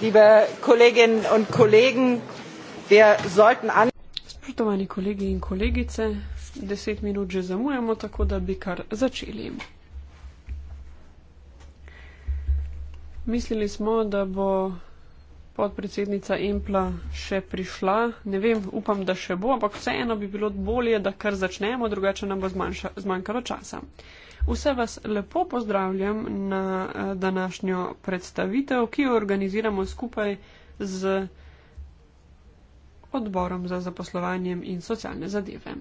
liebe Kolleginnen und Kollegen, wir sollten an. Spoštovani kolegi in kolegice, deset minut že zamujamo, tako da bi kar začeli. Mislili smo, da bo podpredsednica Empla še prišla. Ne vem, upam, da še bo, ampak vseeno bi bilo bolje, da kar začnemo, drugače nam bo zmanjša, zmanjkalo časa. Vse vas lepo pozdravljam na eh, današnjo predstavitev, ki jo organiziramo skupaj z odborom za zaposlovanje in socialne zadeve.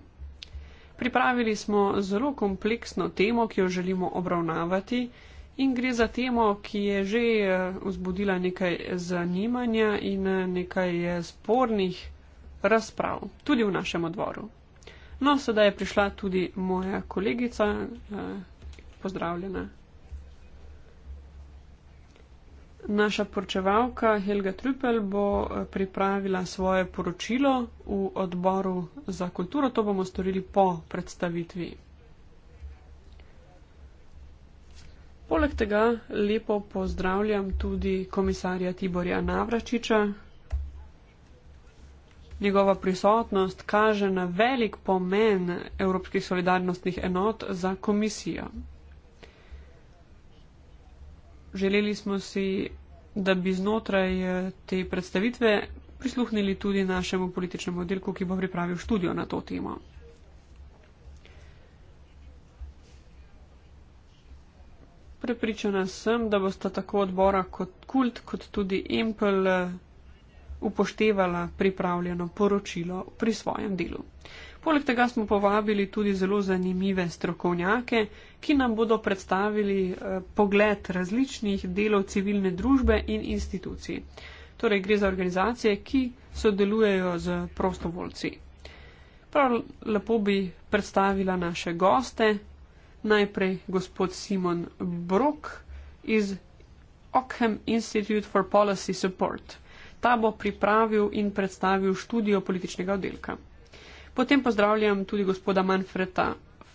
Pripravili smo zelo kompleksno temo, ki jo želimo obravnavati in gre za temo, ki je že eh, vzbudila nekaj zanimanja in eh, nekaj spornih razprav, tudi v našem odboru. No, sedaj je prišla tudi moja kolegica, pozdravljena. Naša poročevalka Helga Trupel bo eh, pripravila svoje poročilo v odboru za kulturo. To bomo storili po predstavitvi. Poleg tega lepo pozdravljam tudi komisarja Tiborja Navračiča. Njegova prisotnost kaže na velik pomen evropskih solidarnostnih enot za komisijo želeli smo si, da bi znotraj eh, te predstavitve prisluhnili tudi našemu političnemu oddelku, ki bo pripravil študijo na to temo. Prepričana sem, da bosta tako odbora kot kult, kot tudi Empel eh, upoštevala pripravljeno poročilo pri svojem delu. Poleg tega smo povabili tudi zelo zanimive strokovnjake, ki nam bodo predstavili eh, pogled različnih delov civilne družbe in institucij. Torej gre za organizacije, ki sodelujejo z prostovoljci. Prav lepo bi predstavila naše goste, najprej gospod Simon Brok iz Ockham Institute for Policy Support. Ta bo pripravil in predstavil študijo političnega oddelka. Potem pozdravljam tudi gospoda Manfreda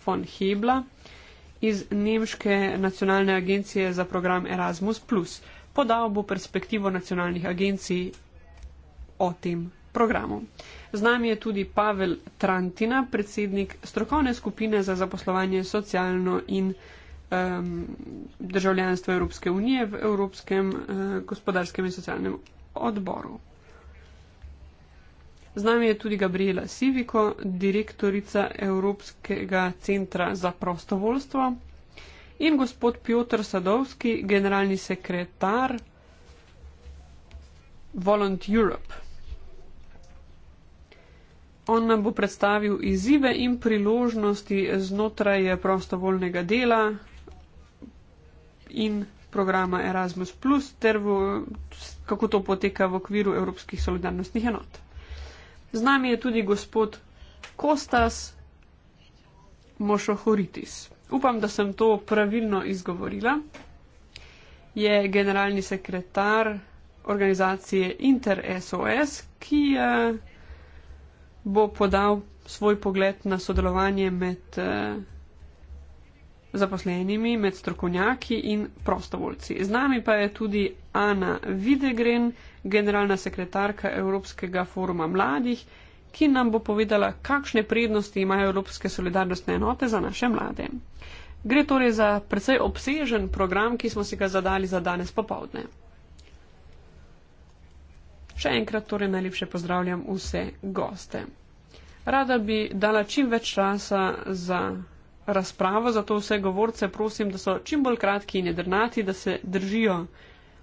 von Hebla iz Nemške nacionalne agencije za program Erasmus. Podal bo perspektivo nacionalnih agencij o tem programu. Z nami je tudi Pavel Trantina, predsednik strokovne skupine za zaposlovanje socialno in um, državljanstvo Evropske unije v Evropskem uh, gospodarskem in socialnem odboru. Z nami je tudi Gabriela Siviko, direktorica Evropskega centra za prostovoljstvo in gospod Piotr Sadovski, generalni sekretar Volunt Europe. On nam bo predstavil izzive in priložnosti znotraj prostovoljnega dela in programa Erasmus, ter v, kako to poteka v okviru evropskih solidarnostnih enot. Z nami je tudi gospod Kostas Mošohoritis. Upam, da sem to pravilno izgovorila. Je generalni sekretar organizacije InterSOS, ki eh, bo podal svoj pogled na sodelovanje med eh, zaposlenimi, med strokovnjaki in prostovoljci. Z nami pa je tudi Ana Videgren, generalna sekretarka Evropskega foruma mladih, ki nam bo povedala, kakšne prednosti imajo Evropske solidarnostne enote za naše mlade. Gre torej za precej obsežen program, ki smo si ga zadali za danes popovdne. Še enkrat torej najlepše pozdravljam vse goste. Rada bi dala čim več časa za razpravo, zato vse govorce prosim, da so čim bolj kratki in jedrnati, da se držijo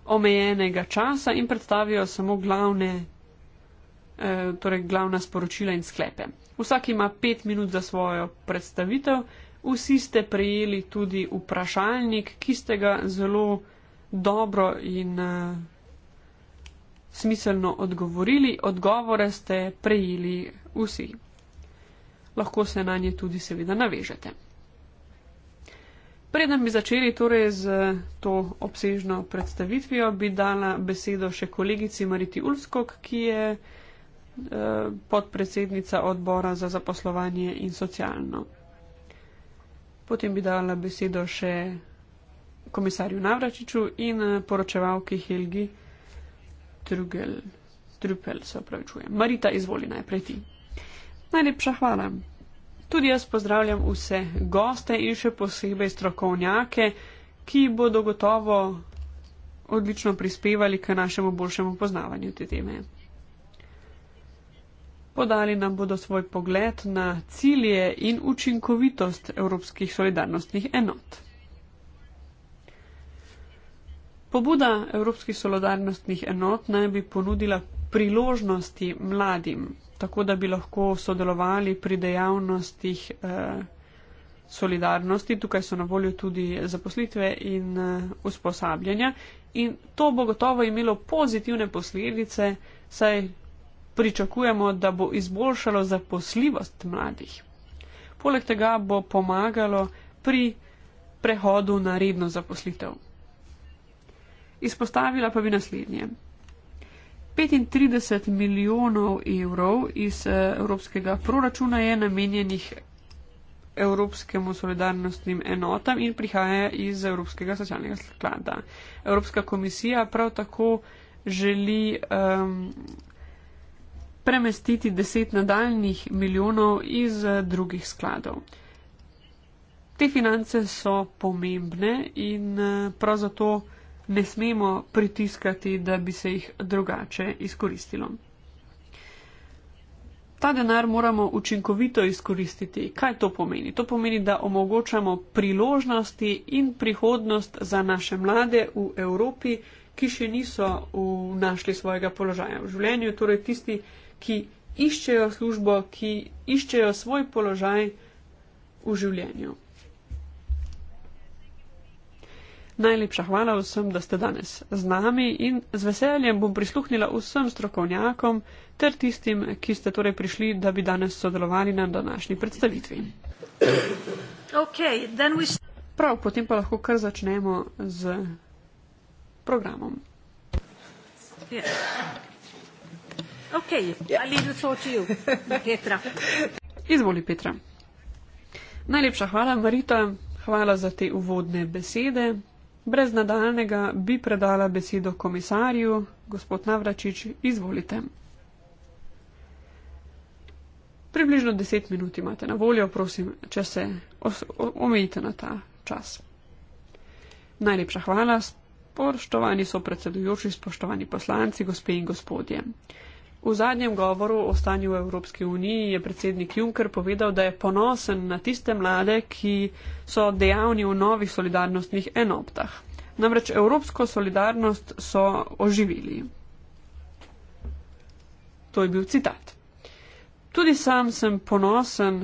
omejenega časa in predstavijo samo glavne, eh, torej glavna sporočila in sklepe. Vsak ima pet minut za svojo predstavitev, vsi ste prejeli tudi vprašalnik, ki ste ga zelo dobro in eh, smiselno odgovorili, odgovore ste prejeli vsi. Lahko se na nje tudi seveda navežete. Preden bi začeli torej z to obsežno predstavitvijo, bi dala besedo še kolegici Mariti Ulskog, ki je eh, podpredsednica odbora za zaposlovanje in socialno. Potem bi dala besedo še komisarju Navračiču in eh, poročevalki Helgi Trugel. Trupel, se opravičujem. Marita, izvoli najprej ti. Najlepša hvala. Tudi jaz pozdravljam vse goste in še posebej strokovnjake, ki bodo gotovo odlično prispevali k našemu boljšemu poznavanju te teme. Podali nam bodo svoj pogled na cilje in učinkovitost evropskih solidarnostnih enot. Pobuda evropskih solidarnostnih enot naj bi ponudila priložnosti mladim, tako da bi lahko sodelovali pri dejavnostih eh, solidarnosti. Tukaj so na voljo tudi zaposlitve in eh, usposabljanja. In to bo gotovo imelo pozitivne posledice, saj pričakujemo, da bo izboljšalo zaposljivost mladih. Poleg tega bo pomagalo pri prehodu na redno zaposlitev. Izpostavila pa bi naslednje. 35 milijonov evrov iz eh, evropskega proračuna je namenjenih evropskemu solidarnostnim enotam in prihaja iz Evropskega socialnega sklada. Evropska komisija prav tako želi um, premestiti 10 nadaljnih milijonov iz eh, drugih skladov. Te finance so pomembne in eh, prav zato ne smemo pritiskati, da bi se jih drugače izkoristilo. Ta denar moramo učinkovito izkoristiti. Kaj to pomeni? To pomeni, da omogočamo priložnosti in prihodnost za naše mlade v Evropi, ki še niso našli svojega položaja v življenju, torej tisti, ki iščejo službo, ki iščejo svoj položaj v življenju. Najlepša hvala vsem, da ste danes z nami in z veseljem bom prisluhnila vsem strokovnjakom ter tistim, ki ste torej prišli, da bi danes sodelovali na današnji predstavitvi. Okay, Prav, potem pa lahko kar začnemo z programom. Yeah. Okay. Yeah. Izvoli Petra. Najlepša hvala, Marita. Hvala za te uvodne besede. Brez nadaljnega bi predala besedo komisarju, gospod Navračič, izvolite. Približno deset minut imate na voljo, prosim, če se omejite na ta čas. Najlepša hvala, spoštovani so predsedujoči, spoštovani poslanci, gospe in gospodje. V zadnjem govoru o stanju v Evropski uniji je predsednik Juncker povedal, da je ponosen na tiste mlade, ki so dejavni v novih solidarnostnih enotah. Namreč evropsko solidarnost so oživili. To je bil citat. Tudi sam sem ponosen,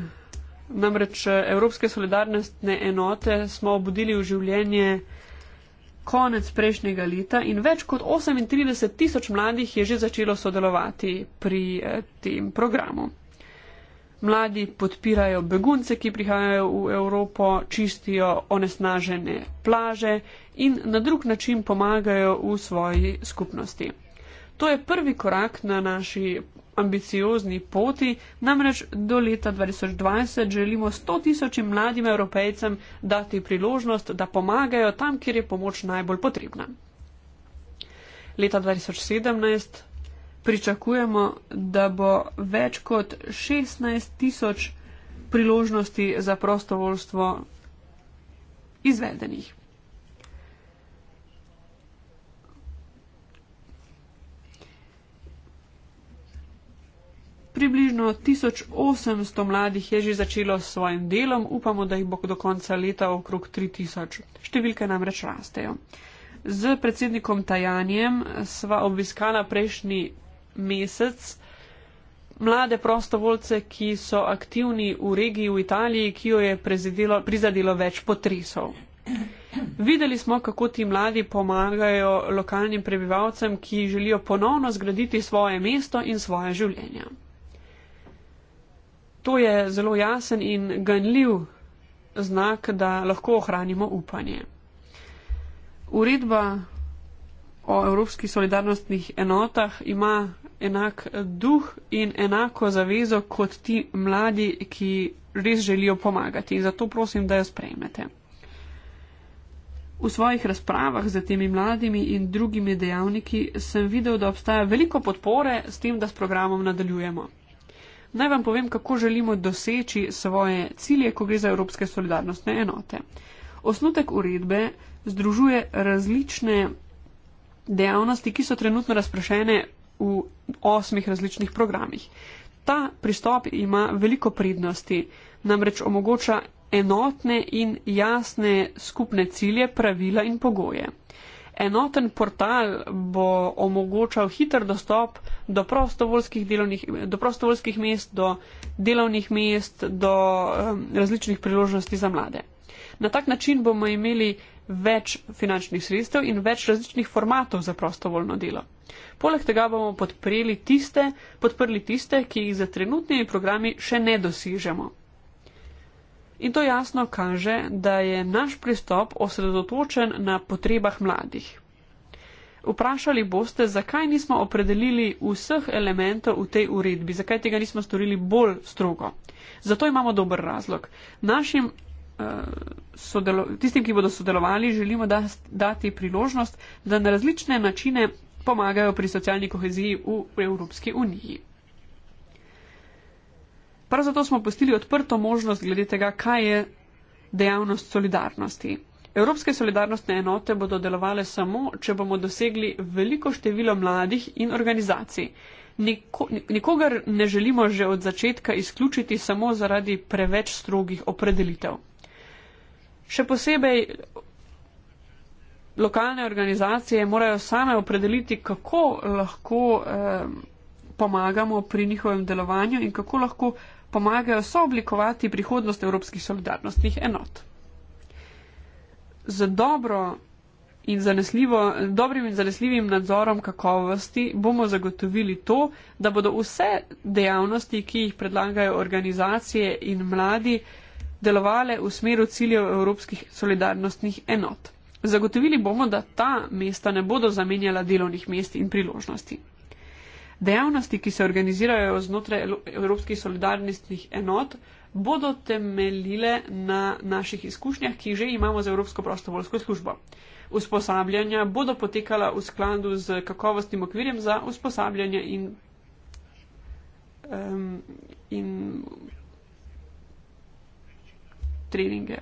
namreč eh, evropske solidarnostne enote smo obudili v življenje konec prejšnjega leta in več kot 38 tisoč mladih je že začelo sodelovati pri eh, tem programu. Mladi podpirajo begunce, ki prihajajo v Evropo, čistijo onesnažene plaže in na drug način pomagajo v svoji skupnosti. To je prvi korak na naši ambiciozni poti, namreč do leta 2020 želimo 100 tisočim mladim evropejcem dati priložnost, da pomagajo tam, kjer je pomoč najbolj potrebna. Leta 2017 pričakujemo, da bo več kot 16 tisoč priložnosti za prostovoljstvo izvedenih. Približno 1800 mladih je že začelo s svojim delom, upamo, da jih bo do konca leta okrog 3000. Številke namreč rastejo. Z predsednikom Tajanjem sva obiskala prejšnji mesec mlade prostovoljce, ki so aktivni v regiji v Italiji, ki jo je prizadelo več potresov. Videli smo, kako ti mladi pomagajo lokalnim prebivalcem, ki želijo ponovno zgraditi svoje mesto in svoje življenja. To je zelo jasen in ganljiv znak, da lahko ohranimo upanje. Uredba o evropskih solidarnostnih enotah ima enak duh in enako zavezo kot ti mladi, ki res želijo pomagati. Zato prosim, da jo sprejmete. V svojih razpravah z temi mladimi in drugimi dejavniki sem videl, da obstaja veliko podpore s tem, da s programom nadaljujemo. Naj vam povem, kako želimo doseči svoje cilje, ko gre za Evropske solidarnostne enote. Osnutek uredbe združuje različne dejavnosti, ki so trenutno razprešene v osmih različnih programih. Ta pristop ima veliko prednosti, namreč omogoča enotne in jasne skupne cilje, pravila in pogoje. Enoten portal bo omogočal hiter dostop do prostovoljskih, delovnih, do prostovoljskih mest, do delovnih mest, do um, različnih priložnosti za mlade. Na tak način bomo imeli več finančnih sredstev in več različnih formatov za prostovoljno delo. Poleg tega bomo podprli tiste, podprli tiste ki jih za trenutnimi programi še ne dosižemo. In to jasno kaže, da je naš pristop osredotočen na potrebah mladih. Vprašali boste, zakaj nismo opredelili vseh elementov v tej uredbi, zakaj tega nismo storili bolj strogo. Zato imamo dober razlog. Našim eh, tistim, ki bodo sodelovali, želimo dati priložnost, da na različne načine pomagajo pri socialni koheziji v Evropski uniji. Prav zato smo postili odprto možnost glede tega, kaj je dejavnost solidarnosti. Evropske solidarnostne enote bodo delovale samo, če bomo dosegli veliko število mladih in organizacij. Niko, nikogar ne želimo že od začetka izključiti samo zaradi preveč strogih opredelitev. Še posebej lokalne organizacije morajo same opredeliti, kako lahko eh, pomagamo pri njihovem delovanju in kako lahko pomagajo sooblikovati prihodnost evropskih solidarnostnih enot. Z dobro in zanesljivo, dobrim in zanesljivim nadzorom kakovosti bomo zagotovili to, da bodo vse dejavnosti, ki jih predlagajo organizacije in mladi, delovale v smeru ciljev evropskih solidarnostnih enot. Zagotovili bomo, da ta mesta ne bodo zamenjala delovnih mest in priložnosti. Dejavnosti, ki se organizirajo znotraj evropskih solidarnostnih enot, bodo temeljile na naših izkušnjah, ki že imamo z Evropsko prostovoljsko službo. Usposabljanja bodo potekala v skladu z kakovostnim okvirjem za usposabljanje in, um, in treninge.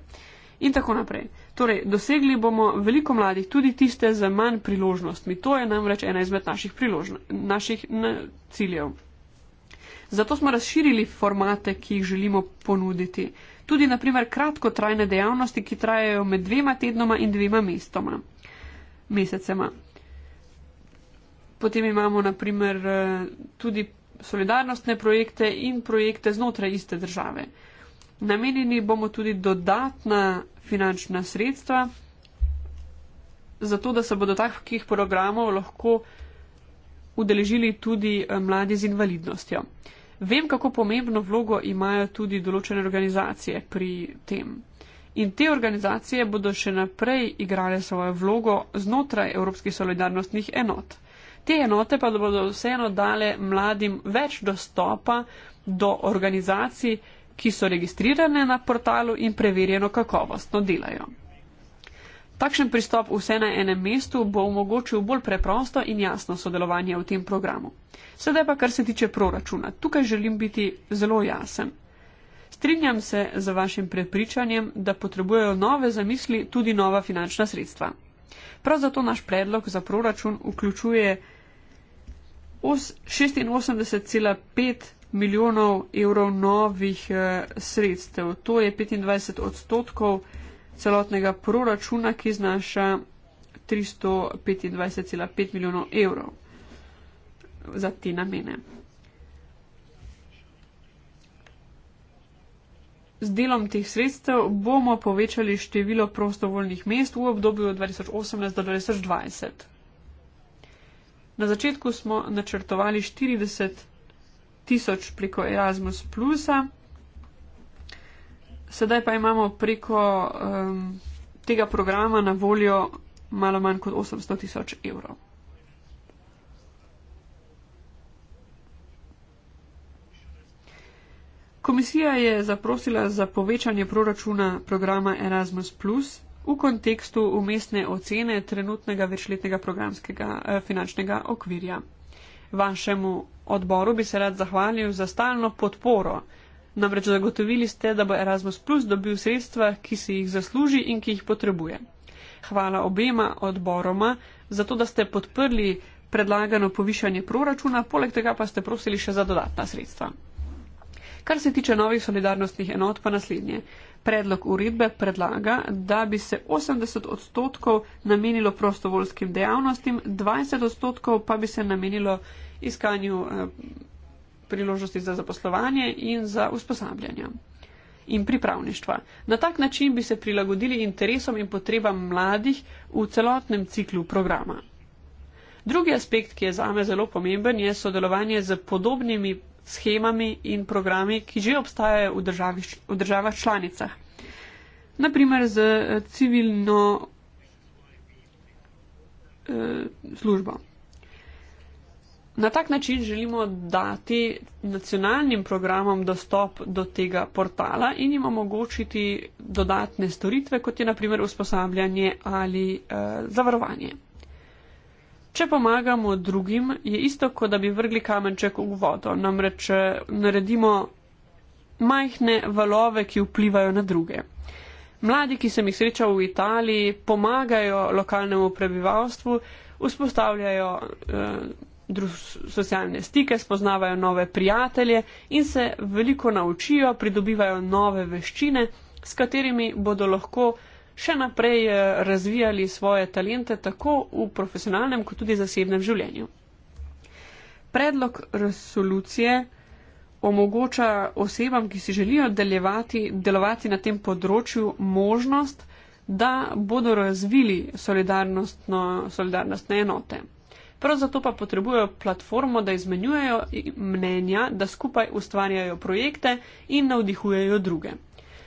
In tako naprej. Torej, dosegli bomo veliko mladih, tudi tiste z manj priložnostmi. To je namreč ena izmed naših, naših ciljev. Zato smo razširili formate, ki jih želimo ponuditi. Tudi, naprimer, kratkotrajne dejavnosti, ki trajajo med dvema tednoma in dvema mestoma, mesecema. Potem imamo, naprimer, eh, tudi solidarnostne projekte in projekte znotraj iste države. Namenjeni bomo tudi dodatna finančna sredstva, zato da se bodo takih programov lahko udeležili tudi eh, mladi z invalidnostjo. Vem, kako pomembno vlogo imajo tudi določene organizacije pri tem. In te organizacije bodo še naprej igrale svojo vlogo znotraj Evropskih solidarnostnih enot. Te enote pa bodo vseeno dale mladim več dostopa do organizacij, ki so registrirane na portalu in preverjeno kakovostno delajo. Takšen pristop vse na enem mestu bo omogočil bolj preprosto in jasno sodelovanje v tem programu. Sedaj pa, kar se tiče proračuna, tukaj želim biti zelo jasen. Strinjam se z vašim prepričanjem, da potrebujejo nove zamisli tudi nova finančna sredstva. Prav zato naš predlog za proračun vključuje 86,5 milijonov evrov novih eh, sredstev. To je 25 odstotkov celotnega proračuna, ki znaša 325,5 milijonov evrov za te namene. Z delom teh sredstev bomo povečali število prostovoljnih mest v obdobju 2018 do 2020. Na začetku smo načrtovali 40 odstotkov tisoč preko Erasmus Plusa. Sedaj pa imamo preko um, tega programa na voljo malo manj kot 800 tisoč evrov. Komisija je zaprosila za povečanje proračuna programa Erasmus Plus v kontekstu umestne ocene trenutnega večletnega programskega eh, finančnega okvirja. Vašemu odboru bi se rad zahvalil za stalno podporo. Namreč zagotovili ste, da bo Erasmus Plus dobil sredstva, ki si jih zasluži in ki jih potrebuje. Hvala obema odboroma za to, da ste podprli predlagano povišanje proračuna, poleg tega pa ste prosili še za dodatna sredstva. Kar se tiče novih solidarnostnih enot, pa naslednje. Predlog uredbe predlaga, da bi se 80 odstotkov namenilo prostovoljskim dejavnostim, 20 odstotkov pa bi se namenilo iskanju eh, priložnosti za zaposlovanje in za usposabljanje in pripravništva. Na tak način bi se prilagodili interesom in potrebam mladih v celotnem ciklu programa. Drugi aspekt, ki je zame zelo pomemben, je sodelovanje z podobnimi schemami in programi, ki že obstajajo v, državi, v državah članicah. Naprimer z eh, civilno eh, službo. Na tak način želimo dati nacionalnim programom dostop do tega portala in jim omogočiti dodatne storitve, kot je naprimer usposabljanje ali eh, zavarovanje. Če pomagamo drugim, je isto, kot da bi vrgli kamenček v vodo. Namreč eh, naredimo majhne valove, ki vplivajo na druge. Mladi, ki sem jih srečal v Italiji, pomagajo lokalnemu prebivalstvu, vzpostavljajo eh, drus, socialne stike, spoznavajo nove prijatelje in se veliko naučijo, pridobivajo nove veščine, s katerimi bodo lahko še naprej eh, razvijali svoje talente tako v profesionalnem, kot tudi zasebnem življenju. Predlog resolucije omogoča osebam, ki si želijo delovati na tem področju, možnost, da bodo razvili solidarnostne enote. Prav zato pa potrebujejo platformo, da izmenjujejo mnenja, da skupaj ustvarjajo projekte in navdihujejo druge.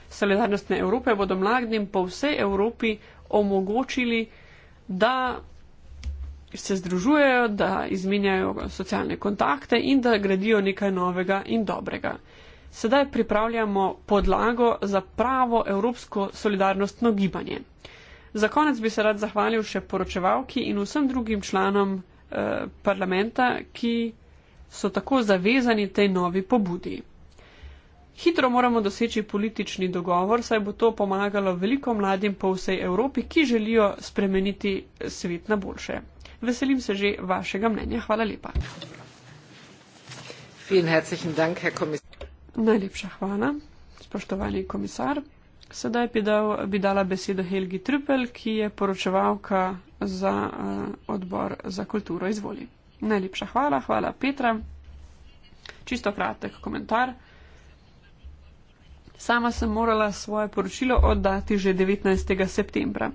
Solidarnostne Evrope bodo mladim po vsej Evropi omogočili, da se združujejo, da izmenjajo socialne kontakte in da gradijo nekaj novega in dobrega. Sedaj pripravljamo podlago za pravo evropsko solidarnostno gibanje. Za konec bi se rad zahvalil še poročevalki in vsem drugim članom eh, parlamenta, ki so tako zavezani tej novi pobudi. Hitro moramo doseči politični dogovor, saj bo to pomagalo veliko mladim po vsej Evropi, ki želijo spremeniti svet na boljše. Veselim se že vašega mnenja. Hvala lepa. Dank, Najlepša hvala, spoštovani komisar. Sedaj bi, dal, bi dala besedo Helgi Trpel, ki je poročevalka za uh, odbor za kulturo. Izvoli. Najlepša hvala, hvala Petra. Čisto kratek komentar. Sama sem morala svoje poročilo oddati že 19. septembra.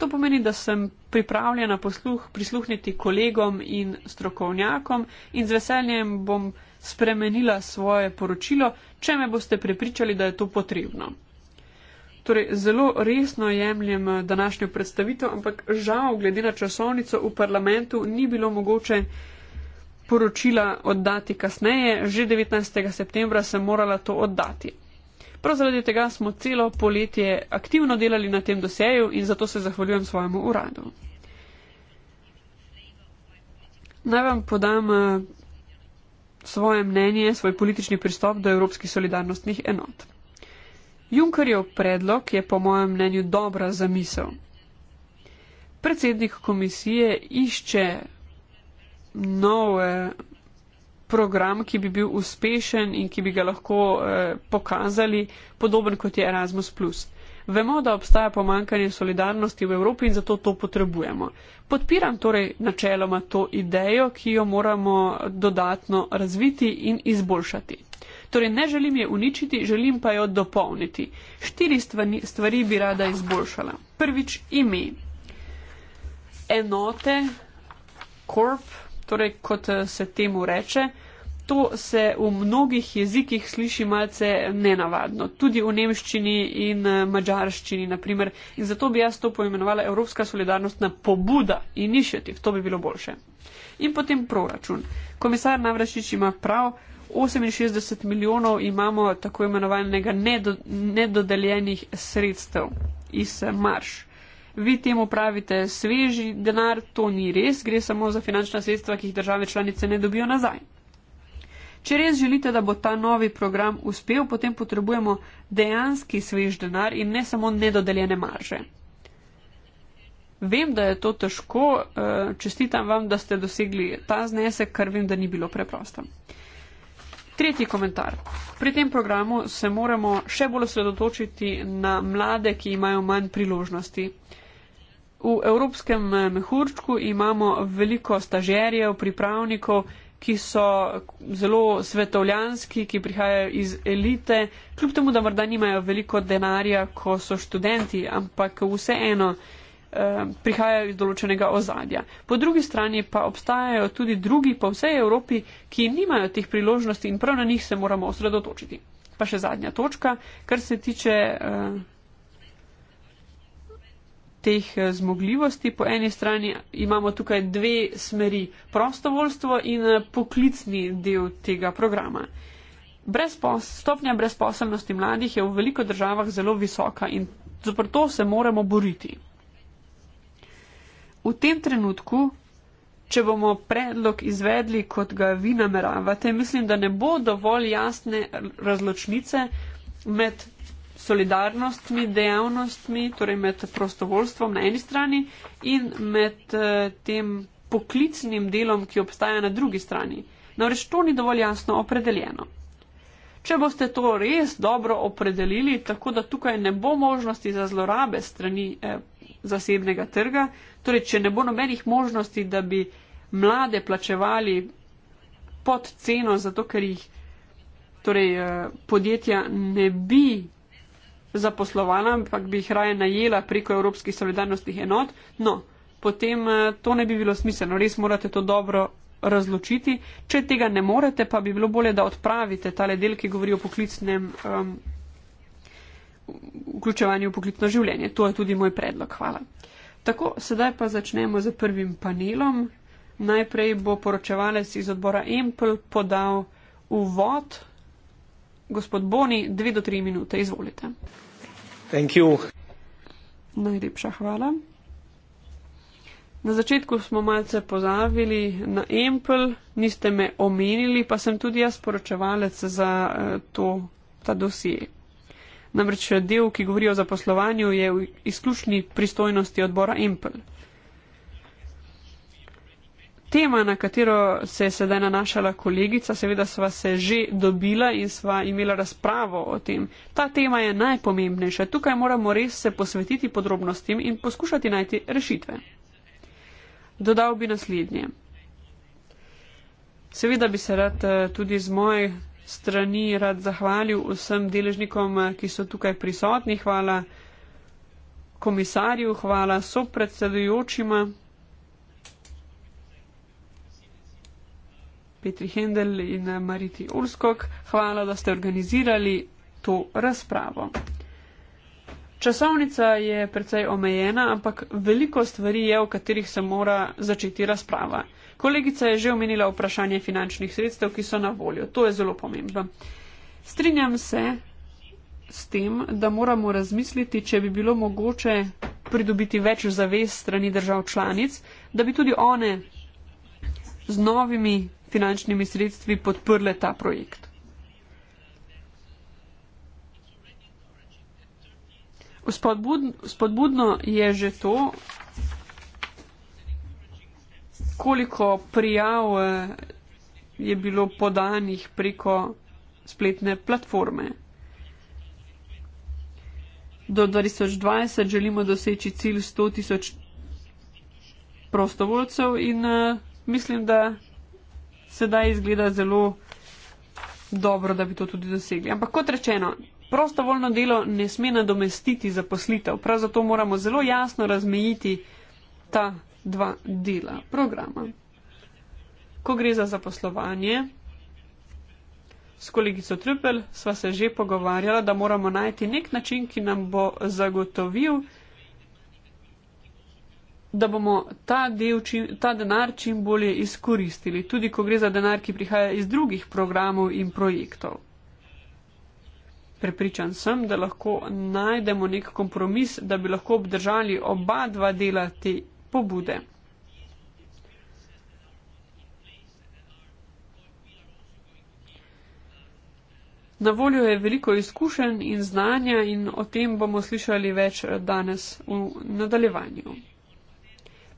To pomeni, da sem pripravljena posluh, prisluhniti kolegom in strokovnjakom in z veseljem bom spremenila svoje poročilo, če me boste prepričali, da je to potrebno. Torej, zelo resno jemljem eh, današnjo predstavitev, ampak žal, glede na časovnico v parlamentu, ni bilo mogoče poročila oddati kasneje. Že 19. septembra sem morala to oddati. Prav zaradi tega smo celo poletje aktivno delali na tem doseju in zato se zahvaljujem svojemu uradu. Naj vam podam eh, svoje mnenje, svoj politični pristop do evropskih solidarnostnih enot. Junkerjev predlog je po mojem mnenju dobra zamisel. Predsednik komisije išče nove program, ki bi bil uspešen in ki bi ga lahko eh, pokazali, podoben kot je Erasmus. Vemo, da obstaja pomankanje solidarnosti v Evropi in zato to potrebujemo. Podpiram torej načeloma to idejo, ki jo moramo dodatno razviti in izboljšati. Torej, ne želim je uničiti, želim pa jo dopolniti. Štiri stvari, stvari bi rada izboljšala. Prvič, ime. Enote, korp, torej kot eh, se temu reče. To se v mnogih jezikih sliši malce nenavadno, tudi v nemščini in eh, mačarščini, naprimer. In zato bi jaz to poimenovala Evropska solidarnostna pobuda, inicijativ, to bi bilo boljše. In potem proračun. Komisar Navrašič ima prav, 68 milijonov imamo tako imenovanega nedodeljenih sredstev iz eh, marš. Vi temu pravite sveži denar, to ni res, gre samo za finančna sredstva, ki jih države članice ne dobijo nazaj. Če res želite, da bo ta novi program uspel, potem potrebujemo dejanski svež denar in ne samo nedodeljene marže. Vem, da je to težko, eh, čestitam vam, da ste dosegli ta znesek, kar vem, da ni bilo preprosto. Tretji komentar. Pri tem programu se moramo še bolj osredotočiti na mlade, ki imajo manj priložnosti. V evropskem mehurčku ehm, imamo veliko stažerjev, pripravnikov, ki so zelo svetovljanski, ki prihajajo iz elite, kljub temu, da morda nimajo veliko denarja, ko so študenti, ampak vseeno eh, prihajajo iz določenega ozadja. Po drugi strani pa obstajajo tudi drugi po vsej Evropi, ki nimajo teh priložnosti in prav na njih se moramo osredotočiti. Pa še zadnja točka, kar se tiče. Eh, teh eh, zmogljivosti. Po eni strani imamo tukaj dve smeri, prostovoljstvo in eh, poklicni del tega programa. Brezpos, stopnja brezposobnosti mladih je v veliko državah zelo visoka in zopr to se moramo boriti. V tem trenutku, če bomo predlog izvedli, kot ga vi nameravate, mislim, da ne bo dovolj jasne razločnice med solidarnostmi, dejavnostmi, torej med prostovoljstvom na eni strani in med eh, tem poklicnim delom, ki obstaja na drugi strani. Namreč to ni dovolj jasno opredeljeno. Če boste to res dobro opredelili, tako da tukaj ne bo možnosti za zlorabe strani eh, zasebnega trga, torej če ne bo nobenih možnosti, da bi mlade plačevali pod ceno, zato ker jih torej, eh, podjetja ne bi zaposlovala, ampak bi jih raje najela preko evropskih solidarnostnih enot. No, potem eh, to ne bi bilo smiselno, res morate to dobro razločiti. Če tega ne morete, pa bi bilo bolje, da odpravite tale del, ki govori o poklicnem um, vključevanju v poklicno življenje. To je tudi moj predlog. Hvala. Tako, sedaj pa začnemo z prvim panelom. Najprej bo poročevalec iz odbora Empel podal uvod Gospod Boni, dve do tri minute, izvolite. Najlepša hvala. Na začetku smo malce pozavili na Empel, niste me omenili, pa sem tudi jaz poročevalec za eh, to, ta dosije. Namreč del, ki govori o zaposlovanju, je v izključni pristojnosti odbora Empel tema, na katero se je sedaj nanašala kolegica, seveda sva se že dobila in sva imela razpravo o tem. Ta tema je najpomembnejša. Tukaj moramo res se posvetiti podrobnostim in poskušati najti rešitve. Dodal bi naslednje. Seveda bi se rad eh, tudi z moje strani rad zahvalil vsem deležnikom, eh, ki so tukaj prisotni. Hvala komisarju, hvala sopredsedujočima. Petri Hendel in eh, Mariti Ulskog. Hvala, da ste organizirali to razpravo. Časovnica je precej omejena, ampak veliko stvari je, o katerih se mora začeti razprava. Kolegica je že omenila vprašanje finančnih sredstev, ki so na voljo. To je zelo pomembno. Strinjam se s tem, da moramo razmisliti, če bi bilo mogoče pridobiti več zavez strani držav članic, da bi tudi one z novimi finančnimi sredstvi podprle ta projekt. Spodbudno je že to, koliko prijav eh, je bilo podanih preko spletne platforme. Do 2020 želimo doseči cilj 100 tisoč prostovoljcev in uh, mislim, da sedaj izgleda zelo dobro, da bi to tudi dosegli. Ampak kot rečeno, prostovoljno delo ne sme nadomestiti zaposlitev. Prav zato moramo zelo jasno razmejiti ta dva dela programa. Ko gre za zaposlovanje, s kolegico Trupel sva se že pogovarjala, da moramo najti nek način, ki nam bo zagotovil, da bomo ta, del, ta denar čim bolje izkoristili, tudi ko gre za denar, ki prihaja iz drugih programov in projektov. Prepričan sem, da lahko najdemo nek kompromis, da bi lahko obdržali oba dva dela te pobude. Na voljo je veliko izkušenj in znanja in o tem bomo slišali več danes v nadaljevanju.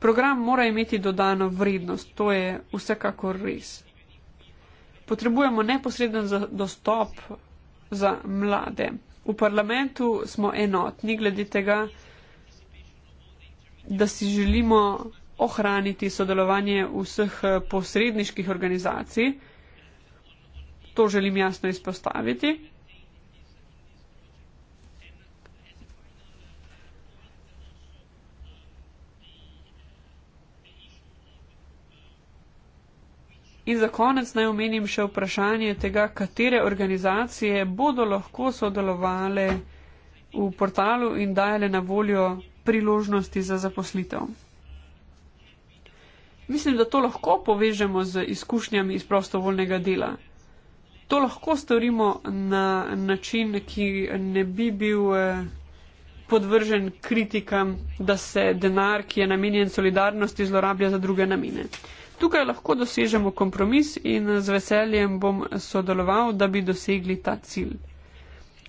Program mora imeti dodano vrednost, to je vsekakor res. Potrebujemo neposreden za dostop za mlade. V parlamentu smo enotni glede tega, da si želimo ohraniti sodelovanje vseh eh, posredniških organizacij. To želim jasno izpostaviti. In za konec naj omenim še vprašanje tega, katere organizacije bodo lahko sodelovale v portalu in dajale na voljo priložnosti za zaposlitev. Mislim, da to lahko povežemo z izkušnjami iz prostovoljnega dela. To lahko storimo na način, ki ne bi bil eh, podvržen kritikam, da se denar, ki je namenjen solidarnosti, zlorablja za druge namene tukaj lahko dosežemo kompromis in z veseljem bom sodeloval, da bi dosegli ta cilj.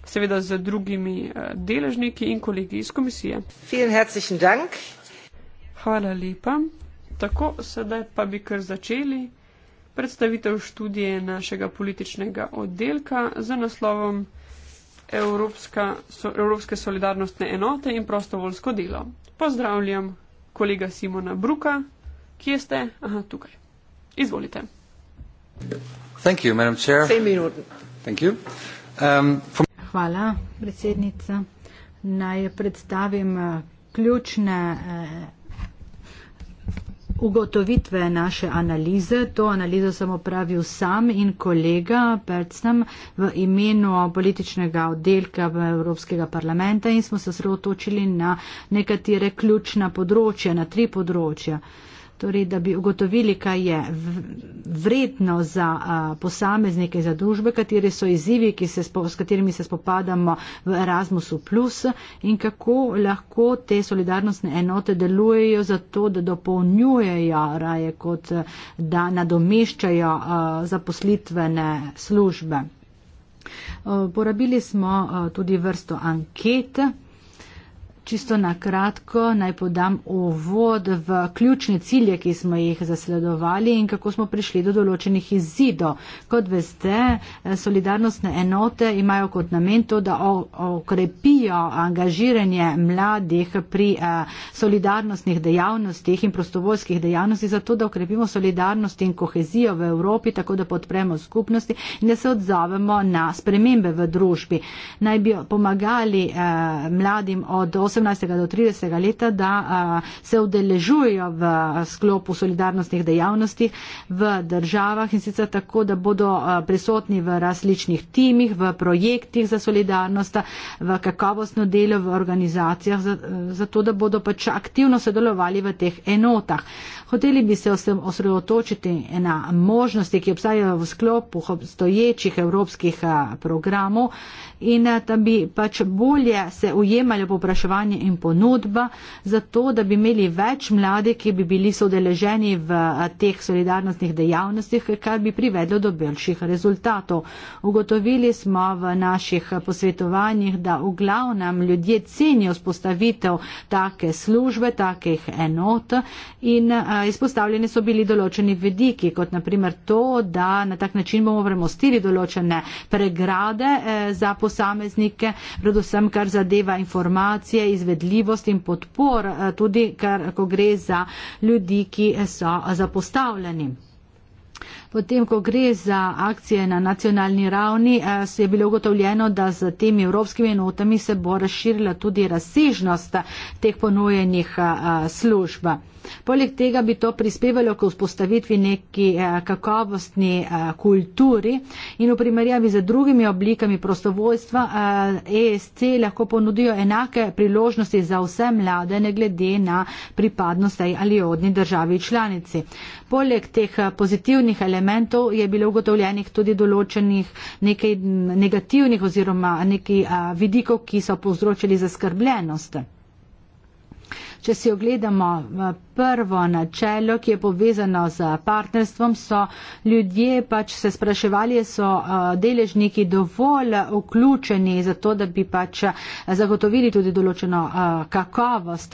Seveda z drugimi eh, deležniki in kolegi iz komisije. Hvala lepa. Tako, sedaj pa bi kar začeli predstavitev študije našega političnega oddelka z naslovom Evropska, so, Evropske solidarnostne enote in prostovoljsko delo. Pozdravljam kolega Simona Bruka, Kje ste? Aha, tukaj. Izvolite. Thank you, madam chair. Thank you. Um, for... Hvala, predsednica. Naj predstavim eh, ključne eh, ugotovitve naše analize. To analizo sem opravil sam in kolega Percem v imenu političnega oddelka v Evropskega parlamenta in smo se sredotočili na nekatere ključna področja, na tri področja torej da bi ugotovili, kaj je vredno za posameznike, za družbe, katere so izzivi, s katerimi se spopadamo v Erasmusu plus in kako lahko te solidarnostne enote delujejo za to, da dopolnjujejo raje kot da nadomeščajo zaposlitvene službe. Porabili smo tudi vrsto anket. Čisto na kratko naj podam uvod v ključne cilje, ki smo jih zasledovali in kako smo prišli do določenih izidov. Kot veste, solidarnostne enote imajo kot namen to, da okrepijo angažiranje mladih pri eh, solidarnostnih dejavnostih in prostovoljskih dejavnostih, zato da okrepimo solidarnost in kohezijo v Evropi, tako da podpremo skupnosti in da se odzovemo na spremembe v družbi. Naj bi pomagali eh, mladim od 18. 18. do 30. leta, da se udeležujo v sklopu solidarnostnih dejavnosti v državah in sicer tako, da bodo prisotni v različnih timih, v projektih za solidarnost, v kakovostno delo v organizacijah, zato da bodo pač aktivno sodelovali v teh enotah. Hoteli bi se osredotočiti na možnosti, ki obstajajo v sklopu obstoječih evropskih programov in eh, da bi pač bolje se ujemali popraševanje in ponudba, zato da bi imeli več mladih, ki bi bili sodeleženi v eh, teh solidarnostnih dejavnostih, kar bi privedlo do boljših rezultatov. Ugotovili smo v naših eh, posvetovanjih, da v glavnem ljudje cenijo spostavitev take službe, takih enot in izpostavljeni so bili določeni vediki, kot naprimer to, da na tak način bomo premostili določene pregrade za posvetovanje posameznike, predvsem kar zadeva informacije, izvedljivost in podpor, eh, tudi kar, ko gre za ljudi, ki so zapostavljeni. Potem, ko gre za akcije na nacionalni ravni, se eh, je bilo ugotovljeno, da z temi evropskimi enotami se bo razširila tudi razsežnost teh ponujenih eh, služb. Poleg tega bi to prispevalo k vzpostavitvi neki eh, kakovostni eh, kulturi in v primerjavi z drugimi oblikami prostovoljstva ESC eh, e lahko ponudijo enake priložnosti za vse mlade, ne glede na pripadnost ali odni državi članici. Poleg teh pozitivnih elementov je bilo ugotovljenih tudi določenih nekaj negativnih oziroma nekaj vidikov, ki so povzročili zaskrbljenost. Če si ogledamo eh, prvo načelo, ki je povezano z partnerstvom, so ljudje pač se spraševali, so eh, deležniki dovolj vključeni za to, da bi pač eh, zagotovili tudi določeno kakovost.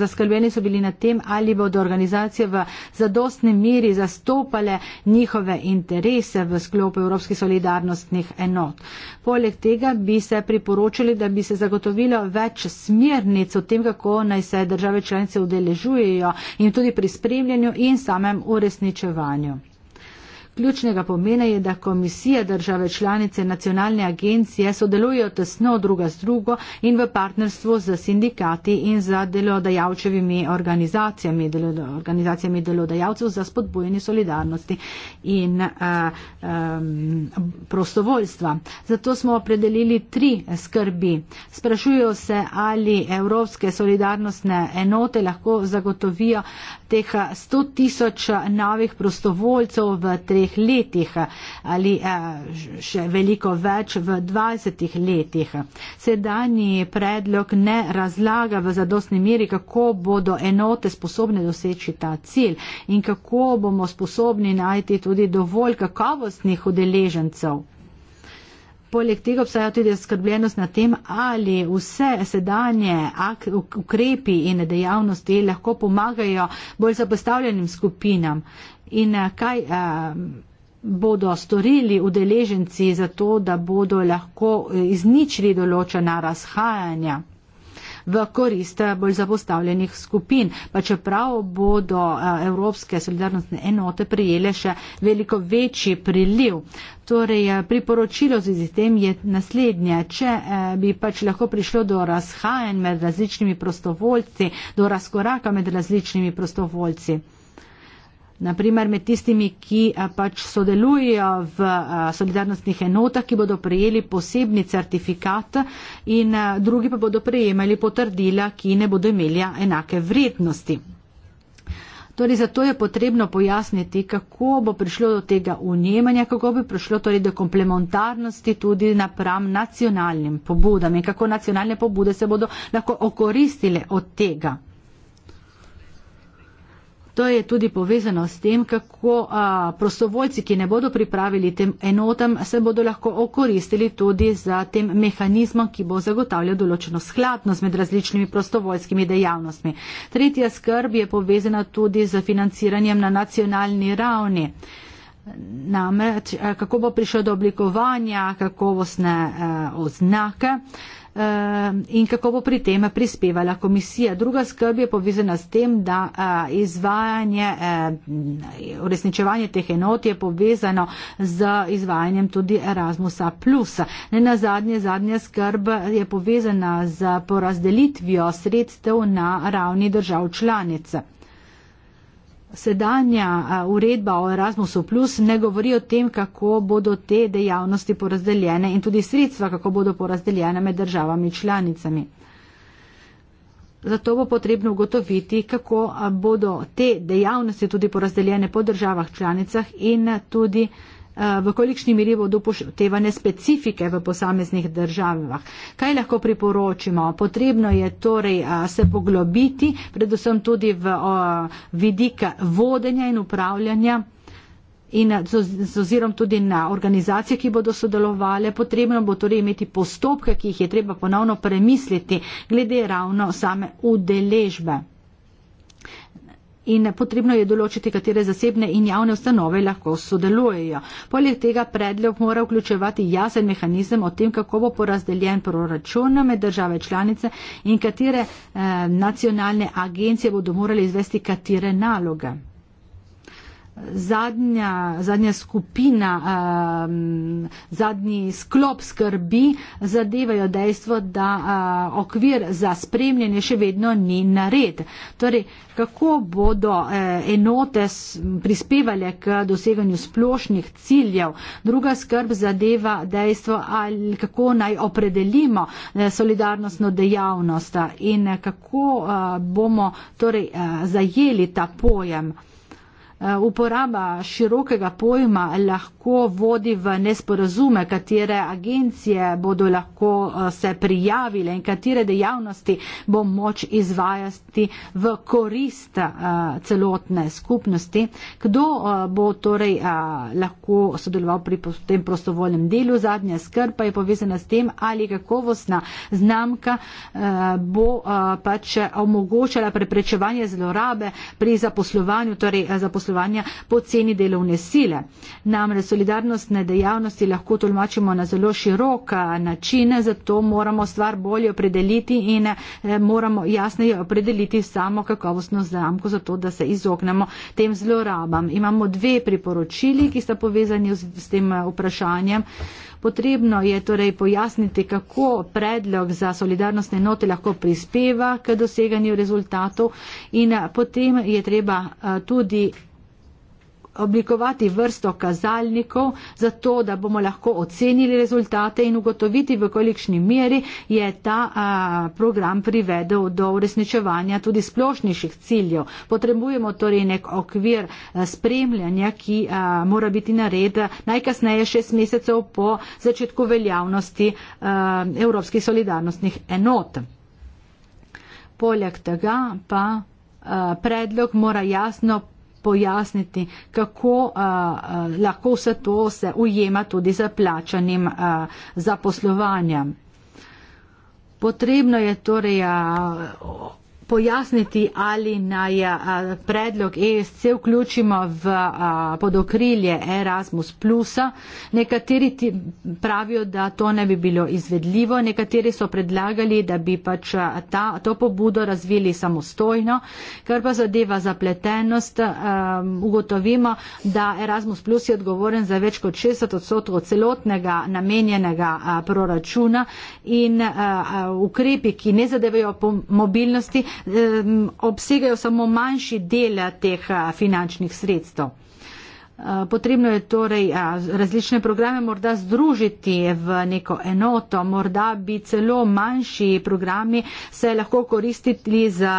Zaskrbljeni so bili nad tem, ali bodo organizacije v zadostni miri zastopale njihove interese v sklopu Evropskih solidarnostnih enot. Poleg tega bi se priporočili, da bi se zagotovilo več smernic o tem, kako naj se država države članice udeležujejo in tudi pri spremljanju in samem uresničevanju. Ključnega pomena je, da komisija države članice nacionalne agencije sodelujejo tesno druga z drugo in v partnerstvu z sindikati in z delodajalčevimi organizacijami, organizacijami delodajalcev za spodbojenje solidarnosti in a, eh, a, eh, prostovoljstva. Zato smo opredelili tri skrbi. Sprašujejo se, ali evropske solidarnostne enote lahko zagotovijo teh 100 tisoč novih prostovoljcev v treh dveh letih ali še veliko več v dvajsetih letih. Sedajni predlog ne razlaga v zadostni meri, kako bodo enote sposobne doseči ta cilj in kako bomo sposobni najti tudi dovolj kakovostnih udeležencev. Poleg tega obstaja tudi skrbljenost na tem, ali vse sedanje ak, ukrepi in dejavnosti lahko pomagajo bolj zapostavljenim skupinam in eh, kaj eh, bodo storili udeleženci za to, da bodo lahko eh, izničili določena razhajanja v korist bolj zapostavljenih skupin, pa čeprav bodo Evropske solidarnostne enote prijele še veliko večji priliv. Torej, priporočilo z tem je naslednje. Če bi pač lahko prišlo do razhajanj med različnimi prostovoljci, do razkoraka med različnimi prostovoljci, naprimer med tistimi, ki eh, pač sodelujejo v eh, solidarnostnih enotah, ki bodo prejeli posebni certifikat in eh, drugi pa bodo prejemali potrdila, ki ne bodo imeli enake vrednosti. Torej, zato je potrebno pojasniti, kako bo prišlo do tega unjemanja, kako bi prišlo torej do komplementarnosti tudi napram nacionalnim pobudam in kako nacionalne pobude se bodo lahko okoristile od tega. To je tudi povezano s tem, kako a, prostovoljci, ki ne bodo pripravili tem enotam, se bodo lahko okoristili tudi za tem mehanizmom, ki bo zagotavljal določeno skladnost med različnimi prostovoljskimi dejavnostmi. Tretja skrb je povezana tudi z financiranjem na nacionalni ravni. Namreč, kako bo prišlo do oblikovanja kakovostne eh, oznake. Eh, Ehm, in kako bo pri tem prispevala komisija. Druga skrb je povezana s tem, da izvajanje, ehm, uresničevanje teh enot je povezano z izvajanjem tudi Erasmusa. Ne na zadnje, zadnja skrb je povezana z porazdelitvijo sredstev na ravni držav članice sedanja uredba o Erasmusu plus ne govori o tem, kako bodo te dejavnosti porazdeljene in tudi sredstva, kako bodo porazdeljene med državami članicami. Zato bo potrebno ugotoviti, kako bodo te dejavnosti tudi porazdeljene po državah članicah in tudi uh, Eh, v kolikšni meri bodo upoštevane specifike v posameznih državah. Kaj lahko priporočimo? Potrebno je torej eh, se poglobiti, predvsem tudi v vidika vodenja in upravljanja in eh, z ozirom tudi na organizacije, ki bodo sodelovali. Potrebno bo torej imeti postopke, ki jih je treba ponovno premisliti glede ravno same udeležbe in potrebno je določiti, katere zasebne in javne ustanove lahko sodelujejo. Poleg tega predlog mora vključevati jasen mehanizem o tem, kako bo porazdeljen proračun med države članice in katere eh, nacionalne agencije bodo morali izvesti katere naloge zadnja, zadnja skupina, um, zadnji sklop skrbi zadevajo dejstvo, da uh, okvir za spremljanje še vedno ni nared. Torej, kako bodo uh, enote prispevale k doseganju splošnih ciljev? Druga skrb zadeva dejstvo, ali, kako naj opredelimo uh, solidarnostno dejavnost in uh, kako uh, bomo torej, uh, zajeli ta pojem. Eh, uporaba širokega pojma lahko vodi v nesporazume, katere agencije bodo lahko eh, se prijavile in katere dejavnosti bo moč izvajati v korist eh, celotne skupnosti, kdo bo torej lahko sodeloval pri tem prostovoljnem delu. Zadnja skrb pa je povezana s tem, ali kakovostna znamka bo pač omogočala preprečevanje zlorabe pri zaposlovanju. Torej zaposlovanju zaposlovanja poceni delovne sile. Namreč solidarnostne dejavnosti lahko tolmačimo na zelo široka načina, zato moramo stvar bolje opredeliti in eh, moramo jasneje opredeliti samo kakovostno zamko, zato da se izognemo tem zlorabam. Imamo dve priporočili, ki sta povezani s, s tem eh, vprašanjem. Potrebno je torej pojasniti, kako predlog za solidarnostne note lahko prispeva k doseganju rezultatov in eh, potem je treba tudi oblikovati vrsto kazalnikov, zato da bomo lahko ocenili rezultate in ugotoviti, v kolikšni meri je ta a, program privedel do uresničevanja tudi splošnejših ciljev. Potrebujemo torej nek okvir spremljanja, ki a, mora biti nared najkasneje šest mesecev po začetku veljavnosti a, Evropskih solidarnostnih enot. Poleg tega pa predlog mora jasno pojasniti, kako a, a, lahko vse to se ujema tudi za plačanjem zaposlovanja. Potrebno je torej a, pojasniti, ali naj predlog ESC vključimo v podokrilje Erasmus. Nekateri pravijo, da to ne bi bilo izvedljivo, nekateri so predlagali, da bi pač ta, to pobudo razvili samostojno, kar pa zadeva zapletenost. Ugotovimo, da Erasmus je odgovoren za več kot 60 odstotkov celotnega namenjenega proračuna in ukrepi, ki ne zadevajo mobilnosti, obsegajo samo manjši del eh, teh eh, finančnih sredstev. Eh, potrebno je torej različne programe morda združiti v neko enoto, morda bi celo manjši programi se lahko koristili za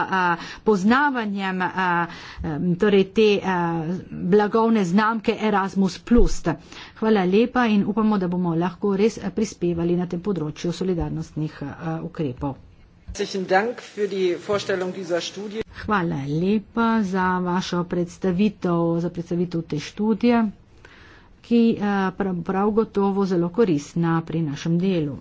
poznavanjem torej te blagovne znamke Erasmus. Hvala lepa in upamo, da bomo lahko res prispevali na tem področju solidarnostnih ukrepov. Hvala lepa za vašo predstavitev, za predstavitev te študije, ki eh, prav gotovo zelo koristna pri našem delu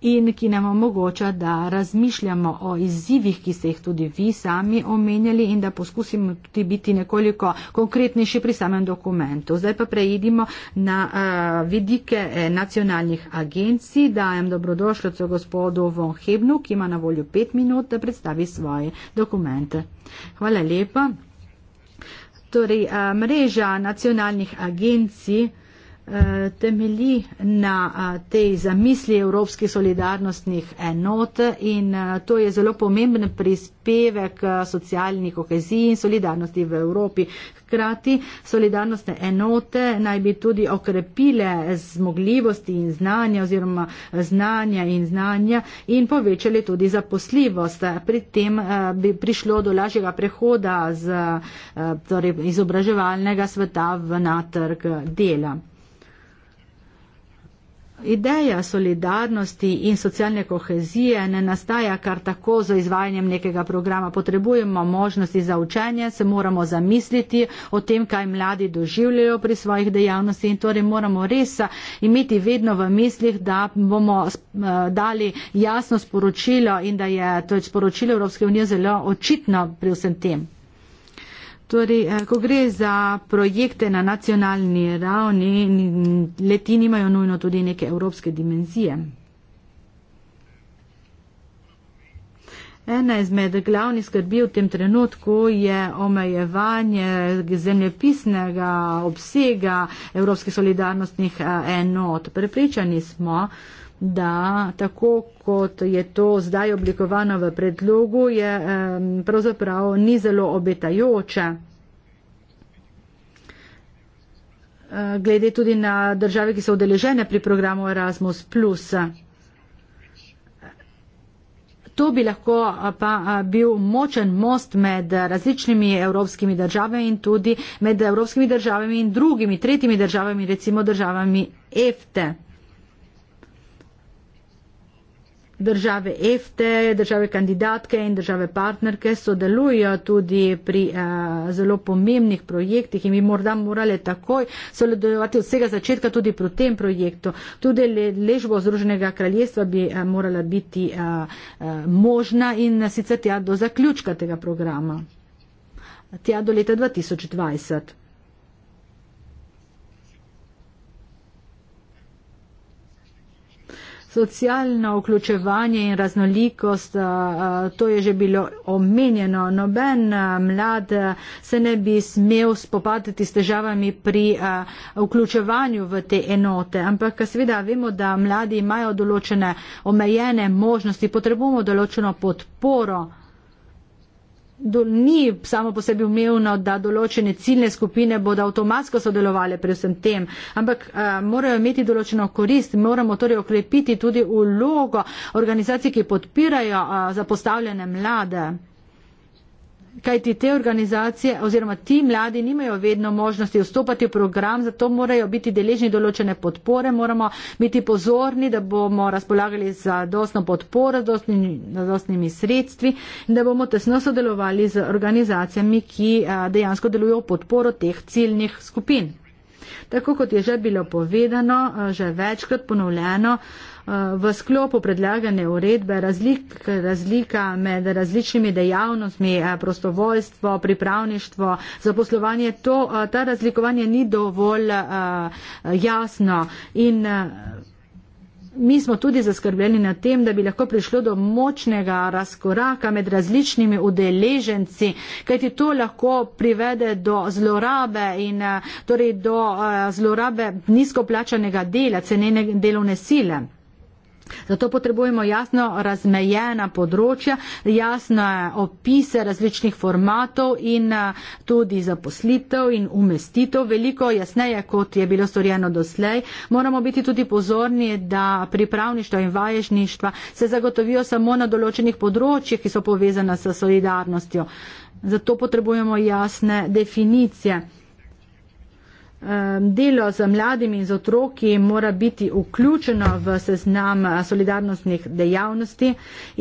in ki nam omogoča, da razmišljamo o izzivih, ki ste jih tudi vi sami omenjali in da poskusimo tudi biti nekoliko konkretnejši pri samem dokumentu. Zdaj pa preidimo na a, eh, vidike eh, nacionalnih agencij. Dajem dobrodošljico gospodu Von Hebnu, ki ima na voljo pet minut, da predstavi svoje dokumente. Hvala lepa. Torej, a, eh, mreža nacionalnih agencij. Eh, temelji na eh, tej zamisli evropskih solidarnostnih enot in eh, to je zelo pomemben prispevek socialni koheziji in solidarnosti v Evropi. Hkrati solidarnostne enote naj bi tudi okrepile zmogljivosti in znanja oziroma znanja in znanja in povečali tudi zaposljivost. Pri tem bi prišlo do lažjega prehoda z, torej, izobraževalnega sveta v natrg dela. Ideja solidarnosti in socialne kohezije ne nastaja kar tako z izvajanjem nekega programa. Potrebujemo možnosti za učenje, se moramo zamisliti o tem, kaj mladi doživljajo pri svojih dejavnostih in torej moramo res eh, imeti vedno v mislih, da bomo eh, dali jasno sporočilo in da je to sporočilo Evropske unije zelo očitno pri vsem tem. Torej, eh, ko gre za projekte na nacionalni ravni, leti nimajo nujno tudi neke evropske dimenzije. Ena izmed glavnih skrbi v tem trenutku je omejevanje zemljepisnega obsega evropskih solidarnostnih eh, enot. Prepričani smo, da tako kot je to zdaj oblikovano v predlogu, je pravzaprav ni zelo obetajoče. E, glede tudi na države, ki so odeležene pri programu Erasmus. To bi lahko pa bil močen most med različnimi evropskimi državami in tudi med evropskimi državami in drugimi, tretjimi državami, recimo državami EFTE. Države EFTE, države kandidatke in države partnerke sodelujo tudi pri uh, zelo pomembnih projektih in bi morda morali takoj sodelovati od vsega začetka tudi pri tem projektu. Tudi le, ležbo Združenega kraljestva bi uh, morala biti uh, uh, možna in sicer tja do zaključka tega programa, tja do leta 2020. socialno vključevanje in raznolikost, eh, eh, to je že bilo omenjeno. Noben eh, mlad se ne bi smel spopadati s težavami pri vključevanju v te enote, ampak seveda vemo, da mladi imajo določene omejene možnosti, potrebujemo določeno podporo do, ni samo po sebi umevno, da določene ciljne skupine bodo avtomatsko sodelovali pri vsem tem, ampak a, eh, morajo imeti določeno korist, moramo torej okrepiti tudi ulogo organizacij, ki podpirajo a, eh, zapostavljene mlade kajti te organizacije oziroma ti mladi nimajo vedno možnosti vstopati v program, zato morajo biti deležni določene podpore, moramo biti pozorni, da bomo razpolagali za dostno podporo, za dostnimi sredstvi in da bomo tesno sodelovali z organizacijami, ki dejansko delujo v podporo teh ciljnih skupin. Tako kot je že bilo povedano, že večkrat ponovljeno, Eh, v sklopu predlagane uredbe razlik, razlika med različnimi dejavnostmi, eh, prostovoljstvo, pripravništvo, zaposlovanje, to, eh, ta razlikovanje ni dovolj jasno in Mi smo tudi zaskrbljeni na tem, da bi lahko prišlo do močnega razkoraka med različnimi udeleženci, kajti to lahko privede do zlorabe in torej do zlorabe nizkoplačanega dela, cenene delovne sile. Zato potrebujemo jasno razmejena področja, jasne opise različnih formatov in eh, tudi zaposlitev in umestitev, veliko jasneje, kot je bilo storjeno doslej. Moramo biti tudi pozorni, da pripravništvo in vaježništva se zagotovijo samo na določenih področjih, ki so povezane s solidarnostjo. Zato potrebujemo jasne definicije. Delo z mladimi in z otroki mora biti vključeno v seznam eh, solidarnostnih dejavnosti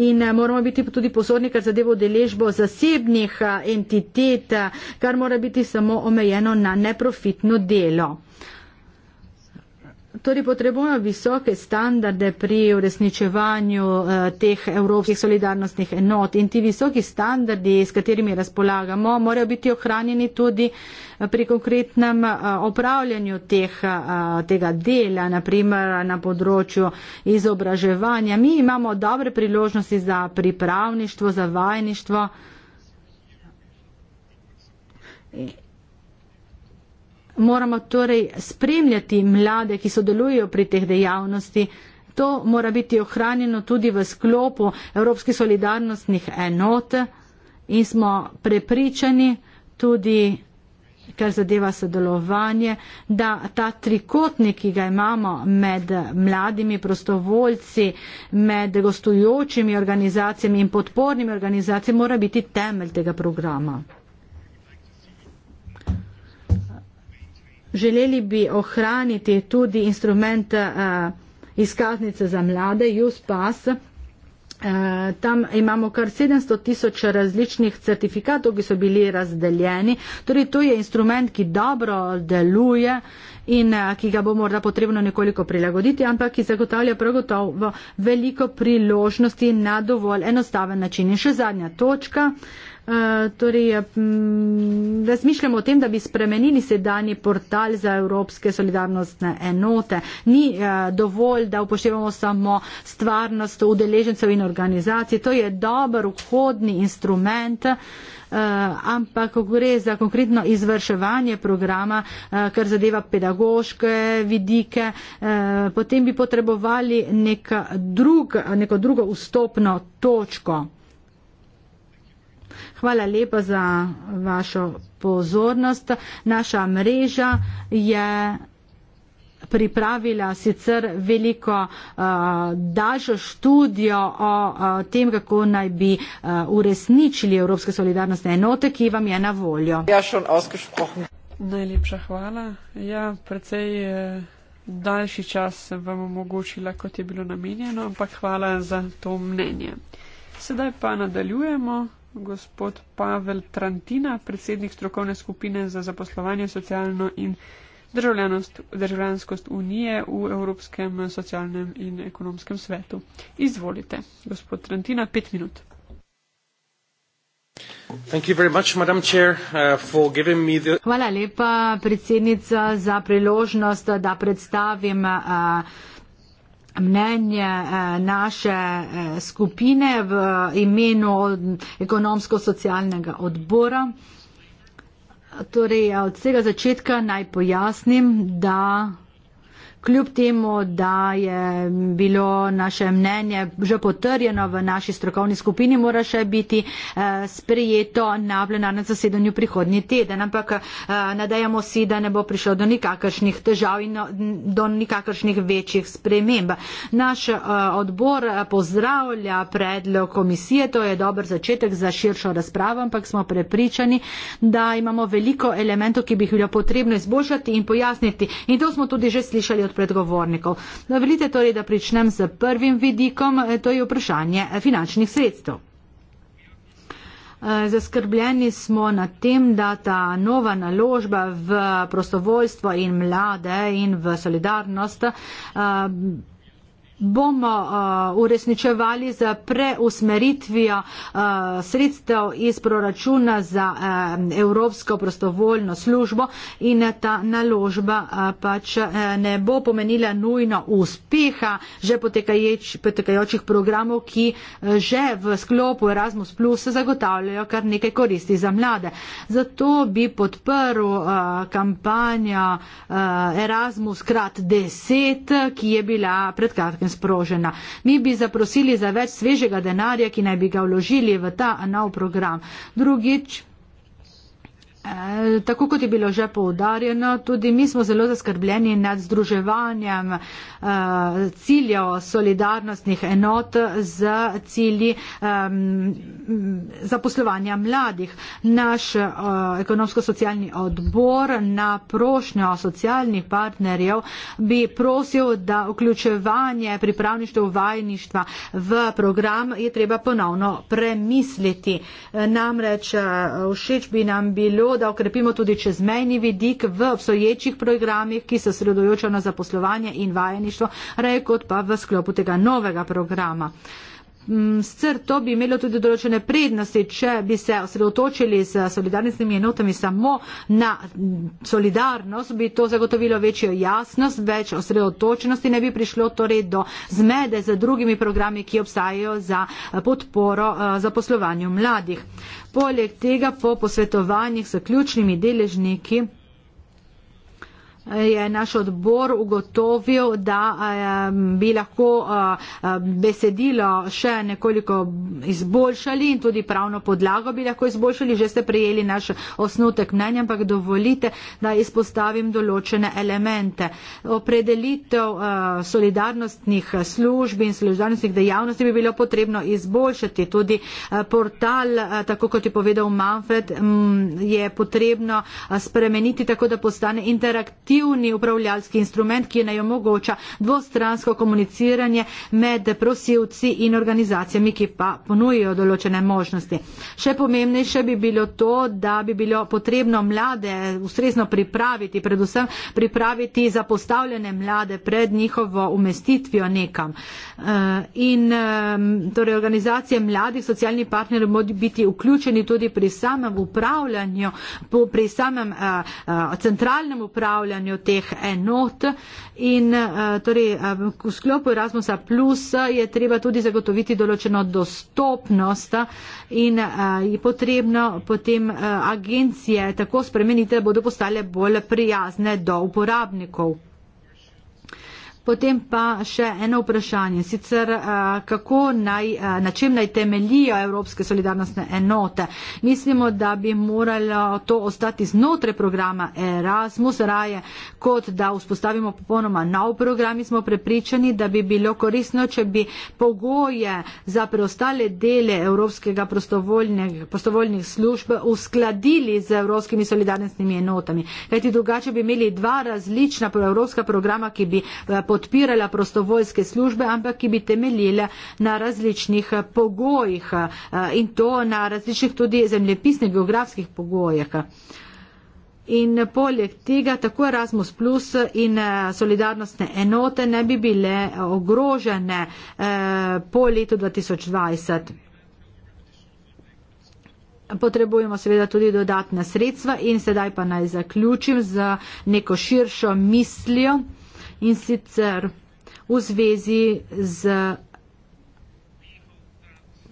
in eh, moramo biti tudi pozorni, kar zadeva udeležbo zasebnih eh, entitet, kar mora biti samo omejeno na neprofitno delo torej potrebujemo visoke standarde pri uresničevanju eh, teh evropskih solidarnostnih enot in ti visoki standardi, s katerimi razpolagamo, morajo biti ohranjeni tudi eh, pri konkretnem eh, opravljanju teh, eh, tega dela, naprimer na področju izobraževanja. Mi imamo dobre priložnosti za pripravništvo, za vajništvo. In moramo torej spremljati mlade, ki sodelujejo pri teh dejavnosti. To mora biti ohranjeno tudi v sklopu Evropskih solidarnostnih enot in smo prepričani tudi, kar zadeva sodelovanje, da ta trikotnik, ki ga imamo med mladimi prostovoljci, med gostujočimi organizacijami in podpornimi organizacijami, mora biti temelj tega programa. Želeli bi ohraniti tudi instrument uh, izkaznice za mlade, USPAS. Eh, tam imamo kar 700 tisoč različnih certifikatov, ki so bili razdeljeni. Torej, to je instrument, ki dobro deluje in eh, ki ga bo morda potrebno nekoliko prilagoditi, ampak ki zagotavlja pragotovo veliko priložnosti na dovolj enostaven način. In še zadnja točka. Uh, Uh, torej, eh, razmišljamo o tem, da bi spremenili sedanji portal za evropske solidarnostne enote. Ni uh, dovolj, da upoštevamo samo stvarnost udeležencev in organizacij. To je dober vhodni instrument, uh, ampak gre za konkretno izvrševanje programa, uh, kar zadeva pedagoške vidike, uh, potem bi potrebovali neka drug, neko drugo vstopno točko. Hvala lepa za vašo pozornost. Naša mreža je pripravila sicer veliko uh, daljšo študijo o uh, tem, kako naj bi uh, uresničili Evropske solidarnostne enote, ki vam je na voljo. Ja, Najlepša hvala. Ja, precej eh, daljši čas sem vam omogočila, kot je bilo namenjeno, ampak hvala za to mnenje. Sedaj pa nadaljujemo gospod Pavel Trantina, predsednik strokovne skupine za zaposlovanje, socialno in državljanskost unije v Evropskem socialnem in ekonomskem svetu. Izvolite, gospod Trantina, pet minut. Uh, Hvala lepa, predsednica, za priložnost, da predstavim uh, mnenje eh, naše eh, skupine v eh, imenu ekonomsko-socialnega odbora. Torej, od vsega začetka naj pojasnim, da kljub temu, da je bilo naše mnenje že potrjeno v naši strokovni skupini, mora še biti eh, sprejeto na plenarnem zasedanju prihodnji teden. Ampak eh, nadajamo si, da ne bo prišlo do nikakršnih težav in eh, do nikakršnih večjih sprememb. Naš odbor pozdravlja predlog komisije, to je dober začetek za širšo razpravo, ampak smo prepričani, da imamo veliko elementov, ki bi jih bilo potrebno izboljšati in pojasniti. In to smo tudi že slišali od predgovornikov. Dovolite torej, da pričnem z prvim vidikom, eh, to je vprašanje eh, finančnih sredstev. Eh, zaskrbljeni smo nad tem, da ta nova naložba v prostovoljstvo in mlade in v solidarnost bomo uh, uresničevali z preusmeritvijo uh, sredstev iz proračuna za uh, Evropsko prostovoljno službo in ta naložba uh, pač uh, ne bo pomenila nujno uspeha že potekajoč, potekajočih programov, ki uh, že v sklopu Erasmus Plus zagotavljajo kar nekaj koristi za mlade. Zato bi podprl uh, kampanjo uh, Erasmus krat 10, ki je bila pred kratkim in sprožena. Mi bi zaprosili za več svežega denarja, ki naj bi ga vložili v ta nov program. Drugič, Eh, tako kot je bilo že poudarjeno, tudi mi smo zelo zaskrbljeni nad združevanjem eh, ciljev solidarnostnih enot z cilji eh, zaposlovanja mladih. Naš eh, ekonomsko-socialni odbor na prošnjo socialnih partnerjev bi prosil, da vključevanje pripravništva vajništva v program je treba ponovno premisliti. Eh, namreč, eh, všeč bi nam bilo, da okrepimo tudi čezmejni vidik v obstoječih programih, ki se sredojočajo na zaposlovanje in vajeništvo, reko pa v sklopu tega novega programa. Mm, sicer to bi imelo tudi določene prednosti, če bi se osredotočili z solidarnostnimi enotami samo na mm, solidarnost, bi to zagotovilo večjo jasnost, več osredotočenosti, ne bi prišlo torej do zmede z drugimi programi, ki obstajajo za eh, podporo eh, zaposlovanju mladih. Poleg tega po posvetovanjih s ključnimi deležniki je naš odbor ugotovil, da bi lahko besedilo še nekoliko izboljšali in tudi pravno podlago bi lahko izboljšali. Že ste prijeli naš osnutek mnenja, ampak dovolite, da izpostavim določene elemente. Opredelitev solidarnostnih služb in solidarnostnih dejavnosti bi bilo potrebno izboljšati. Tudi portal, tako kot je povedal Manfred, je potrebno spremeniti tako, da postane interaktiv aktivni upravljalski instrument, ki naj omogoča dvostransko komuniciranje med prosilci in organizacijami, ki pa ponujejo določene možnosti. Še pomembnejše bi bilo to, da bi bilo potrebno mlade ustrezno pripraviti, predvsem pripraviti zapostavljene mlade pred njihovo umestitvijo nekam. Eh, in torej organizacije mladih socialnih partnerjev bodo biti vključeni tudi pri samem upravljanju, pri samem eh, eh, centralnem upravljanju združevanju teh enot. In eh, torej eh, v sklopu Erasmusa plus eh, je treba tudi zagotoviti določeno dostopnost in je potrebno potem agencije tako spremeniti, da bodo postale bolj prijazne do uporabnikov. Potem pa še eno vprašanje. Sicer, eh, kako naj, eh, na čem naj temelijo evropske solidarnostne enote? Mislimo, da bi moralo to ostati znotraj programa Erasmus, raje kot da vzpostavimo popolnoma nov program. Mi smo prepričani, da bi bilo korisno, če bi pogoje za preostale dele evropskega prostovoljnih služb uskladili z evropskimi solidarnostnimi enotami. Kajti drugače bi imeli dva različna evropska programa, ki bi potrebovali eh, podpirala prostovoljske službe, ampak ki bi temeljila na različnih eh, pogojih eh, in to na različnih tudi zemljepisnih geografskih pogojih. In poleg tega tako Erasmus Plus in eh, solidarnostne enote ne bi bile ogrožene po letu 2020. Potrebujemo seveda tudi dodatna sredstva in sedaj pa naj zaključim z neko širšo mislijo in sicer v zvezi z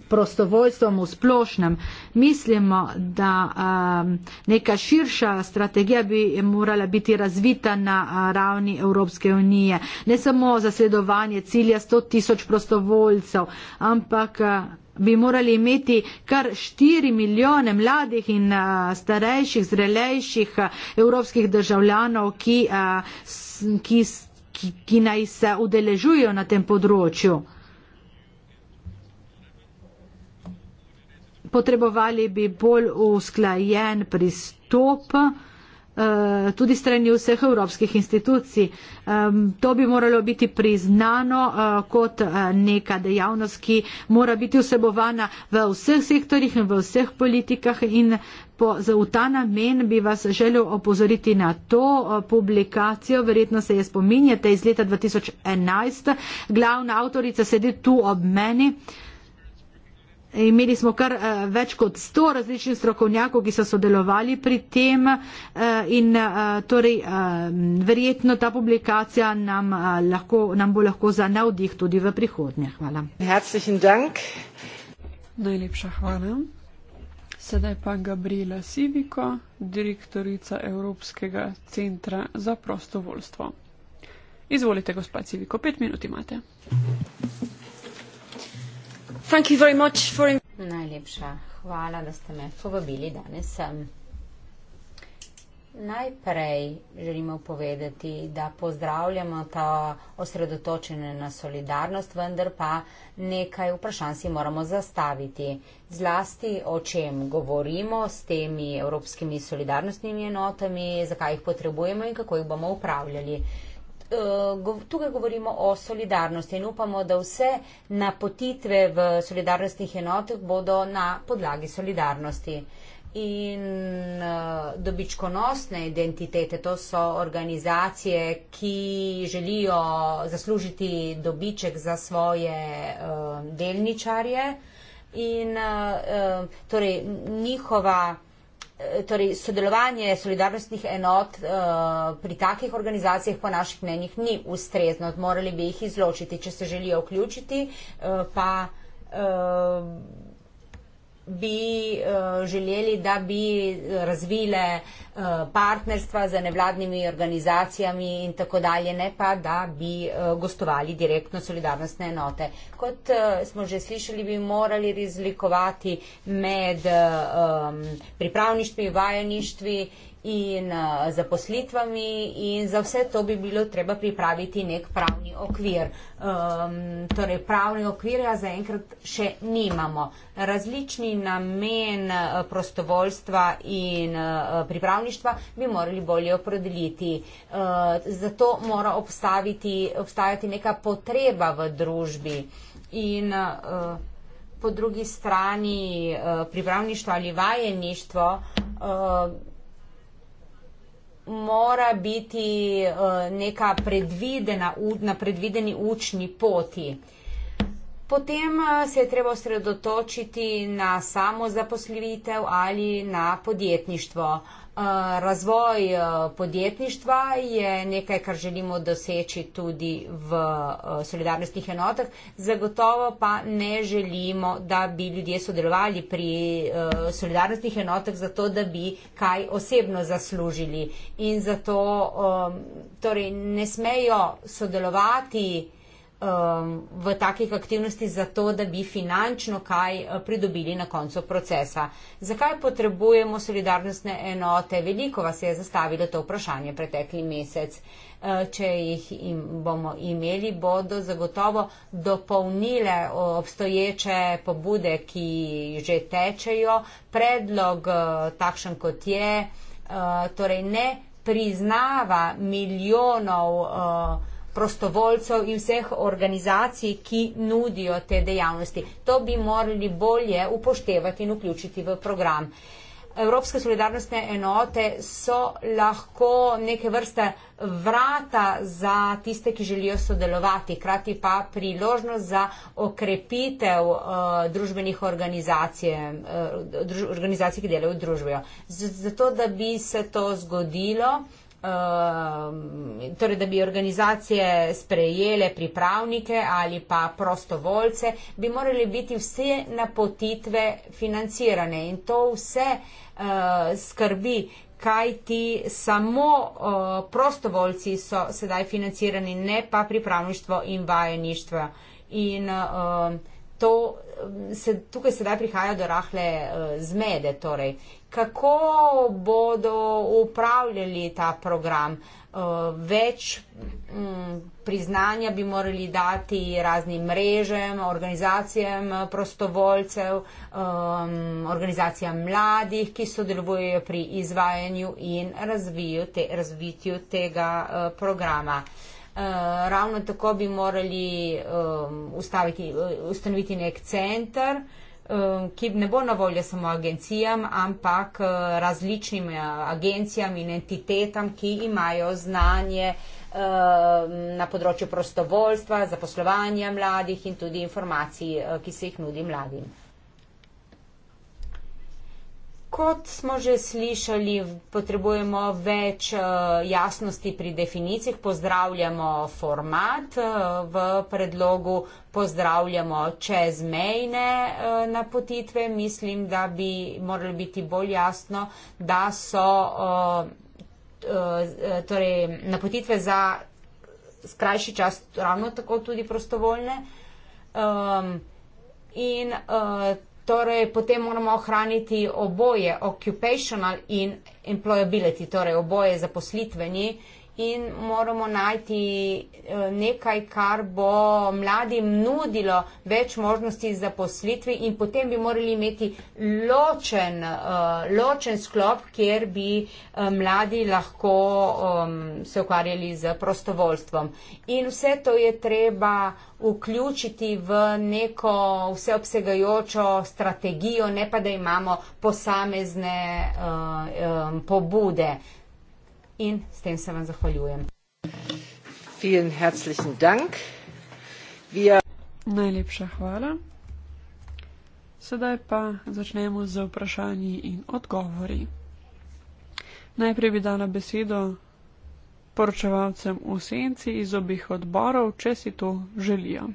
prostovoljstvom v splošnem. Mislimo, da um, neka širša strategija bi morala biti razvita na uh, ravni Evropske unije. Ne samo zasledovanje cilja 100 tisoč prostovoljcev, ampak uh, bi morali imeti kar 4 milijone mladih in a, uh, starejših, zrelejših a, evropskih državljanov, ki, a, s, ki s, ki, ki naj se udeležujo na tem področju. Potrebovali bi bolj usklajen pristop eh, tudi strani vseh evropskih institucij. To bi moralo biti priznano eh, kot eh, neka dejavnost, ki mora biti vsebovana v vseh sektorjih in v vseh politikah in Po, za v ta namen bi vas želel opozoriti na to eh, publikacijo, verjetno se je spominjate iz leta 2011. Glavna avtorica sedi tu ob meni. Imeli smo kar eh, več kot sto različnih strokovnjakov, ki so sodelovali pri tem eh, in torej verjetno ta publikacija nam, lahko, nam bo lahko za navdih tudi v prihodnje. Hvala. Najlepša hvala. Sedaj pa Gabriela Siviko, direktorica Evropskega centra za prostovoljstvo. Izvolite, gospod Siviko, pet minut imate. Najlepša hvala, da ste me povabili danes sem. Um Najprej želimo povedati, da pozdravljamo ta osredotočenje na solidarnost, vendar pa nekaj vprašanj si moramo zastaviti. Zlasti o čem govorimo s temi evropskimi solidarnostnimi enotami, zakaj jih potrebujemo in kako jih bomo upravljali. E, tukaj govorimo o solidarnosti in upamo, da vse napotitve v solidarnostnih enotah bodo na podlagi solidarnosti in uh, dobičkonosne identitete, to so organizacije, ki želijo zaslužiti dobiček za svoje uh, delničarje in uh, torej njihova Torej, sodelovanje solidarnostnih enot uh, pri takih organizacijah po naših mnenjih ni ustrezno, morali bi jih izločiti, če se želijo vključiti, uh, pa uh, bi uh, želeli, da bi razvile uh, Eh, partnerstva z nevladnimi organizacijami in tako dalje, ne pa da bi eh, gostovali direktno solidarnostne enote. Kot eh, smo že slišali, bi morali razlikovati med um, pripravništvi, vajeništvi in zaposlitvami in za vse to bi bilo treba pripraviti nek pravni okvir. Um, torej, pravni okvir ja zaenkrat še nimamo. Različni namen prostovoljstva in pripravništva zdravništva, bi morali bolje opredeliti. Eh, zato mora obstaviti, obstajati neka potreba v družbi. In eh, po drugi strani eh, pripravništvo ali vajeništvo mora biti neka predvidena, na predvideni učni poti. Potem se je treba osredotočiti na samo zaposlitev ali na podjetništvo. Uh, Razvoj podjetništva je nekaj, kar želimo doseči tudi v solidarnostnih enotah. Zagotovo pa ne želimo, da bi ljudje sodelovali pri solidarnostnih enotah zato, da bi kaj osebno zaslužili. In zato torej, ne smejo sodelovati um, v takih aktivnostih zato, da bi finančno kaj eh, pridobili na koncu procesa. Zakaj potrebujemo solidarnostne enote? Veliko vas je zastavilo to vprašanje pretekli mesec. Eh, če jih im bomo imeli, bodo zagotovo dopolnile obstoječe pobude, ki že tečejo. Predlog eh, takšen, kot je, torej ne priznava milijonov uh, prostovoljcev in vseh organizacij, ki nudijo te dejavnosti. To bi morali bolje upoštevati in vključiti v program. Evropske solidarnostne enote so lahko neke vrste vrata za tiste, ki želijo sodelovati, krati pa priložnost za okrepitev uh, družbenih organizacij, uh, druž organizacij, ki delajo v družbi. Zato, da bi se to zgodilo, uh, Ehm, torej da bi organizacije sprejele pripravnike ali pa prostovoljce, bi morali biti vse napotitve financirane in to vse eh, skrbi, kaj ti samo eh, prostovoljci so sedaj financirani, ne pa pripravništvo in vajeništvo. In eh, to, tukaj sedaj prihaja do rahle zmede, torej kako bodo upravljali ta program. Eh, več m, mm, priznanja bi morali dati raznim mrežem, organizacijam prostovoljcev, m, organizacijam mladih, ki sodelujejo pri izvajanju in te, razvitju tega m, eh, programa. Eh, ravno tako bi morali um, ustaviti, ustanoviti nek center, uh, Um, ki ne bo na voljo samo agencijam, ampak uh, različnim uh, agencijam in entitetam, ki imajo znanje uh, na področju prostovoljstva, zaposlovanja mladih in tudi informacij, ki se jih nudi mladim kot smo že slišali, potrebujemo več eh, jasnosti pri definicijah, pozdravljamo format eh, v predlogu, pozdravljamo čezmejne eh, napotitve. Mislim, da bi moralo biti bolj jasno, da so torej, napotitve za skrajši čas ravno tako tudi prostovoljne. Ehm, in uh, Torej, potem moramo ohraniti oboje, occupational in employability, torej oboje zaposlitveni in moramo najti eh, nekaj, kar bo mladim nudilo več možnosti za poslitvi in potem bi morali imeti ločen, eh, ločen sklop, kjer bi eh, mladi lahko se ukvarjali z prostovoljstvom. In vse to je treba vključiti v neko vseobsegajočo strategijo, ne pa da imamo posamezne pobude in s tem se vam zahvaljujem. Najlepša hvala. Sedaj pa začnemo z vprašanji in odgovori. Najprej bi dala besedo poročevalcem v senci iz obih odborov, če si to želijo.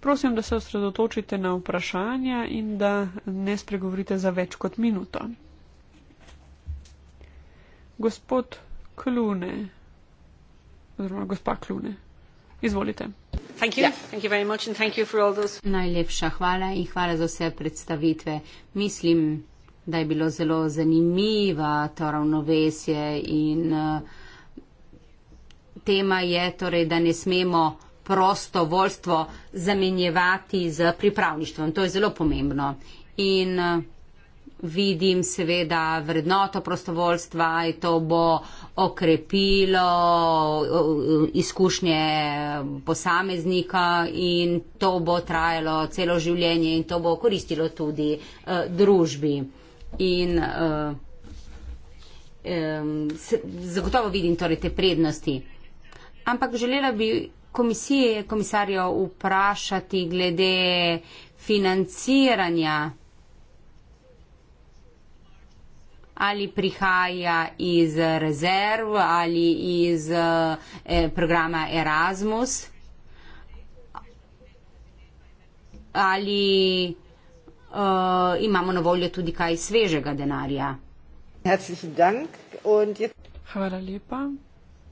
Prosim, da se osredotočite na vprašanja in da ne spregovorite za več kot minuto gospod Klune. Oziroma, gospa Klune. Izvolite. Thank you. Yeah. Ja. Thank you very much and thank you for all those. Najlepša hvala in hvala za vse predstavitve. Mislim, da je bilo zelo zanimiva to ravnovesje in uh, tema je torej, da ne smemo prosto voljstvo zamenjevati z pripravništvom. To je zelo pomembno. In uh, vidim seveda vrednoto prostovoljstva in to bo okrepilo izkušnje posameznika in to bo trajalo celo življenje in to bo koristilo tudi uh, družbi. In, uh, um, zagotovo vidim torej te prednosti. Ampak želela bi komisije, komisarjo vprašati glede financiranja ali prihaja iz rezerv ali iz eh, programa Erasmus ali eh, imamo na voljo tudi kaj svežega denarja. Hvala lepa.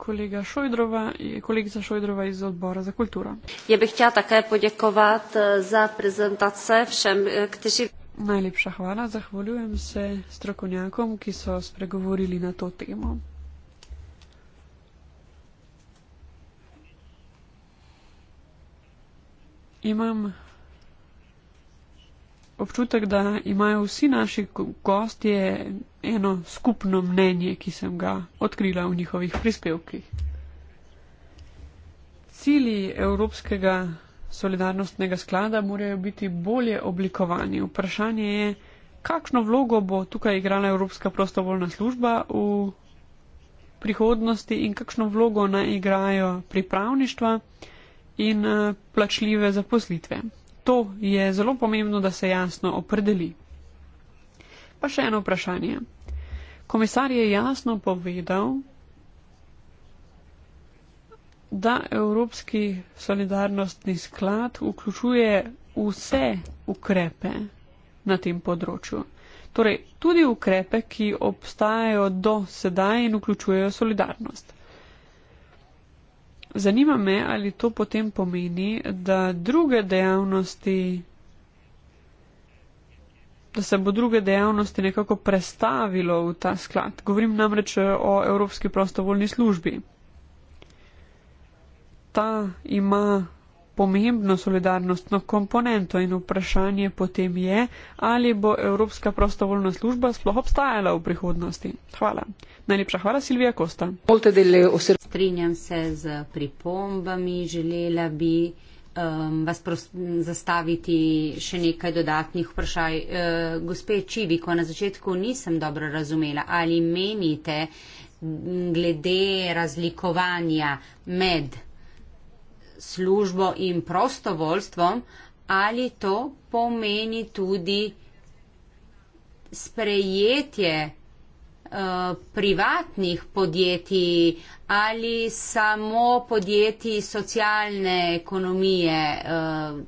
Kolega Šojdrova, kolegica Šojdrova iz odbora za kulturo. Je bih htjela takaj podjekovati eh, za prezentacije vsem, eh, kteri. Najlepša hvala. Zahvaljujem se strokovnjakom, ki so spregovorili na to temo. Imam občutek, da imajo vsi naši gostje eno skupno mnenje, ki sem ga odkrila v njihovih prispevkih. Cili evropskega solidarnostnega sklada morajo biti bolje oblikovani. Vprašanje je, kakšno vlogo bo tukaj igrala Evropska prostovoljna služba v prihodnosti in kakšno vlogo naj igrajo pripravništva in eh, plačljive zaposlitve. To je zelo pomembno, da se jasno opredeli. Pa še eno vprašanje. Komisar je jasno povedal, da Evropski solidarnostni sklad vključuje vse ukrepe na tem področju. Torej, tudi ukrepe, ki obstajajo do sedaj in vključujejo solidarnost. Zanima me, ali to potem pomeni, da druge dejavnosti, da se bo druge dejavnosti nekako prestavilo v ta sklad. Govorim namreč o Evropski prostovoljni službi ta ima pomembno solidarnostno komponento in vprašanje potem je, ali bo Evropska prostovoljna služba sploh obstajala v prihodnosti. Hvala. Najlepša hvala, Silvija Kosta. Strinjam se z pripombami, želela bi um, vas zastaviti še nekaj dodatnih vprašaj. E, uh, gospe Čiviko, na začetku nisem dobro razumela, ali menite glede razlikovanja med službo in prostovoljstvom, ali to pomeni tudi sprejetje uh, privatnih podjetij ali samo podjetij socialne ekonomije uh,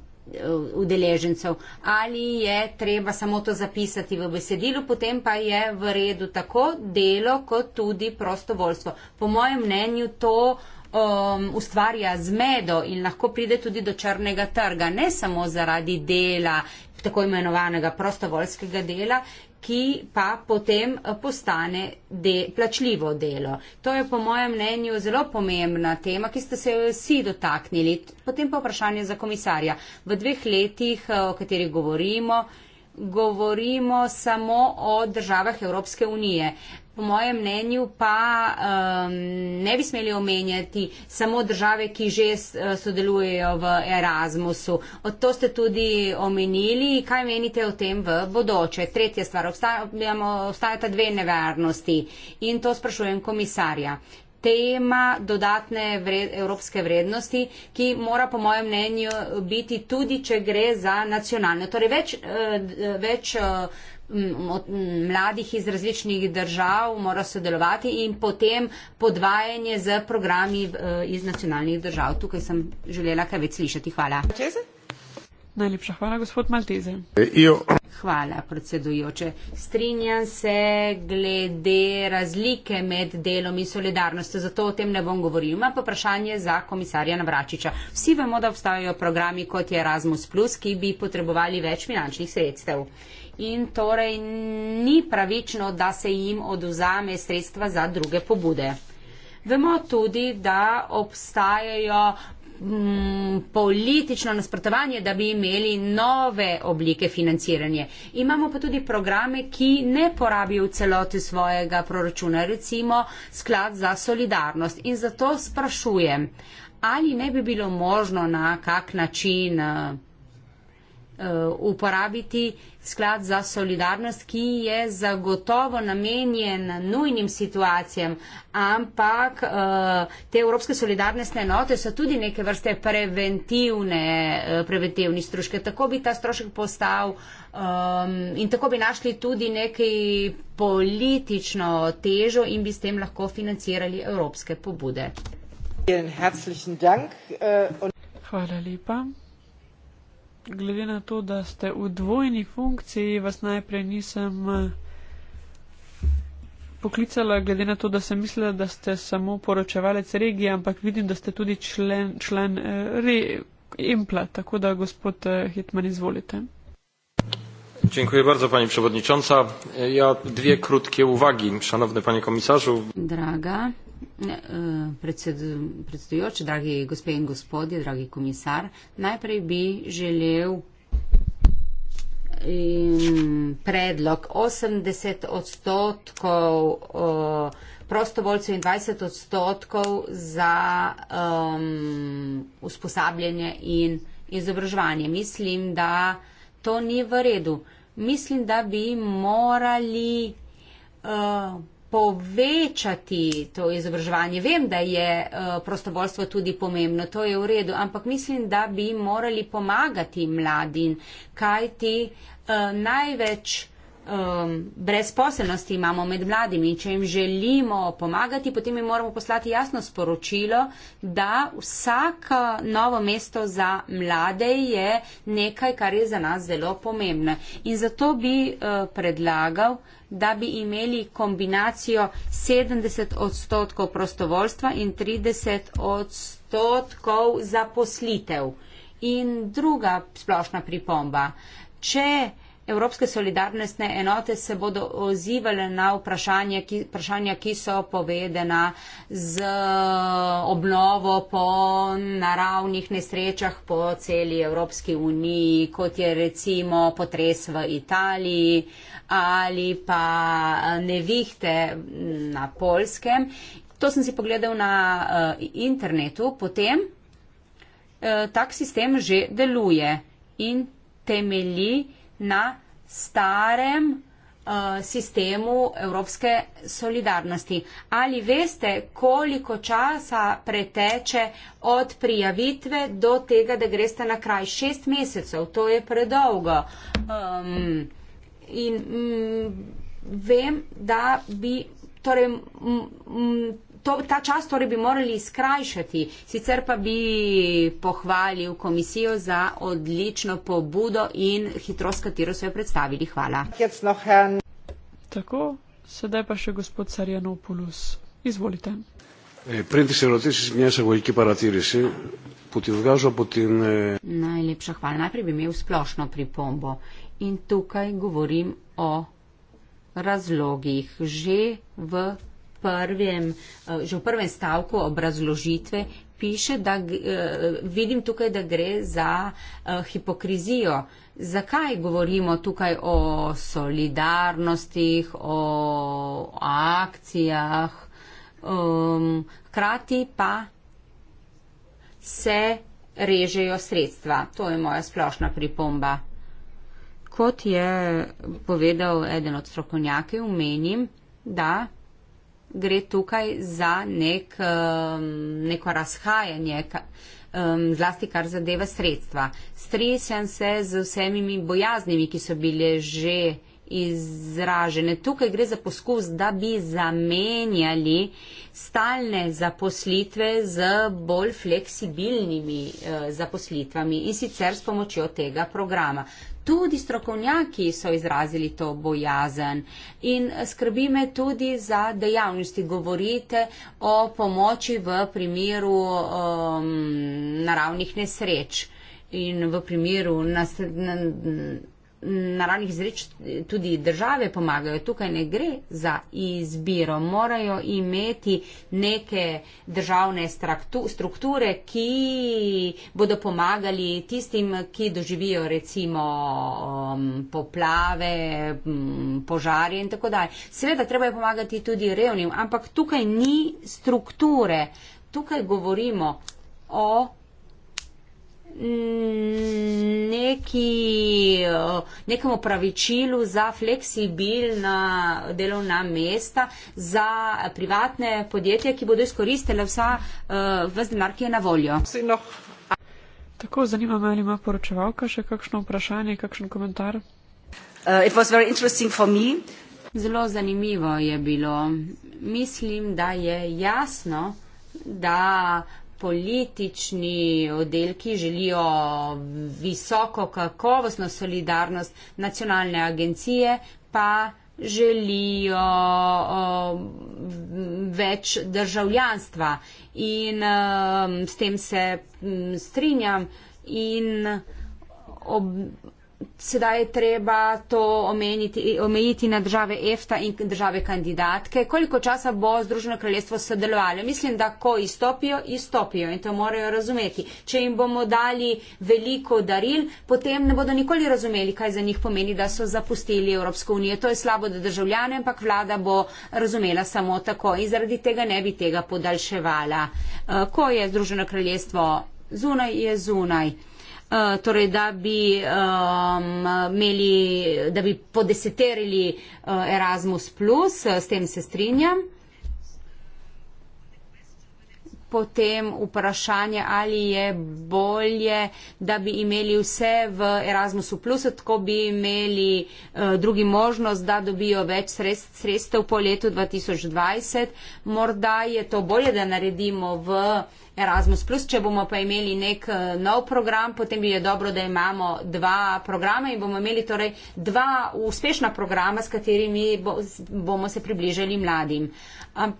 udeležencev. Ali je treba samo to zapisati v besedilu, potem pa je v redu tako delo kot tudi prostovoljstvo. Po mojem mnenju to uh, um, ustvarja zmedo in lahko pride tudi do črnega trga, ne samo zaradi dela, tako imenovanega prostovoljskega dela, ki pa potem uh, postane de, plačljivo delo. To je po mojem mnenju zelo pomembna tema, ki ste se jo vsi dotaknili. Potem pa vprašanje za komisarja. V dveh letih, uh, o katerih govorimo, govorimo samo o državah Evropske unije. Po mojem mnenju pa um, ne bi smeli omenjati samo države, ki že eh, sodelujejo v Erasmusu. O to ste tudi omenili. Kaj menite o tem v bodoče? Tretja stvar. Obstajamo, obstajata dve nevarnosti in to sprašujem komisarja. Tema dodatne vred, evropske vrednosti, ki mora po mojem mnenju biti tudi, če gre za nacionalne. Torej več, eh, več eh, od mladih iz različnih držav mora sodelovati in potem podvajanje z programi iz nacionalnih držav. Tukaj sem želela kaj več slišati. Hvala. Najlepša hvala, gospod Malteze. Hvala, predsedujoče. Strinjam se glede razlike med delom in solidarnostjo, zato o tem ne bom govoril. Imam pa vprašanje za komisarja Navračiča. Vsi vemo, da obstajajo programi kot je Erasmus, ki bi potrebovali več finančnih sredstev in torej ni pravično, da se jim oduzame sredstva za druge pobude. Vemo tudi, da obstajajo mm, politično nasprotovanje, da bi imeli nove oblike financiranja. Imamo pa tudi programe, ki ne porabijo v celoti svojega proračuna, recimo sklad za solidarnost. In zato sprašujem, ali ne bi bilo možno na kak način eh, Eh, uporabiti sklad za solidarnost, ki je zagotovo namenjen nujnim situacijam, ampak eh, te evropske solidarnostne note so tudi neke vrste preventivne, eh, preventivni stroške. Tako bi ta strošek postal um, in tako bi našli tudi neki politično težo in bi s tem lahko financirali evropske pobude. Äh, Hvala lepa glede na to, da ste v dvojni funkciji, vas najprej nisem eh, poklicala, glede na to, da sem mislila, da ste samo poročevalec regije, ampak vidim, da ste tudi člen, člen eh, re, impla, tako da gospod Hitman, eh, izvolite. Dziękuję bardzo Pani Przewodnicząca. Ja dwie krótkie uwagi, Szanowny Panie Komisarzu. Draga, Eh, predsed, predsedujoč, dragi gospe in gospodje, dragi komisar, najprej bi želel predlog 80 odstotkov eh, prostovoljcev in 20 odstotkov za um, usposabljanje in izobraževanje. Mislim, da to ni v redu. Mislim, da bi morali uh, povečati to izobraževanje. Vem, da je eh, prostovoljstvo tudi pomembno, to je v redu, ampak mislim, da bi morali pomagati mladim, kajti eh, največ ehm, brezposelnosti imamo med mladimi in če jim želimo pomagati, potem jim moramo poslati jasno sporočilo, da vsako novo mesto za mlade je nekaj, kar je za nas zelo pomembno. In zato bi eh, predlagal, da bi imeli kombinacijo 70 odstotkov prostovoljstva in 30 odstotkov zaposlitev. In druga splošna pripomba, če Evropske solidarnostne enote se bodo ozivale na vprašanje, ki, vprašanja, ki so povedena z obnovo po naravnih nesrečah po celi Evropski uniji, kot je recimo potres v Italiji ali pa nevihte na Polskem. To sem si pogledal na uh, internetu, potem uh, tak sistem že deluje in temelji na starem eh, sistemu evropske solidarnosti. Ali veste, koliko časa preteče od prijavitve do tega, da greste na kraj? Šest mesecev, to je predolgo. Um, in um, vem, da bi torej, m, mm, m, mm, to, ta čas torej bi morali skrajšati. Sicer pa bi pohvalil komisijo za odlično pobudo in hitrost, katero so jo predstavili. Hvala. Tako, sedaj pa še gospod Sarjanopoulos. Izvolite. Eh, Pred tem, da se lotiš mesa vojki paratirisi, potizgažo potin. Najlepša hvala. Najprej bi imel splošno pripombo. In tukaj govorim o razlogih. Že v prvem, eh, že v prvem stavku obrazložitve piše, da eh, vidim tukaj, da gre za eh, hipokrizijo. Zakaj govorimo tukaj o solidarnostih, o akcijah, ehm, hkrati pa se režejo sredstva. To je moja splošna pripomba. Kot je povedal eden od strokovnjakov, menim, da gre tukaj za nek, um, neko razhajanje, ka, um, zlasti kar zadeva sredstva. Stresem se z vsemi bojaznimi, ki so bile že izražene. Tukaj gre za poskus, da bi zamenjali stalne zaposlitve z bolj fleksibilnimi uh, zaposlitvami in sicer s pomočjo tega programa. Tudi strokovnjaki so izrazili to bojazen in skrbi me tudi za dejavnosti. Govorite o pomoči v primeru um, naravnih nesreč in v primeru nas, n, n, naravnih zreč tudi države pomagajo. Tukaj ne gre za izbiro. Morajo imeti neke državne strukture, ki bodo pomagali tistim, ki doživijo recimo um, poplave, um, požarje in tako dalje. Seveda treba je pomagati tudi revnim, ampak tukaj ni strukture. Tukaj govorimo o neki, eh, nekem upravičilu za fleksibilna delovna mesta, za privatne podjetja, ki bodo izkoristile vsa eh, vzdemar, ki je na voljo. No- Tako zanima me, ali ima poročevalka še kakšno vprašanje, kakšen komentar? Uh, Zelo zanimivo je bilo. Mislim, da je jasno, da politični oddelki želijo visoko kakovostno solidarnost nacionalne agencije, pa želijo o, več državljanstva in o, s tem se m, strinjam in ob, sedaj je treba to omeniti, omejiti na države EFTA in države kandidatke. Koliko časa bo Združeno kraljestvo sodelovalo? Mislim, da ko izstopijo, izstopijo in to morajo razumeti. Če jim bomo dali veliko daril, potem ne bodo nikoli razumeli, kaj za njih pomeni, da so zapustili Evropsko unijo. To je slabo za državljane, ampak vlada bo razumela samo tako in zaradi tega ne bi tega podaljševala. Eh, ko je Združeno kraljestvo zunaj, je zunaj. Eh, torej da bi, um, imeli, da bi podeseterili uh, Erasmus, eh, s tem se strinjam potem vprašanje, ali je bolje, da bi imeli vse v Erasmusu plus, tako bi imeli uh, drugi možnost, da dobijo več sredstev po letu 2020. Morda je to bolje, da naredimo v Erasmus plus, če bomo pa imeli nek eh, nov program, potem bi je dobro, da imamo dva programa in bomo imeli torej dva uspešna programa, s katerimi bo, bomo se približali mladim. Um,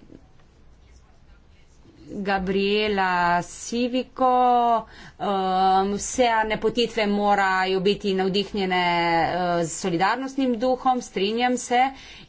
Gabriela Siviko. Um, vse nepotitve morajo biti navdihnjene uh, z solidarnostnim duhom, strinjam se,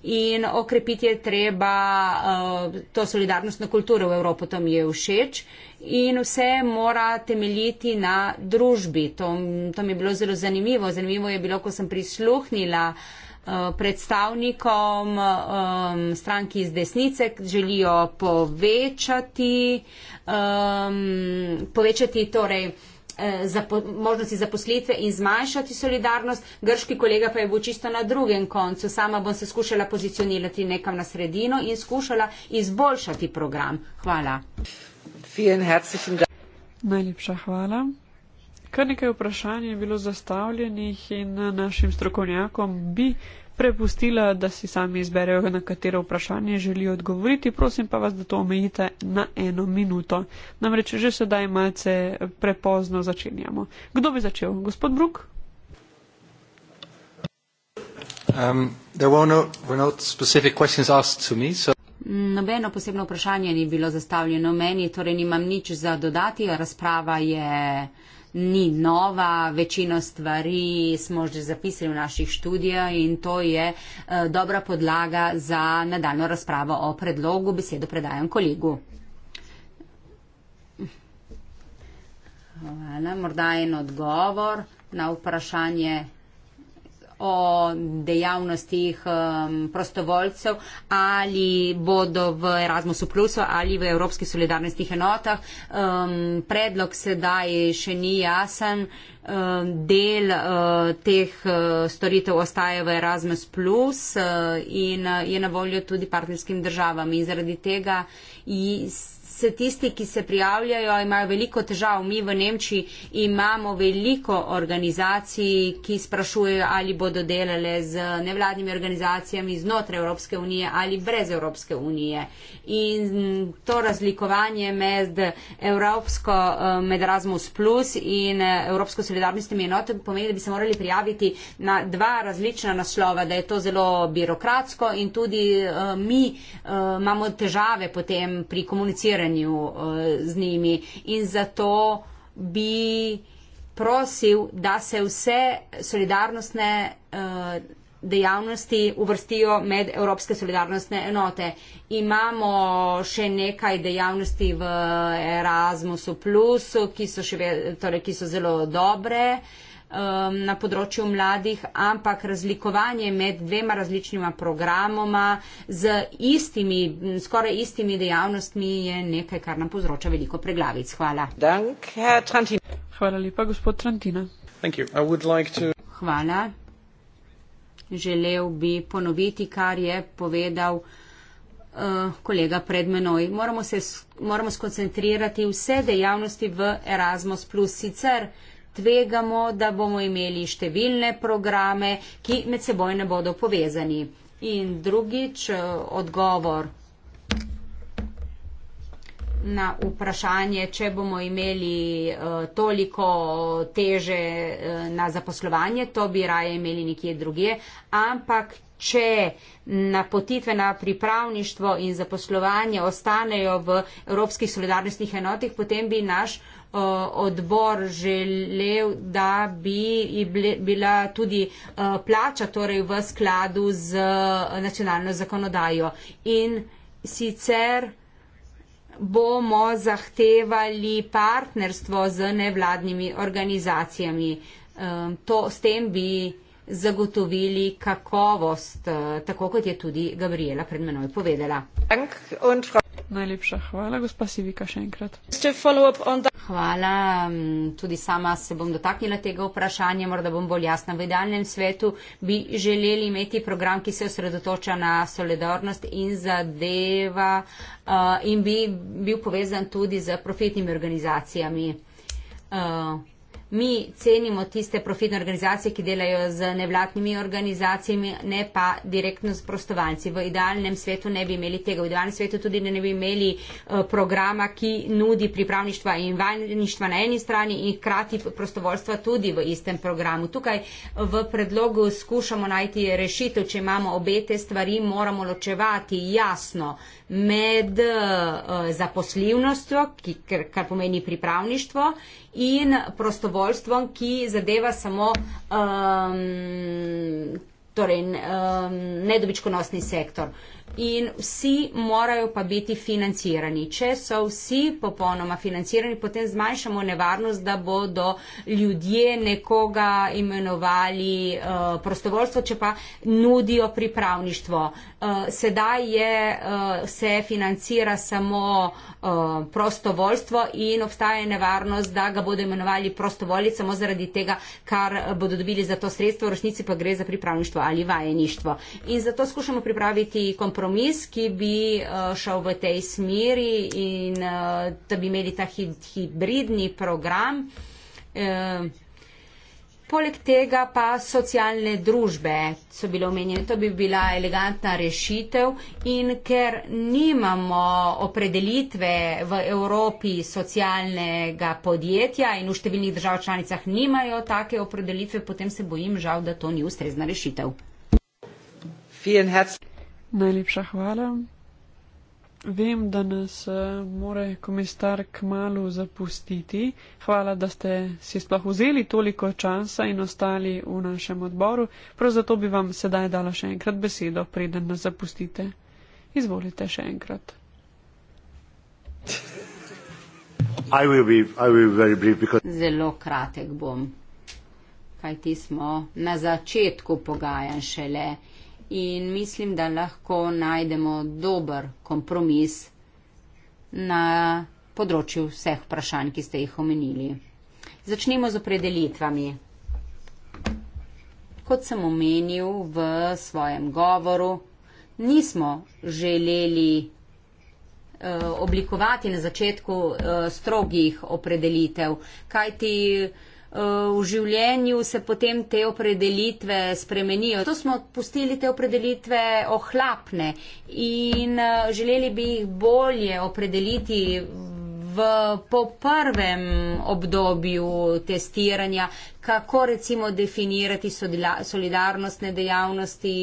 in okrepiti je treba uh, to solidarnostno kulturo v Evropo, to mi je všeč. In vse mora temeljiti na družbi. To, to mi je bilo zelo zanimivo. Zanimivo je bilo, ko sem prisluhnila uh, Eh, predstavnikom um, stranki iz desnice želijo povečati, um, povečati torej, eh, za po, možnosti zaposlitve in zmanjšati solidarnost. Grški kolega pa je bil čisto na drugem koncu. Sama bom se skušala pozicionirati nekam na sredino in skušala izboljšati program. Hvala. Najlepša hvala. Kar nekaj vprašanj je bilo zastavljenih in našim strokovnjakom bi prepustila, da si sami izberejo, na katero vprašanje želijo odgovoriti. Prosim pa vas, da to omejite na eno minuto. Namreč že sedaj malce prepozno začenjamo. Kdo bi začel? Gospod Bruk? Um, no, no Nobeno posebno vprašanje ni bilo zastavljeno meni, torej nimam nič za dodati. Razprava je uh, ni nova, večino stvari smo že zapisali v naših študijah in to je eh, dobra podlaga za nadaljno razpravo o predlogu. Besedo predajam kolegu. Hvala. Morda en odgovor na vprašanje o dejavnostih um, prostovoljcev, ali bodo v Erasmusu plusu ali v Evropskih solidarnostih enotah. Um, predlog sedaj še ni jasen. Um, del uh, teh uh, storitev ostaje v Erasmus plus uh, in uh, je na voljo tudi partnerskim državam. In zaradi tega jis, se tisti, ki se prijavljajo, imajo veliko težav. Mi v Nemčiji imamo veliko organizacij, ki sprašujejo, ali bodo delale z nevladnimi organizacijami znotraj Evropske unije ali brez Evropske unije. In to razlikovanje med Evropsko, eh, med Erasmus Plus in eh, Evropsko solidarnostnimi enotami pomeni, da bi se morali prijaviti na dva različna naslova, da je to zelo birokratsko in tudi eh, mi imamo težave potem pri komuniciranju srečanju eh, z njimi in zato bi prosil, da se vse solidarnostne eh, dejavnosti uvrstijo med Evropske solidarnostne enote. Imamo še nekaj dejavnosti v Erasmusu, ki so, še, torej, ki so zelo dobre. Uh, um, na področju mladih, ampak razlikovanje med dvema različnima programoma z istimi, skoraj istimi dejavnostmi je nekaj, kar nam povzroča veliko preglavic. Hvala. Dank, Hvala lepa, gospod Trantina. Like to... Hvala. Želel bi ponoviti, kar je povedal. Uh, kolega pred menoj, moramo se moramo skoncentrirati vse dejavnosti v Erasmus. Sicer tvegamo, da bomo imeli številne programe, ki med seboj ne bodo povezani. In drugič, eh, odgovor na vprašanje, če bomo imeli eh, toliko teže eh, na zaposlovanje, to bi raje imeli nekje druge, ampak če napotitve na pripravništvo in zaposlovanje ostanejo v Evropskih solidarnostnih enotih, potem bi naš odbor želel, da bi bila tudi plača torej v skladu z nacionalno zakonodajo. In sicer bomo zahtevali partnerstvo z nevladnimi organizacijami. To, s tem bi zagotovili kakovost, tako kot je tudi Gabriela pred menoj povedala. Dank und Frau Najlepša hvala, gospa Sivika, še enkrat. Hvala, mm, tudi sama se bom dotaknila tega vprašanja, morda bom bolj jasna. V idealnem svetu bi želeli imeti program, ki se osredotoča na solidarnost in zadeva uh, in bi bil povezan tudi z profitnimi organizacijami. Uh, mi cenimo tiste profitne organizacije, ki delajo z nevladnimi organizacijami, ne pa direktno s prostovanci. V idealnem svetu ne bi imeli tega. V idealnem svetu tudi ne bi imeli eh, programa, ki nudi pripravništva in vajništva na eni strani in hkrati prostovoljstva tudi v istem programu. Tukaj eh, v predlogu skušamo najti rešitev, če imamo obe te stvari, moramo ločevati jasno med eh, zaposljivnostjo, kar pomeni pripravništvo in prostovoljstvom, ki zadeva samo um, torej, um, nedobičkonosni sektor. Uh, in vsi morajo pa biti financirani. Če so vsi popolnoma financirani, potem zmanjšamo nevarnost, da bodo ljudje nekoga imenovali uh, prostovoljstvo, če pa nudijo pripravništvo. Uh, sedaj je, uh, se financira samo uh, prostovoljstvo in obstaja nevarnost, da ga bodo imenovali prostovoljci samo zaradi tega, kar bodo dobili za to sredstvo, v resnici pa gre za pripravništvo ali vajeništvo kompromis, ki bi eh, šel v tej smeri in eh, da bi imeli ta hibridni program. Eh, poleg tega pa socialne družbe so bile omenjene, to bi bila elegantna rešitev in ker nimamo opredelitve v Evropi socialnega podjetja in v številnih držav članicah nimajo take opredelitve, potem se bojim žal, da to ni ustrezna rešitev. Najlepša hvala. Vem, da nas eh, more komisar kmalo zapustiti. Hvala, da ste si sploh vzeli toliko časa in ostali v našem odboru. Prav zato bi vam sedaj dala še enkrat besedo, preden nas zapustite. Izvolite še enkrat. Zelo kratek bom, kajti smo na začetku pogajanj šele in mislim, da lahko najdemo dober kompromis na področju vseh vprašanj, ki ste jih omenili. Začnimo z opredelitvami. Kot sem omenil v svojem govoru, nismo želeli eh, oblikovati na začetku eh, strogih opredelitev, kajti eh, Eh, v življenju se potem te opredelitve spremenijo. To smo pustili te opredelitve ohlapne in eh, želeli bi jih bolje opredeliti v poprvem obdobju testiranja, kako recimo definirati solidarnostne dejavnosti,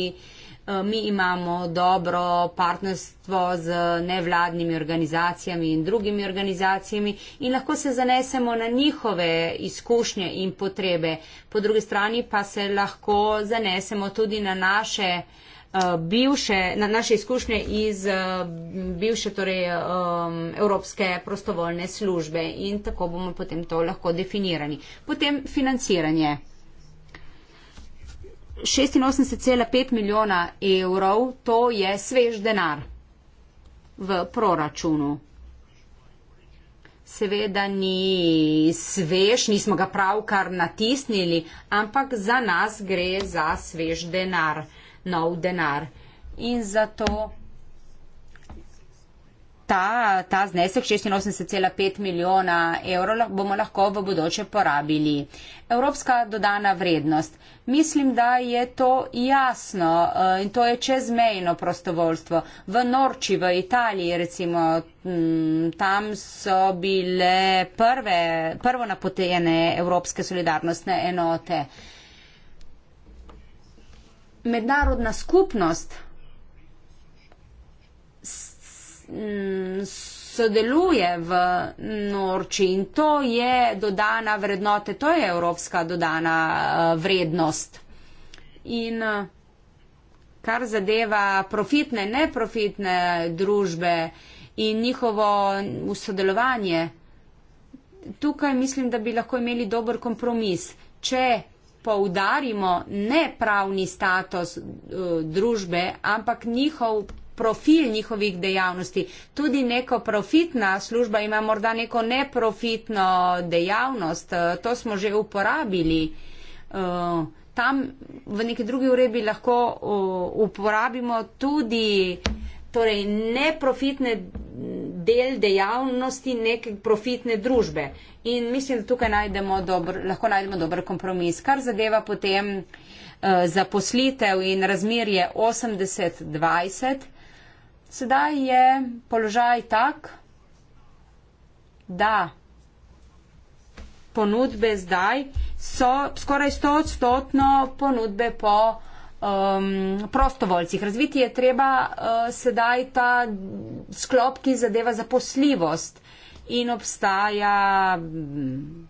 Eh, mi imamo dobro partnerstvo z nevladnimi organizacijami in drugimi organizacijami in lahko se zanesemo na njihove izkušnje in potrebe. Po drugi strani pa se lahko zanesemo tudi na naše, uh, bivše, na naše izkušnje iz uh, bivše torej, um, Evropske prostovoljne službe in tako bomo potem to lahko definirali. Potem financiranje. 86,5 milijona evrov, to je svež denar v proračunu. Seveda ni svež, nismo ga pravkar natisnili, ampak za nas gre za svež denar, nov denar. In zato ta, ta znesek 86,5 milijona evrov bomo lahko v bodoče porabili. Evropska dodana vrednost. Mislim, da je to jasno eh, in to je čezmejno prostovoljstvo. V Norči, v Italiji recimo, mm, tam so bile prve, prvo napotejene Evropske solidarnostne enote. Mednarodna skupnost Mm, sodeluje v norči in to je dodana vrednote, to je evropska dodana eh, vrednost. In eh, kar zadeva profitne, neprofitne družbe in njihovo sodelovanje, tukaj mislim, da bi lahko imeli dober kompromis. Če poudarimo ne pravni status eh, družbe, ampak njihov profil njihovih dejavnosti. Tudi neko profitna služba ima morda neko neprofitno dejavnost, eh, to smo že uporabili. Eh, tam v neki drugi uredbi lahko eh, uporabimo tudi torej, neprofitne del dejavnosti neke profitne družbe. In mislim, da tukaj najdemo dobro, lahko najdemo dober kompromis, kar zadeva potem uh, zaposlitev in razmerje 80-20. Sedaj je položaj tak, da ponudbe zdaj so skoraj 100 odstotno ponudbe po um, prostovoljcih. Razviti je treba uh, sedaj ta sklop, ki zadeva zaposljivost in obstaja mm,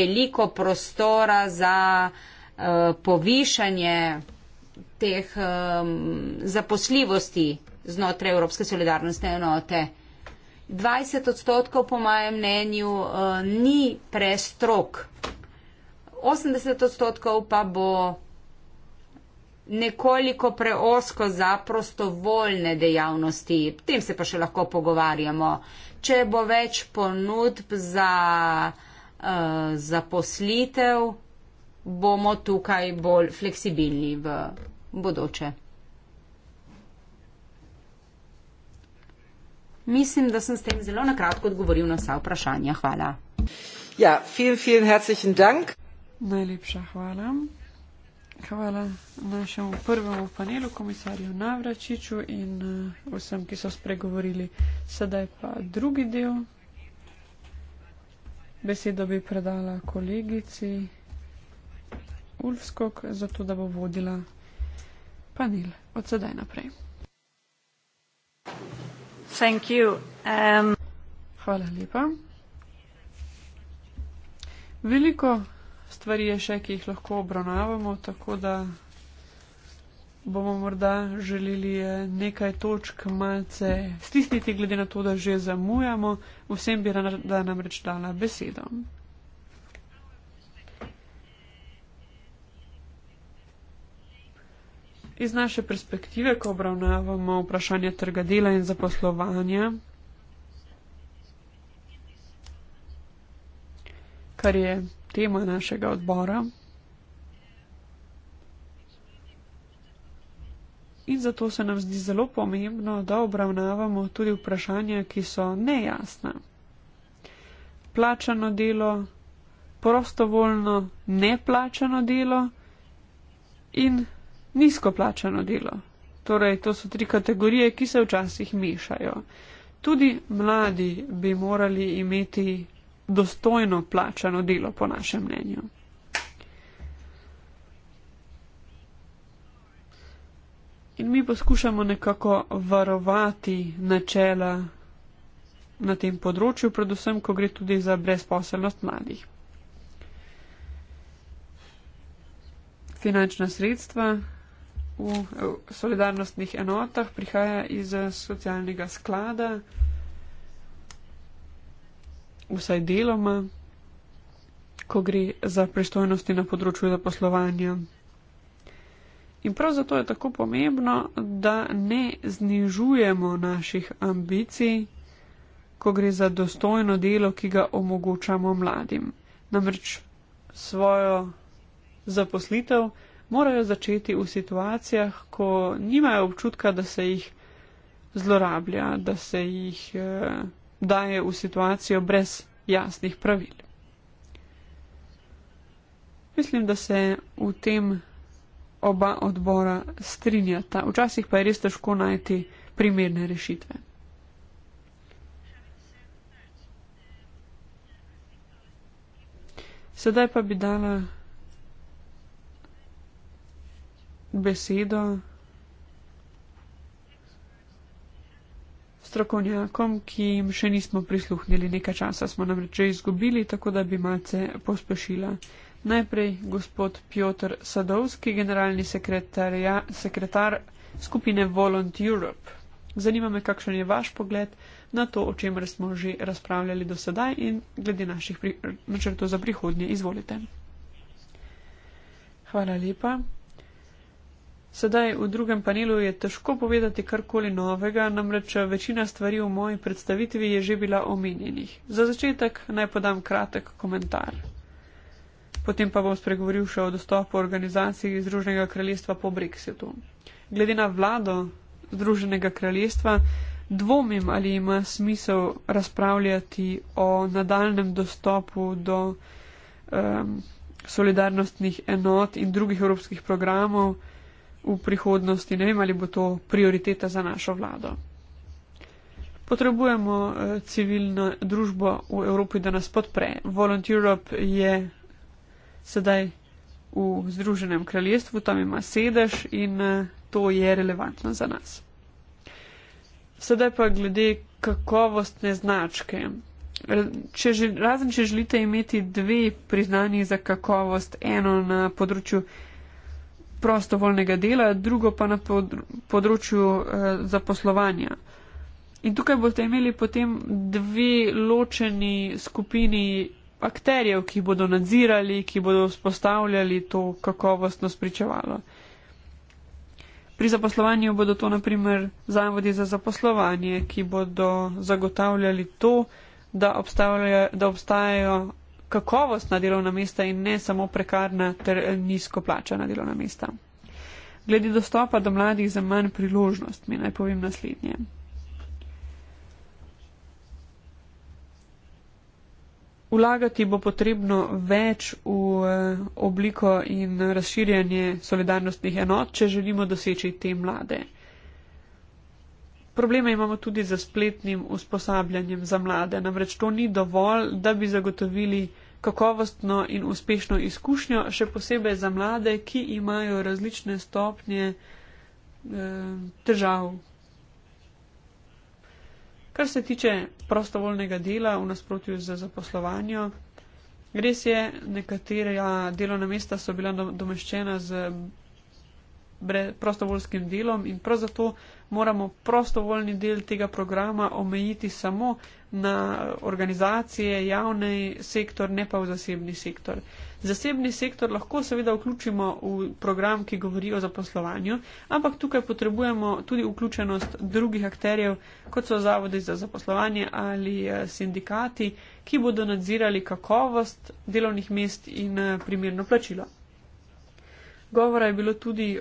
veliko prostora za uh, povišanje teh um, zaposljivosti znotraj Evropske solidarnostne enote. 20 odstotkov, po mojem mnenju, eh, ni prestrok. 80 odstotkov pa bo nekoliko preosko za prostovoljne dejavnosti. Tem se pa še lahko pogovarjamo. Če bo več ponudb za eh, zaposlitev, bomo tukaj bolj fleksibilni v bodoče. Mislim, da sem s tem zelo na kratko odgovoril na vsa vprašanja. Hvala. Ja, vielen, vielen herzlichen Dank. Najlepša hvala. Hvala našemu prvemu panelu, komisarju Navračiču in eh, vsem, ki so spregovorili. Sedaj pa drugi del. Besedo bi predala kolegici Ulfskog, zato da bo vodila panel od sedaj naprej. Thank you. Um... Hvala lepa. Veliko stvari je še, ki jih lahko obravnavamo, tako da bomo morda želeli eh, nekaj točk malce stisniti, glede na to, da že zamujamo. Vsem bi rada namreč dala besedo. Iz naše perspektive, ko obravnavamo vprašanje trga dela in zaposlovanja, kar je tema našega odbora, in zato se nam zdi zelo pomembno, da obravnavamo tudi vprašanja, ki so nejasna. Plačano delo, prostovoljno, neplačano delo in nizko plačano delo. Torej, to so tri kategorije, ki se včasih mešajo. Tudi mladi bi morali imeti dostojno plačano delo, po našem mnenju. In mi poskušamo nekako varovati načela na tem področju, predvsem, ko gre tudi za brezposelnost mladih. Finančna sredstva v solidarnostnih enotah, prihaja iz socialnega sklada, vsaj deloma, ko gre za pristojnosti na področju zaposlovanja. In prav zato je tako pomembno, da ne znižujemo naših ambicij, ko gre za dostojno delo, ki ga omogočamo mladim. Namreč svojo zaposlitev morajo začeti v situacijah, ko nimajo občutka, da se jih zlorablja, da se jih eh, daje v situacijo brez jasnih pravil. Mislim, da se v tem oba odbora strinjata. Včasih pa je res težko najti primerne rešitve. Sedaj pa bi dala besedo strokovnjakom, ki jim še nismo prisluhnili. Nekaj časa smo namreč že izgubili, tako da bi malce pospešila. Najprej gospod Piotr Sadovski, generalni sekretar skupine Volunt Europe. Zanima me, kakšen je vaš pogled na to, o čemer smo že razpravljali do sedaj in glede naših načrtov za prihodnje. Izvolite. Hvala lepa. Sedaj v drugem panelu je težko povedati karkoli novega, namreč večina stvari v moji predstavitvi je že bila omenjenih. Za začetek naj podam kratek komentar. Potem pa bom spregovoril še o dostopu organizacij Združenega kraljestva po Brexitu. Glede na vlado Združenega kraljestva dvomim, ali ima smisel razpravljati o nadaljem dostopu do um, solidarnostnih enot in drugih evropskih programov v prihodnosti, ne vem, ali bo to prioriteta za našo vlado. Potrebujemo eh, civilno družbo v Evropi, da nas podpre. Volunteer Europe je sedaj v Združenem kraljestvu, tam ima sedež in eh, to je relevantno za nas. Sedaj pa glede kakovostne značke. Če že, razen če želite imeti dve priznanji za kakovost, eno na področju prostovoljnega dela, drugo pa na področju eh, zaposlovanja. In tukaj boste imeli potem dve ločeni skupini akterjev, ki bodo nadzirali, ki bodo vzpostavljali to kakovostno spričevalo. Pri zaposlovanju bodo to naprimer zavodi za zaposlovanje, ki bodo zagotavljali to, da, da obstajajo kakovostna delovna mesta in ne samo prekarna ter nizko plačana delovna mesta. Glede dostopa do mladih za manj priložnost mi naj povem naslednje. Vlagati bo potrebno več v eh, obliko in razširjanje solidarnostnih enot, če želimo doseči te mlade. Probleme imamo tudi z spletnim usposabljanjem za mlade. Namreč to ni dovolj, da bi zagotovili kakovostno in uspešno izkušnjo, še posebej za mlade, ki imajo različne stopnje eh, težav. Kar se tiče prostovoljnega dela v nasprotju z zaposlovanjem, res je, nekatera delovna mesta so bila domaščena z prostovoljskim delom in prav zato moramo prostovoljni del tega programa omejiti samo na organizacije, javni sektor, ne pa v zasebni sektor. Zasebni sektor lahko seveda vključimo v program, ki govori o zaposlovanju, ampak tukaj potrebujemo tudi vključenost drugih akterjev, kot so zavodi za zaposlovanje ali eh, sindikati, ki bodo nadzirali kakovost delovnih mest in eh, primerno plačilo. Govora je bilo tudi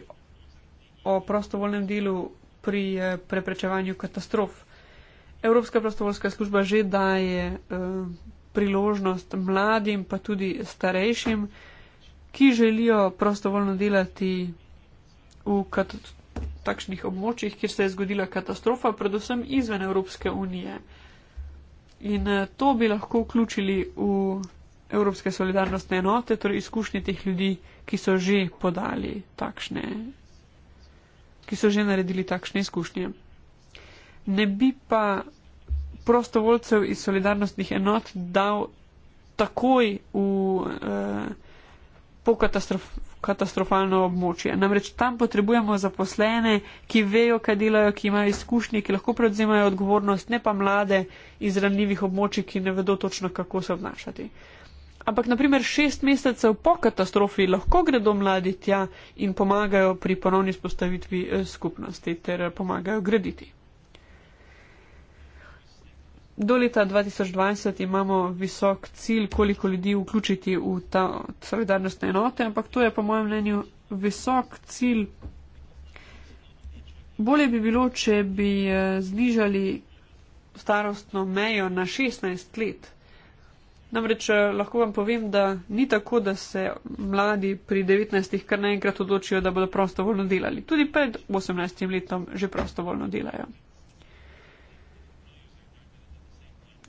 o prostovoljnem delu pri eh, preprečevanju katastrof. Evropska prostovoljska služba že daje eh, priložnost mladim, pa tudi starejšim, ki želijo prostovoljno delati v takšnih območjih, kjer se je zgodila katastrofa, predvsem izven Evropske unije. In eh, to bi lahko vključili v Evropske solidarnostne enote, torej izkušnje teh ljudi, ki so že podali takšne ki so že naredili takšne izkušnje. Ne bi pa prostovoljcev iz solidarnostnih enot dal takoj v eh, pokatastrofe. Katastrofalno območje. Namreč tam potrebujemo zaposlene, ki vejo, kaj delajo, ki imajo izkušnje, ki lahko prevzemajo odgovornost, ne pa mlade iz ranljivih območij, ki ne vedo točno, kako se obnašati. Uh, ampak naprimer šest mesecev po katastrofi lahko gredo mladi tja in pomagajo pri ponovni spostavitvi eh, skupnosti ter eh, pomagajo graditi. Do leta 2020 imamo visok cilj, koliko ljudi vključiti v ta solidarnostne enote, ampak to je po mojem mnenju visok cilj. Bolje bi bilo, če bi eh, znižali starostno mejo na 16 let. Namreč eh, lahko vam povem, da ni tako, da se mladi pri 19-ih kar naenkrat odločijo, da bodo prostovoljno delali. Tudi pred 18 letom že prostovoljno delajo.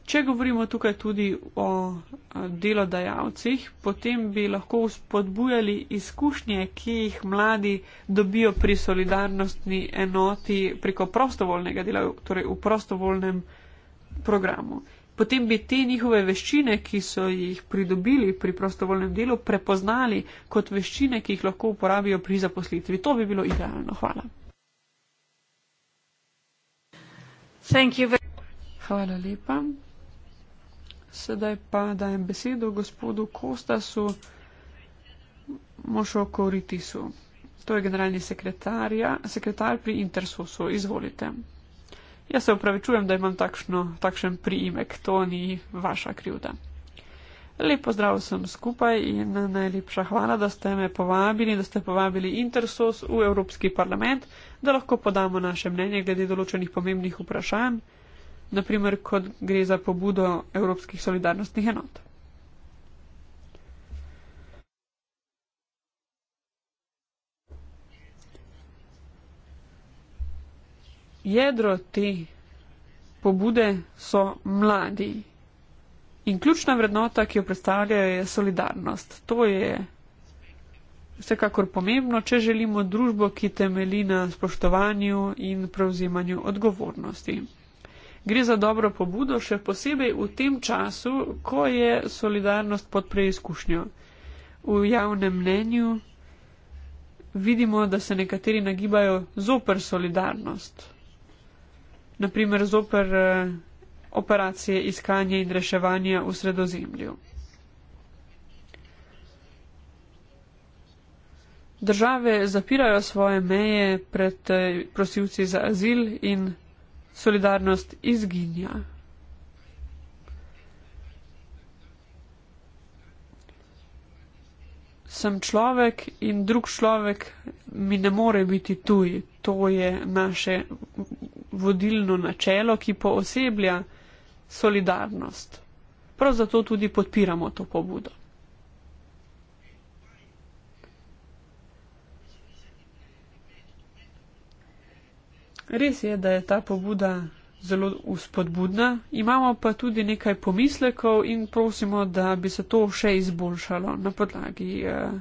Če govorimo tukaj tudi o eh, delodajalcih, potem bi lahko spodbujali izkušnje, ki jih mladi dobijo pri solidarnostni enoti preko prostovoljnega dela, torej v prostovoljnem programu potem bi te njihove veščine, ki so jih pridobili pri prostovoljnem delu, prepoznali kot veščine, ki jih lahko uporabijo pri zaposlitvi. To bi bilo idealno. Hvala. Hvala lepa. Sedaj pa dajem besedo gospodu Kostasu Mošokoritisu. To je generalni sekretar pri Intersusu. Izvolite. Jaz se upravičujem, da imam takšno, takšen priimek, to ni vaša krivda. Lep pozdrav vsem skupaj in najlepša hvala, da ste me povabili, da ste povabili Intersos v Evropski parlament, da lahko podamo naše mnenje glede določenih pomembnih vprašanj, naprimer kot gre za pobudo Evropskih solidarnostnih enot. jedro te pobude so mladi. In ključna vrednota, ki jo predstavljajo, je solidarnost. To je vsekakor pomembno, če želimo družbo, ki temeli na spoštovanju in prevzemanju odgovornosti. Gre za dobro pobudo, še posebej v tem času, ko je solidarnost pod preizkušnjo. V javnem mnenju vidimo, da se nekateri nagibajo zoper solidarnost naprimer zoper eh, operacije iskanja in reševanja v sredozemlju. Države zapirajo svoje meje pred eh, prosilci za azil in solidarnost izginja. Sem človek in drug človek mi ne more biti tuji to je naše vodilno načelo, ki pooseblja solidarnost. Prav zato tudi podpiramo to pobudo. Res je, da je ta pobuda zelo uspodbudna, imamo pa tudi nekaj pomislekov in prosimo, da bi se to še izboljšalo na podlagi. Eh,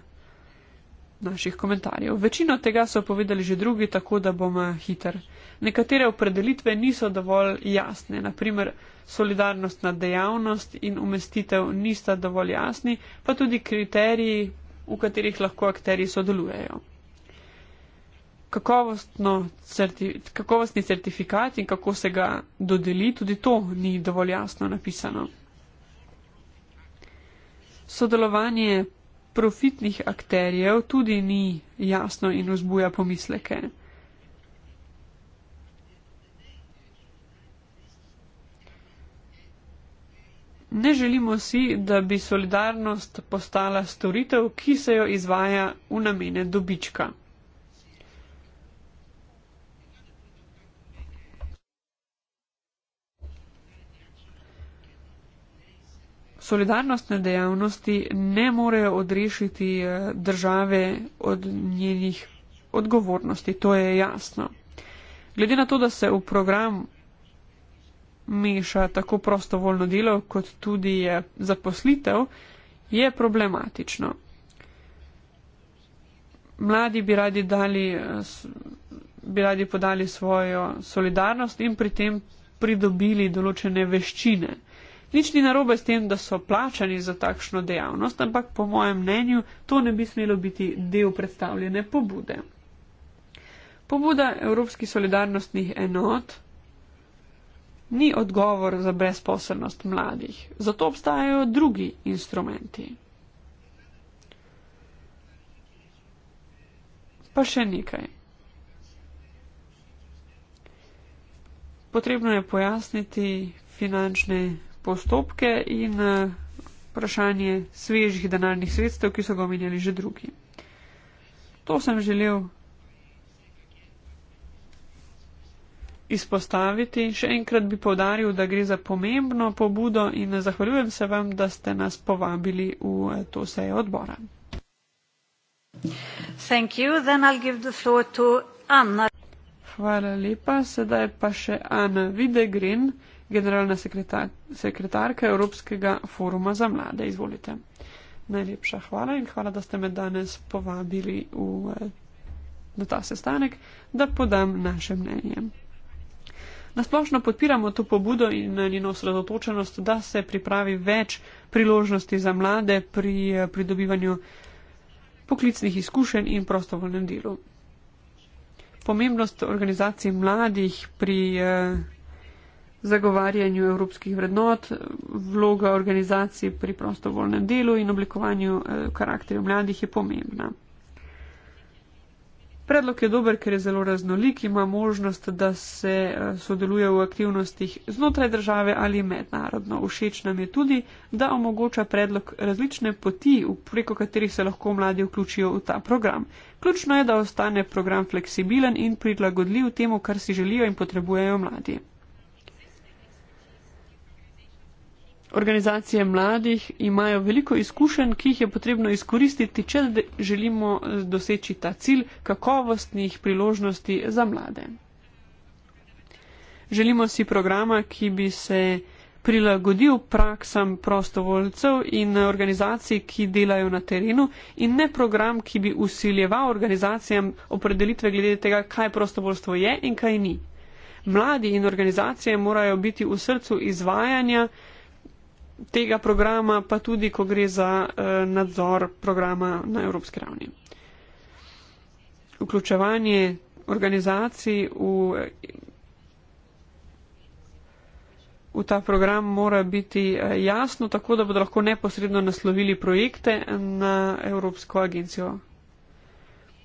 naših komentarjev. Večino tega so povedali že drugi, tako da bom eh, hiter. Nekatere opredelitve niso dovolj jasne, naprimer solidarnostna dejavnost in umestitev nista dovolj jasni, pa tudi kriteriji, v katerih lahko akteri sodelujejo. Certi, kakovostni certifikat in kako se ga dodeli, tudi to ni dovolj jasno napisano. Sodelovanje profitnih akterjev tudi ni jasno in vzbuja pomisleke. Ne želimo si, da bi solidarnost postala storitev, ki se jo izvaja v namene dobička. solidarnostne dejavnosti ne morejo odrešiti eh, države od njenih odgovornosti, to je jasno. Glede na to, da se v program meša tako prostovoljno delo, kot tudi je eh, zaposlitev, je problematično. Mladi bi radi, dali, eh, bi radi podali svojo solidarnost in pri tem pridobili določene veščine. Nič ni narobe s tem, da so plačani za takšno dejavnost, ampak po mojem mnenju to ne bi smelo biti del predstavljene pobude. Pobuda Evropskih solidarnostnih enot ni odgovor za brezposelnost mladih. Zato obstajajo drugi instrumenti. Pa še nekaj. Potrebno je pojasniti finančne postopke in eh, vprašanje svežih denarnih sredstev, ki so ga omenjali že drugi. To sem želel izpostaviti. Še enkrat bi povdaril, da gre za pomembno pobudo in zahvaljujem se vam, da ste nas povabili v eh, to sejo odbora. Hvala lepa. Sedaj pa še Ana Videgrin generalna sekretar, sekretarka Evropskega foruma za mlade. Izvolite. Najlepša hvala in hvala, da ste me danes povabili v, na ta sestanek, da podam naše mnenje. Nasplošno podpiramo to pobudo in njeno sredotočenost, da se pripravi več priložnosti za mlade pri pridobivanju poklicnih izkušenj in prostovoljnem delu. Pomembnost organizacij mladih pri eh, zagovarjanju evropskih vrednot, vloga organizacij pri prostovoljnem delu in oblikovanju eh, karakterja mladih je pomembna. Predlog je dober, ker je zelo raznolik, ima možnost, da se eh, sodeluje v aktivnostih znotraj države ali mednarodno. Všeč nam je tudi, da omogoča predlog različne poti, preko katerih se lahko mladi vključijo v ta program. Ključno je, da ostane program fleksibilen in prilagodljiv temu, kar si želijo in potrebujejo mladi. organizacije mladih imajo veliko izkušenj, ki jih je potrebno izkoristiti, če želimo eh, doseči ta cilj kakovostnih priložnosti za mlade. Želimo si programa, ki bi se prilagodil praksam prostovoljcev in organizacij, ki delajo na terenu in ne program, ki bi usiljeval organizacijam opredelitve glede tega, kaj prostovoljstvo je in kaj ni. Mladi in organizacije morajo biti v srcu izvajanja, tega programa, pa tudi, ko gre za uh, nadzor programa na evropski ravni. Vključevanje organizacij v, v ta program mora biti eh, jasno, tako da bodo lahko neposredno naslovili projekte na Evropsko agencijo.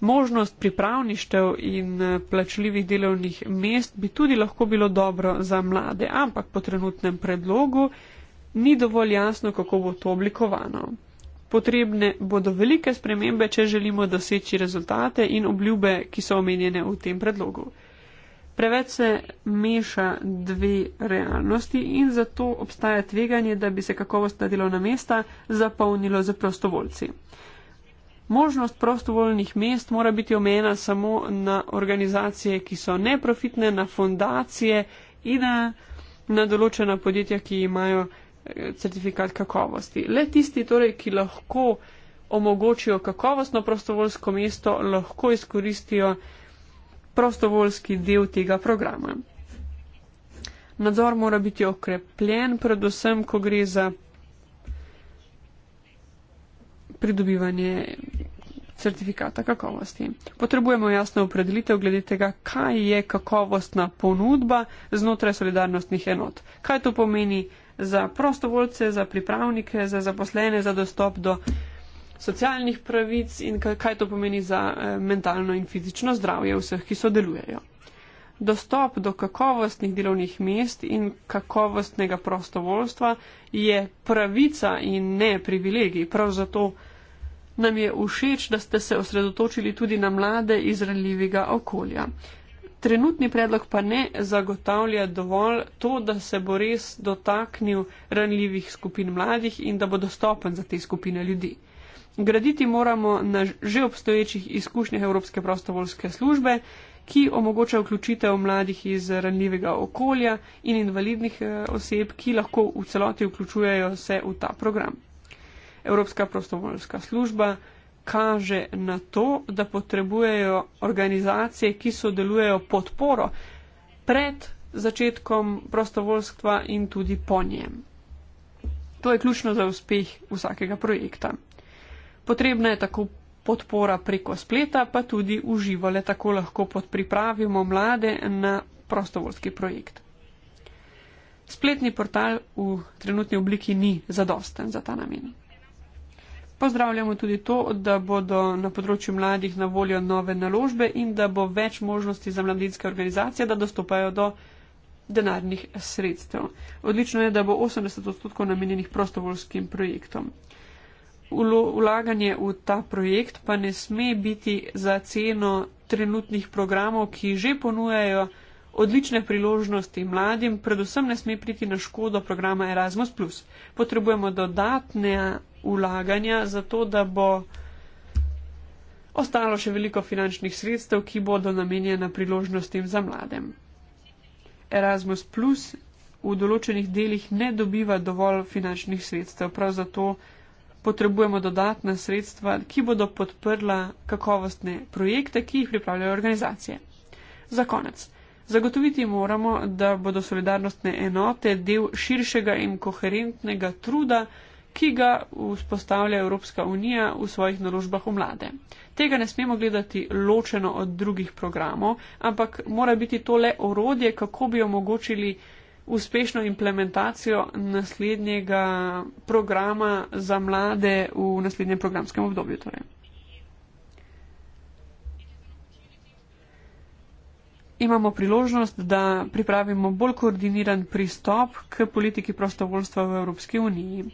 Možnost pripravništev in eh, plačljivih delovnih mest bi tudi lahko bilo dobro za mlade, ampak po trenutnem predlogu uh, ni dovolj jasno, kako bo to oblikovano. Potrebne bodo velike spremembe, če želimo doseči rezultate in obljube, ki so omenjene v tem predlogu. Preveč se meša dve realnosti in zato obstaja tveganje, da bi se kakovostna delovna mesta zapolnilo za prostovoljci. Možnost prostovoljnih mest mora biti omena samo na organizacije, ki so neprofitne, na fondacije in na, na določena podjetja, ki imajo certifikat kakovosti. Le tisti, torej, ki lahko omogočijo kakovostno prostovoljsko mesto, lahko izkoristijo prostovoljski del tega programa. Nadzor mora biti okrepljen, predvsem, ko gre za pridobivanje certifikata kakovosti. Potrebujemo jasno opredelitev glede tega, kaj je kakovostna ponudba znotraj solidarnostnih enot. Kaj to pomeni? za prostovoljce, za pripravnike, za zaposlene, za dostop do socialnih pravic in kaj to pomeni za eh, mentalno in fizično zdravje vseh, ki sodelujejo. Dostop do kakovostnih delovnih mest in kakovostnega prostovoljstva je pravica in ne privilegij. Prav zato nam je všeč, da ste se osredotočili tudi na mlade iz ranljivega okolja. Trenutni predlog pa ne zagotavlja dovolj to, da se bo res dotaknil ranljivih skupin mladih in da bo dostopen za te skupine ljudi. Graditi moramo na že obstoječih izkušnjah Evropske prostovoljske službe, ki omogoča vključitev mladih iz ranljivega okolja in invalidnih eh, oseb, ki lahko v celoti vključujejo se v ta program. Evropska prostovoljska služba kaže na to, da potrebujejo organizacije, ki sodelujejo podporo pred začetkom prostovoljstva in tudi po njem. To je ključno za uspeh vsakega projekta. Potrebna je tako podpora preko spleta, pa tudi uživale, tako lahko podpripravimo mlade na prostovoljski projekt. Spletni portal v trenutni obliki ni zadosten za ta namen. Pozdravljamo tudi to, da bodo na področju mladih na voljo nove naložbe in da bo več možnosti za mladinske organizacije, da dostopajo do denarnih sredstev. Odlično je, da bo 80 odstotkov namenjenih prostovoljskim projektom. Ulaganje v ta projekt pa ne sme biti za ceno trenutnih programov, ki že ponujajo odlične priložnosti mladim, predvsem ne sme priti na škodo programa Erasmus. Potrebujemo dodatne vlaganja, zato da bo ostalo še veliko finančnih sredstev, ki bodo namenjena priložnostim za mladem. Erasmus Plus v določenih delih ne dobiva dovolj finančnih sredstev, prav zato potrebujemo dodatna sredstva, ki bodo podprla kakovostne projekte, ki jih pripravljajo organizacije. Za konec. Zagotoviti moramo, da bodo solidarnostne enote del širšega in koherentnega truda, ki ga vzpostavlja Evropska unija v svojih naložbah v mlade. Tega ne smemo gledati ločeno od drugih programov, ampak mora biti to le orodje, kako bi omogočili uspešno implementacijo naslednjega programa za mlade v naslednjem programskem obdobju. Torej. Imamo priložnost, da pripravimo bolj koordiniran pristop k politiki prostovoljstva v Evropski uniji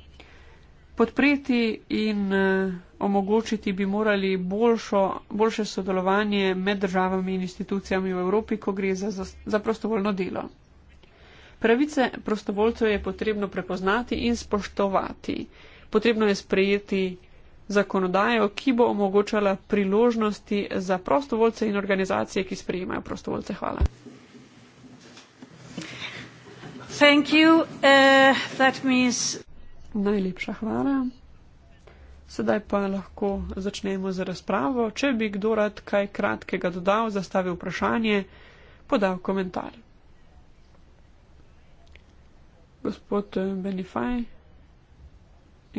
podpreti in eh, omogočiti bi morali boljšo, boljše sodelovanje med državami in institucijami v Evropi, ko gre za, za prostovoljno delo. Pravice prostovoljcev je potrebno prepoznati in spoštovati. Potrebno je sprejeti zakonodajo, ki bo omogočala priložnosti za prostovoljce in organizacije, ki sprejemajo prostovoljce. Hvala. Thank you. Uh, that means Najlepša hvala. Sedaj pa lahko začnemo z razpravo. Če bi kdo rad kaj kratkega dodal, zastavil vprašanje, podal komentar. Gospod eh, Benifaj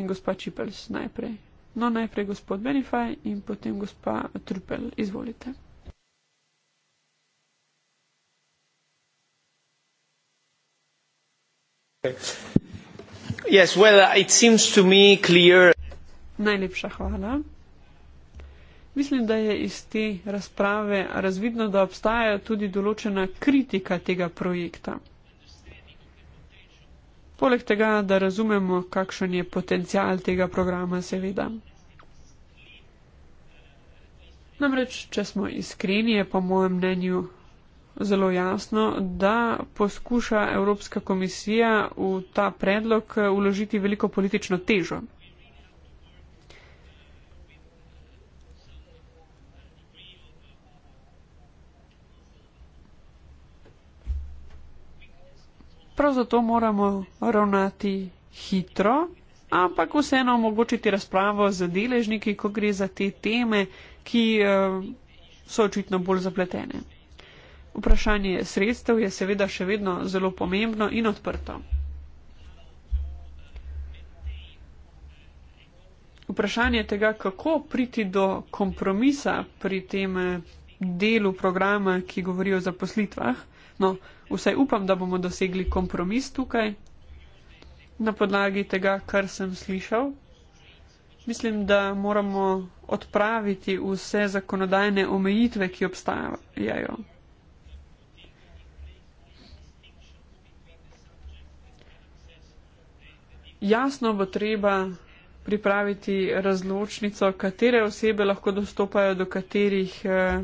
in gospa Čipels najprej. No, najprej gospod Benifaj in potem gospa Trupel. Izvolite. Okay. Eh, Yes, well, it seems to me clear. Najlepša hvala. Mislim, da je iz te razprave razvidno, da obstaja tudi določena kritika tega projekta. Poleg tega, da razumemo, kakšen je potencial tega programa, seveda. Namreč, če smo iskreni, je po mojem mnenju zelo jasno, da poskuša Evropska komisija v ta predlog uložiti eh, veliko politično težo. Prav zato moramo ravnati hitro, ampak vseeno omogočiti razpravo z deležniki, ko gre za te teme, ki eh, so očitno bolj zapletene. Vprašanje sredstev je seveda še vedno zelo pomembno in odprto. Vprašanje tega, kako priti do kompromisa pri tem eh, delu programa, ki govori o zaposlitvah, no, vsaj upam, da bomo dosegli kompromis tukaj na podlagi tega, kar sem slišal. Mislim, da moramo odpraviti vse zakonodajne omejitve, ki obstajajo. Jasno bo treba pripraviti razločnico, katere osebe lahko dostopajo do katerih eh,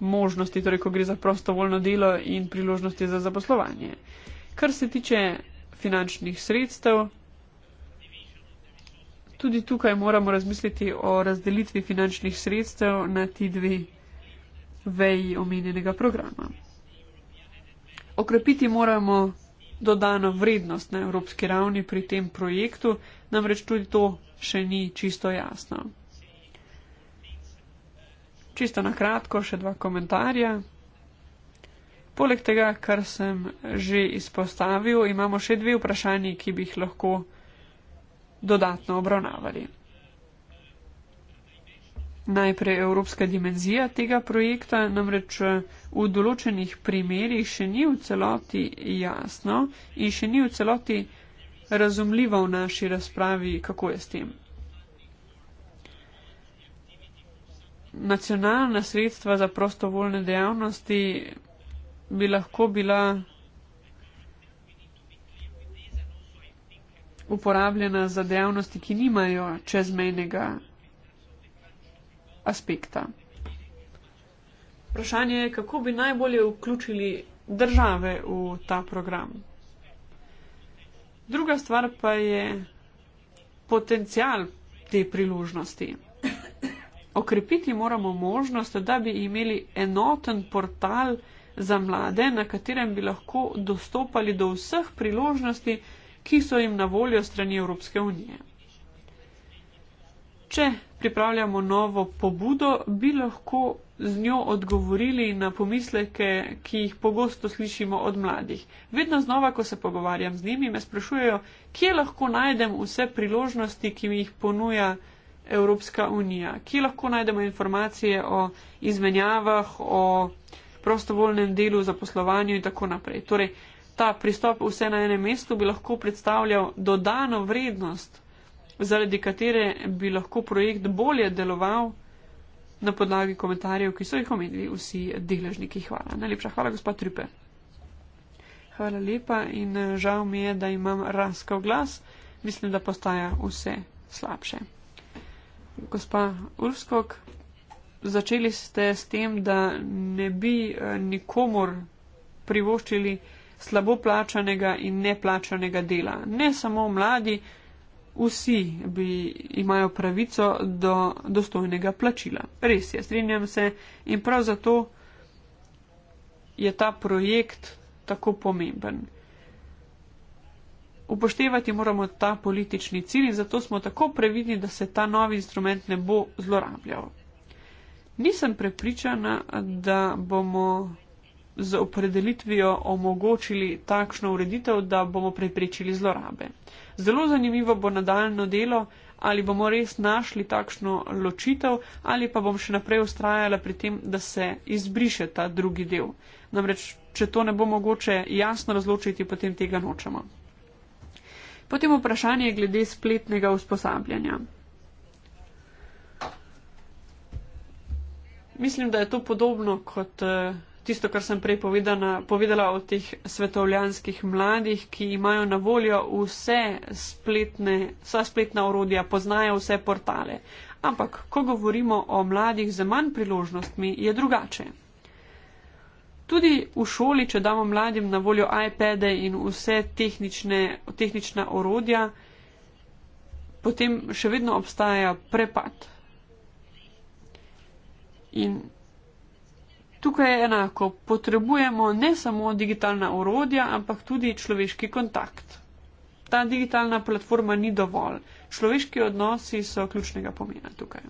možnosti, torej ko gre za prostovoljno delo in priložnosti za zaposlovanje. Kar se tiče finančnih sredstev, tudi tukaj moramo razmisliti o razdelitvi finančnih sredstev na ti dve veji omenjenega programa. Okrepiti moramo dodano vrednost na evropski ravni pri tem projektu, namreč tudi to še ni čisto jasno. Čisto na kratko še dva komentarja. Poleg tega, kar sem že izpostavil, imamo še dve vprašanji, ki bi jih lahko dodatno obravnavali najprej evropska dimenzija tega projekta, namreč eh, v določenih primerjih še ni v celoti jasno in še ni v celoti razumljivo v naši razpravi, kako je s tem. Nacionalna sredstva za prostovoljne dejavnosti bi lahko bila uporabljena za dejavnosti, ki nimajo čezmejnega aspekta. Vprašanje je, kako bi najbolje vključili države v ta program. Druga stvar pa je potencial te priložnosti. Okrepiti moramo možnost, da bi imeli enoten portal za mlade, na katerem bi lahko dostopali do vseh priložnosti, ki so jim na voljo strani Evropske unije. Če pripravljamo novo pobudo, bi lahko z njo odgovorili na pomisleke, ki jih pogosto slišimo od mladih. Vedno znova, ko se pogovarjam z njimi, me sprašujejo, kje lahko najdem vse priložnosti, ki mi jih ponuja Evropska unija, kje lahko najdemo informacije o izmenjavah, o prostovoljnem delu, zaposlovanju in tako naprej. Torej, ta pristop vse na enem mestu bi lahko predstavljal dodano vrednost zaradi katere bi lahko projekt bolje deloval na podlagi komentarjev, ki so jih omenili vsi deležniki. Hvala. Najlepša hvala, gospod Trupe. Hvala lepa in eh, žal mi je, da imam raskav glas. Mislim, da postaja vse slabše. Gospa Urskog, začeli ste s tem, da ne bi eh, nikomor privoščili slabo plačanega in neplačanega dela. Ne samo mladi, vsi bi imajo pravico do dostojnega plačila. Res je, strinjam se in prav zato je ta projekt tako pomemben. Upoštevati moramo ta politični cilj in zato smo tako previdni, da se ta novi instrument ne bo zlorabljal. Nisem prepričana, da bomo z opredelitvijo omogočili takšno ureditev, da bomo preprečili zlorabe. Zelo zanimivo bo nadaljno delo, ali bomo res našli takšno ločitev, ali pa bom še naprej ustrajala pri tem, da se izbriše ta drugi del. Namreč, če to ne bo mogoče jasno razločiti, potem tega nočemo. Potem vprašanje glede spletnega usposabljanja. Mislim, da je to podobno kot. Uh, tisto, kar sem prej povedana, povedala o teh svetovljanskih mladih, ki imajo na voljo vse spletne, vsa spletna orodja, poznajo vse portale. Ampak, ko govorimo o mladih z manj priložnostmi, je drugače. Tudi v šoli, če damo mladim na voljo iPade in vse tehnična orodja, potem še vedno obstaja prepad. In Tukaj je enako, potrebujemo ne samo digitalna orodja, ampak tudi človeški kontakt. Ta digitalna platforma ni dovolj. Človeški odnosi so ključnega pomena tukaj.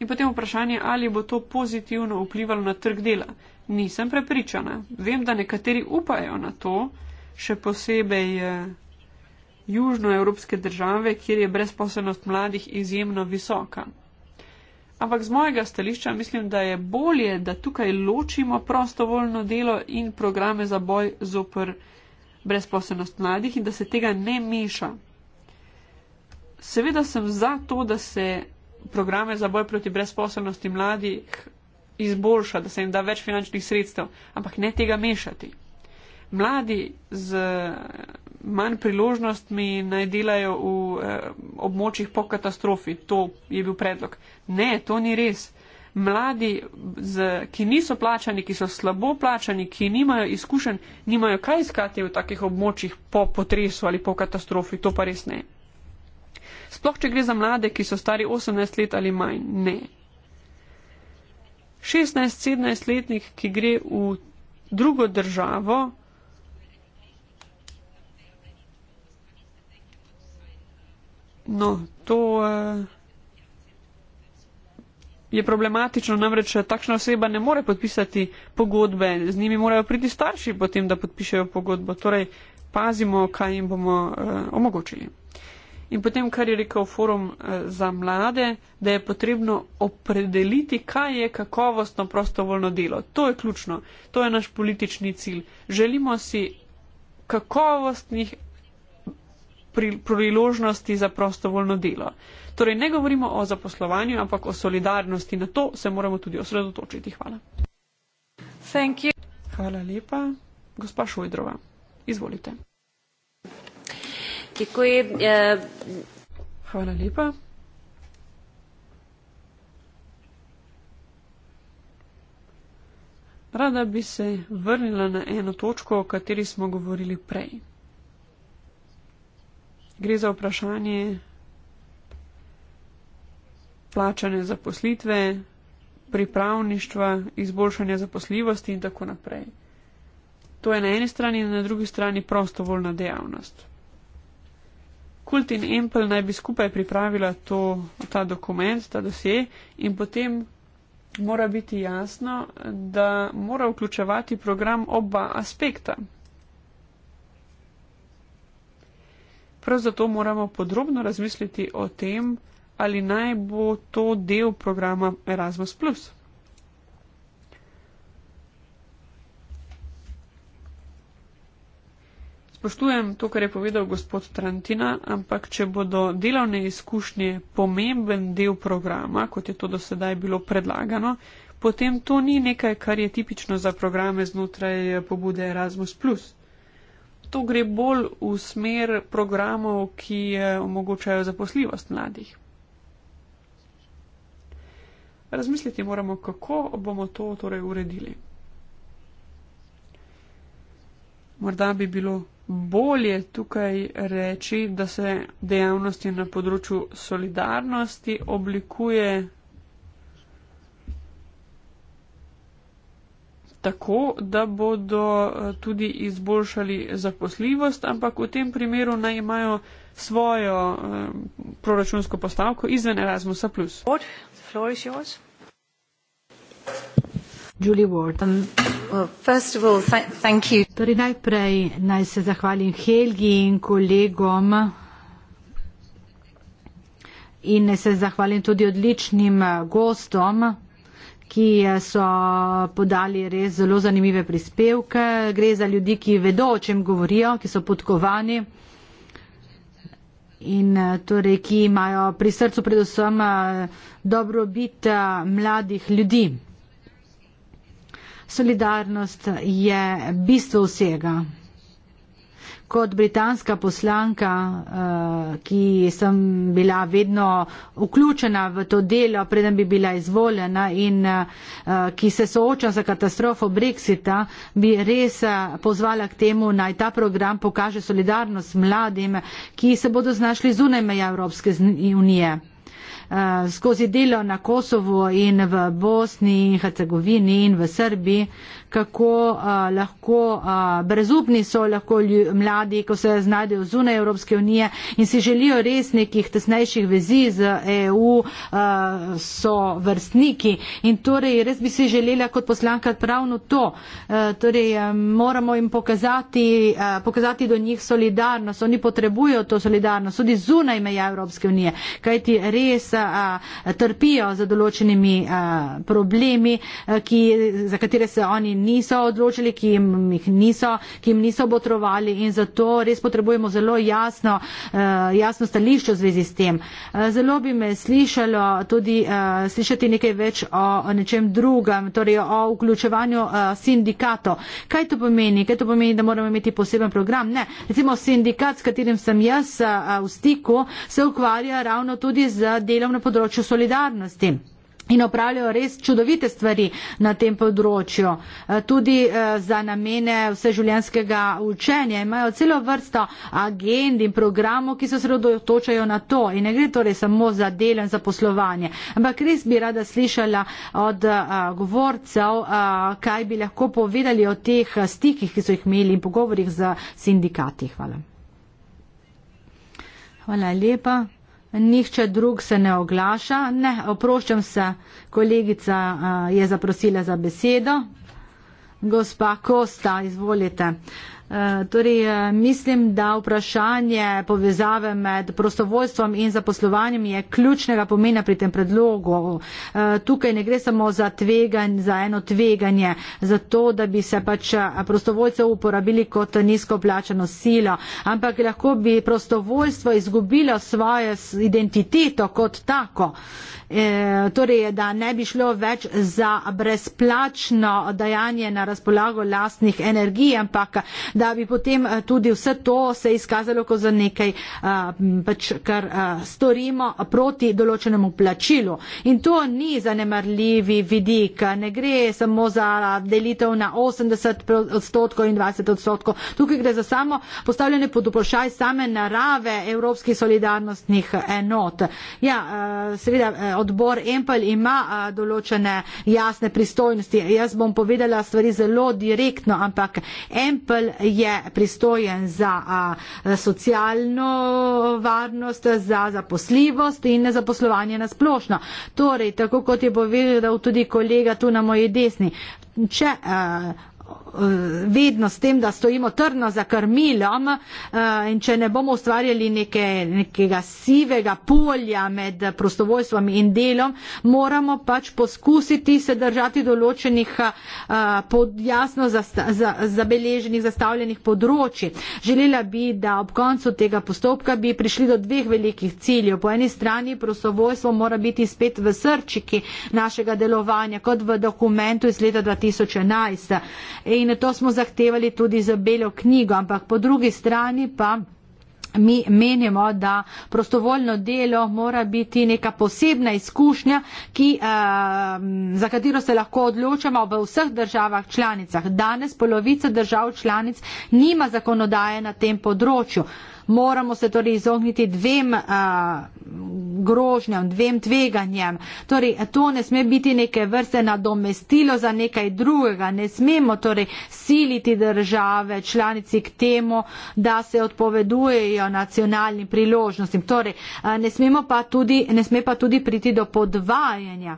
In potem vprašanje, ali bo to pozitivno vplivalo na trg dela. Nisem prepričana. Vem, da nekateri upajo na to, še posebej eh, južnoevropske države, kjer je brezposobnost mladih izjemno visoka. Ampak z mojega stališča mislim, da je bolje, da tukaj ločimo prostovoljno delo in programe za boj zoper brezposobnost mladih in da se tega ne meša. Seveda sem za to, da se programe za boj proti brezposobnosti mladih izboljša, da se jim da več finančnih sredstev, ampak ne tega mešati. Mladi z manj priložnostmi naj delajo v eh, območjih po katastrofi. To je bil predlog. Ne, to ni res. Mladi, z, ki niso plačani, ki so slabo plačani, ki nimajo izkušenj, nimajo kaj iskati v takih območjih po potresu ali po katastrofi, to pa res ne. Sploh, če gre za mlade, ki so stari 18 let ali manj, ne. 16-17 letnik, ki gre v drugo državo, No, to uh, je problematično, namreč eh, takšna oseba ne more podpisati pogodbe, z njimi morajo priti starši potem, da podpišejo pogodbo. Torej, pazimo, kaj jim bomo uh, omogočili. In potem, kar je rekel forum uh, za mlade, da je potrebno opredeliti, kaj je kakovostno prostovoljno delo. To je ključno, to je naš politični cilj. Želimo si kakovostnih pri, priložnosti za prostovoljno delo. Torej, ne govorimo o zaposlovanju, ampak o solidarnosti. Na to se moramo tudi osredotočiti. Hvala. Hvala lepa. Gospa Šojdrova, izvolite. Děkuji, uh... Hvala lepa. Rada bi se vrnila na eno točko, o kateri smo govorili prej gre za vprašanje plačane zaposlitve, pripravništva, izboljšanja zaposljivosti in tako naprej. To je na eni strani in na drugi strani prostovoljna dejavnost. Kult in Empel naj bi skupaj pripravila to, ta dokument, ta dosje in potem mora biti jasno, da mora vključevati program oba aspekta. Prav zato moramo podrobno razmisliti o tem, ali naj bo to del programa Erasmus. Spoštujem to, kar je povedal gospod Trantina, ampak če bodo delovne izkušnje pomemben del programa, kot je to do sedaj bilo predlagano, potem to ni nekaj, kar je tipično za programe znotraj pobude Erasmus to gre bolj v smer programov, ki eh, omogočajo zaposljivost mladih. Razmisliti moramo, kako bomo to torej uredili. Morda bi bilo bolje tukaj reči, da se dejavnosti na področju solidarnosti oblikuje tako, da bodo eh, tudi izboljšali zaposljivost, ampak v tem primeru naj imajo svojo eh, proračunsko postavko izven Erasmusa. Julie Wharton. Um, torej najprej naj se zahvalim Helgi in kolegom in naj se zahvalim tudi odličnim eh, gostom ki so podali res zelo zanimive prispevke. Gre za ljudi, ki vedo, o čem govorijo, ki so podkovani in eh, torej, ki imajo pri srcu predvsem eh, dobrobit eh, mladih ljudi. Solidarnost je bistvo vsega kot britanska poslanka, eh, ki sem bila vedno vključena v to delo, preden bi bila izvoljena in eh, ki se sooča za katastrofo Brexita, bi res eh, pozvala k temu, naj ta program pokaže solidarnost mladim, ki se bodo znašli zunaj meja Evropske unije. Eh, skozi delo na Kosovo in v Bosni in Hercegovini in v Srbiji, kako uh, lahko uh, brezupni so lahko lju, mladi, ko se znajdejo zunaj Evropske unije in si želijo res nekih tesnejših vezi z EU, uh, so vrstniki. In torej res bi si želela kot poslanka pravno to. Uh, torej moramo jim pokazati, uh, pokazati do njih solidarnost. Oni potrebujo to solidarnost tudi zunaj meja Evropske unije. Kajti res a, trpijo za določenimi a, problemi, a, ki, za katere se oni niso odločili, ki jim, niso, ki jim niso botrovali in zato res potrebujemo zelo jasno, a, jasno stališče v zvezi s tem. A, zelo bi me slišalo tudi a, slišati nekaj več o, o nečem drugem, torej o vključevanju sindikatov. Kaj to pomeni? Kaj to pomeni, da moramo imeti poseben program? Ne. Recimo sindikat, s katerim sem jaz a, a, v stiku, se ukvarja ravno tudi z delom delom na področju solidarnosti. In opravljajo res čudovite stvari na tem področju. Eh, tudi eh, za namene vseživljenskega učenja imajo celo vrsto agend in programov, ki se sredotočajo na to. In ne gre torej samo za delo in za poslovanje. Ampak res bi rada slišala od eh, govorcev, kaj bi lahko povedali o teh stikih, ki so jih imeli in pogovorih z sindikati. Hvala. Hvala lepa nihče drug se ne oglaša. Ne, oproščam se, kolegica eh, je zaprosila za besedo. Gospa Kosta, izvolite. Uh, Eh, torej, eh, mislim, da vprašanje povezave med prostovoljstvom in zaposlovanjem je ključnega pomena pri tem predlogu. Eh, tukaj ne gre samo za, tvegan, za eno tveganje, za to, da bi se pač prostovoljce uporabili kot nizko plačano silo, ampak lahko bi prostovoljstvo izgubilo svojo identiteto kot tako. Eh, torej da ne bi šlo več za brezplačno dajanje na razpolago lastnih energij, ampak da bi potem eh, tudi vse to se izkazalo kot za nekaj, eh, pač kar storimo proti določenemu plačilu. In to ni zanemarljivi vidik, ne gre samo za delitev na 80 odstotkov in 20 odstotkov. Tukaj gre za samo postavljanje pod vprašaj same narave evropskih solidarnostnih enot. Ja, seveda, odbor Empel ima določene jasne pristojnosti. Jaz bom povedala stvari zelo direktno, ampak Empel je pristojen za socialno varnost, za zaposljivost in za poslovanje na splošno. Torej, tako kot je povedal tudi kolega tu na moji desni, če uh, Eh, vedno s tem, da stojimo trdno za krmilom eh, in če ne bomo ustvarjali neke, nekega sivega polja med prostovoljstvom in delom, moramo pač poskusiti se držati določenih eh, pod jasno zabeleženih, zastavljenih področji. Želela bi, da ob koncu tega postopka bi prišli do dveh velikih ciljev. Po eni strani prostovoljstvo mora biti spet v srčiki našega delovanja, kot v dokumentu iz leta 2011. In in to smo zahtevali tudi za belo knjigo, ampak po drugi strani pa. Mi menimo, da prostovoljno delo mora biti neka posebna izkušnja, ki, uh, za katero se lahko odločamo v vseh državah članicah. Danes polovica držav članic nima zakonodaje na tem področju. Uh, moramo se torej izogniti dvem a, grožnjam, dvem tveganjem. Torej, to ne sme biti neke vrste nadomestilo za nekaj drugega. Ne smemo torej siliti države, članici k temu, da se odpovedujejo nacionalnim priložnostim. Torej, a, ne, smemo pa tudi, ne sme pa tudi priti do podvajanja.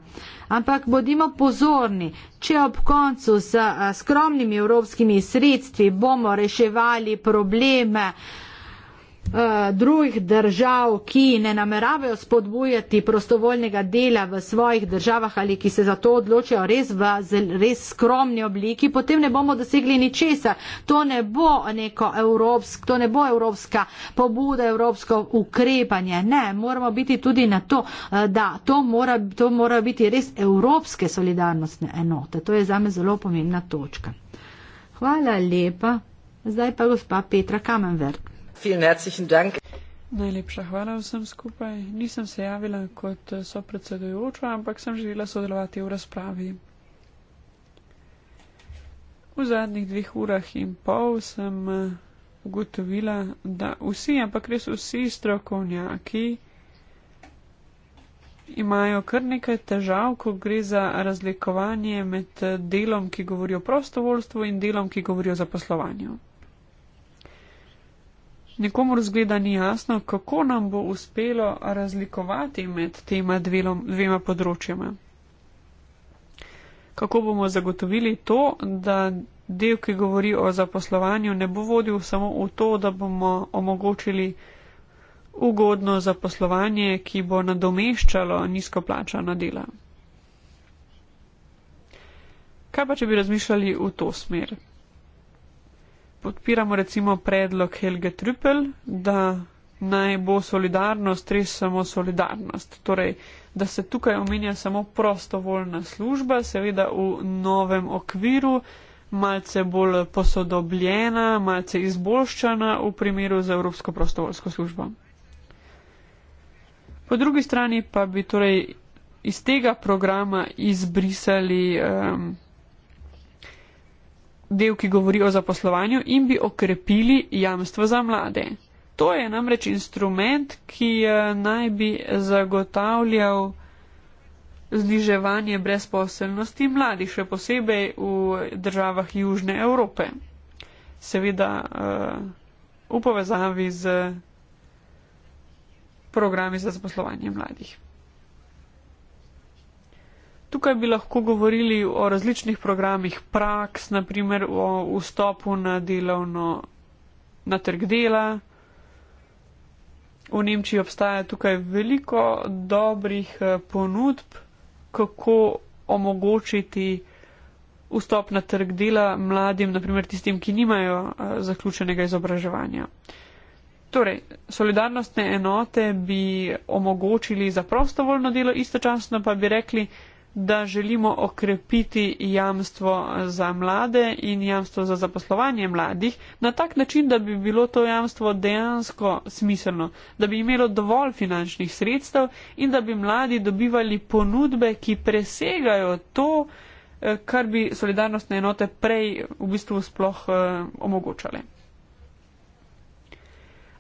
Ampak bodimo pozorni, če ob koncu s skromnimi evropskimi sredstvi bomo reševali probleme, Eh, drugih držav, ki ne nameravajo spodbujati prostovoljnega dela v svojih državah ali ki se za to odločajo res v res skromni obliki, potem ne bomo dosegli ničesa. To ne bo neko evropsk, to ne bo evropska pobuda, evropsko ukrepanje. Ne, moramo biti tudi na to, eh, da to mora, to mora biti res evropske solidarnostne enote. To je za me zelo pomembna točka. Hvala lepa. Zdaj pa gospa Petra Kamenverk. Vielen herzlichen Dank. Najlepša hvala vsem skupaj. Nisem se javila kot sopredsedujoča, ampak sem želela sodelovati v razpravi. V zadnjih dveh urah in pol sem eh, ugotovila, da vsi, ampak res vsi strokovnjaki imajo kar nekaj težav, ko gre za razlikovanje med delom, ki govori o prostovoljstvu in delom, ki govori o zaposlovanju nekomor zgleda ni jasno, kako nam bo uspelo razlikovati med tema dvelom, dvema področjama. Kako bomo zagotovili to, da del, ki govori o zaposlovanju, ne bo vodil samo v to, da bomo omogočili ugodno zaposlovanje, ki bo nadomeščalo nizko plačana dela. Kaj pa, če bi razmišljali v to smer? podpiramo recimo predlog Helge Trüppel, da naj bo solidarnost res samo solidarnost. Torej, da se tukaj omenja samo prostovoljna služba, seveda v novem okviru, malce bolj posodobljena, malce izboljšana v primeru z Evropsko prostovoljsko službo. Po drugi strani pa bi torej iz tega programa izbrisali. Um, del, ki govori o zaposlovanju, in bi okrepili jamstvo za mlade. To je namreč instrument, ki eh, naj bi zagotavljal zniževanje brezposelnosti mladih, še posebej v državah Južne Evrope. Seveda uh, v povezavi z programi za zaposlovanje mladih. Tukaj bi lahko govorili o različnih programih praks, naprimer o vstopu na delovno, na trg dela. V Nemčiji obstaja tukaj veliko dobrih eh, ponudb, kako omogočiti vstop na trg dela mladim, naprimer tistim, ki nimajo eh, zaključenega izobraževanja. Torej, solidarnostne enote bi omogočili za prostovoljno delo, istočasno pa bi rekli, da želimo okrepiti jamstvo za mlade in jamstvo za zaposlovanje mladih na tak način, da bi bilo to jamstvo dejansko smiselno, da bi imelo dovolj finančnih sredstev in da bi mladi dobivali ponudbe, ki presegajo to, eh, kar bi solidarnostne enote prej v bistvu sploh eh, omogočale.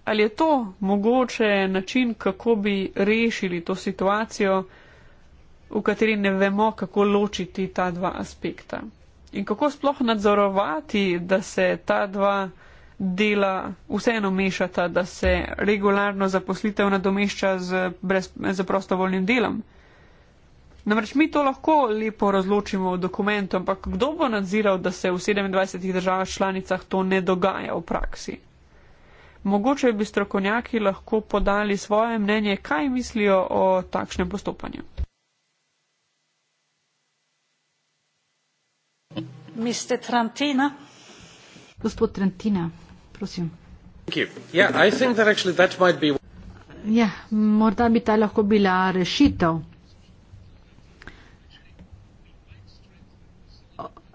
Ali je to mogoče način, kako bi rešili to situacijo? v kateri ne vemo, kako ločiti ta dva aspekta. In kako sploh nadzorovati, da se ta dva dela vseeno mešata, da se regularno zaposlitev nadomešča z, brez, z prostovoljnim delom. Namreč mi to lahko lepo razločimo v dokumentu, ampak kdo bo nadziral, da se v 27 državah članicah to ne dogaja v praksi? Mogoče bi strokovnjaki lahko podali svoje mnenje, kaj mislijo o takšnem postopanju. Mr. Trantina. Gospod Trantina, prosim. Yeah, yeah, ja, morda bi ta lahko bila rešitev.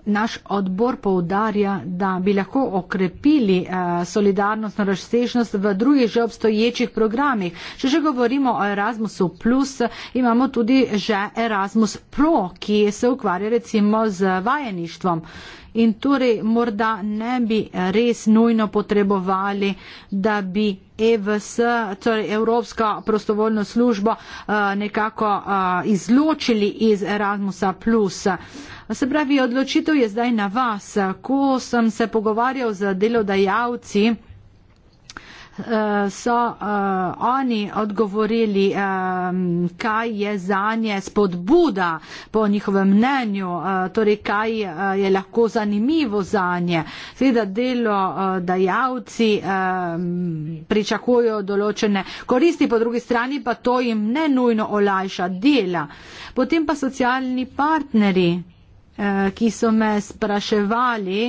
Naš odbor povdarja, da bi lahko okrepili eh, solidarnostno razsežnost v drugih že obstoječih programih. Če že govorimo o Erasmusu, plus, imamo tudi že Erasmus Pro, ki se ukvarja recimo z vajeništvom in torej morda ne bi res nujno potrebovali, da bi EVS, torej Evropska prostovoljna služba, eh, nekako eh, izločili iz Erasmusa. Se pravi, odločitev je zdaj na vas. Ko sem se pogovarjal z delodajalci, Eh, so uh, oni odgovorili, um, kaj je za nje spodbuda po njihovem mnenju, uh, torej kaj uh, je lahko zanimivo za nje. Seveda delo uh, dajavci um, pričakujo določene koristi, po drugi strani pa to jim ne nujno olajša dela. Potem pa socialni partneri Eh, ki so me spraševali,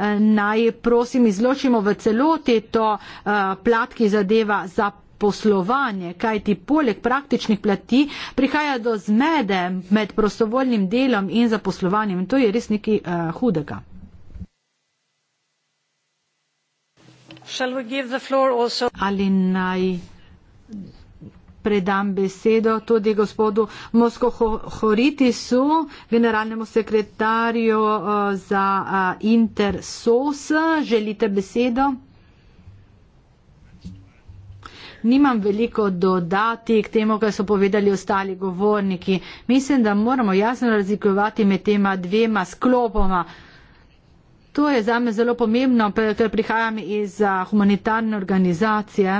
eh, naj prosim izločimo v celoti to eh, plat, ki zadeva za poslovanje, kajti poleg praktičnih plati prihaja do zmede med prostovoljnim delom in zaposlovanjem. To je res nekaj uh, hudega. Ali naj predam besedo tudi gospodu Moskohoritisu, generalnemu sekretarju eh, za eh, InterSOS. Želite besedo? Nimam veliko dodati k temu, kar so povedali ostali govorniki. Mislim, da moramo jasno razlikovati med tema dvema sklopoma. To je za me zelo pomembno, ker prihajam iz humanitarne organizacije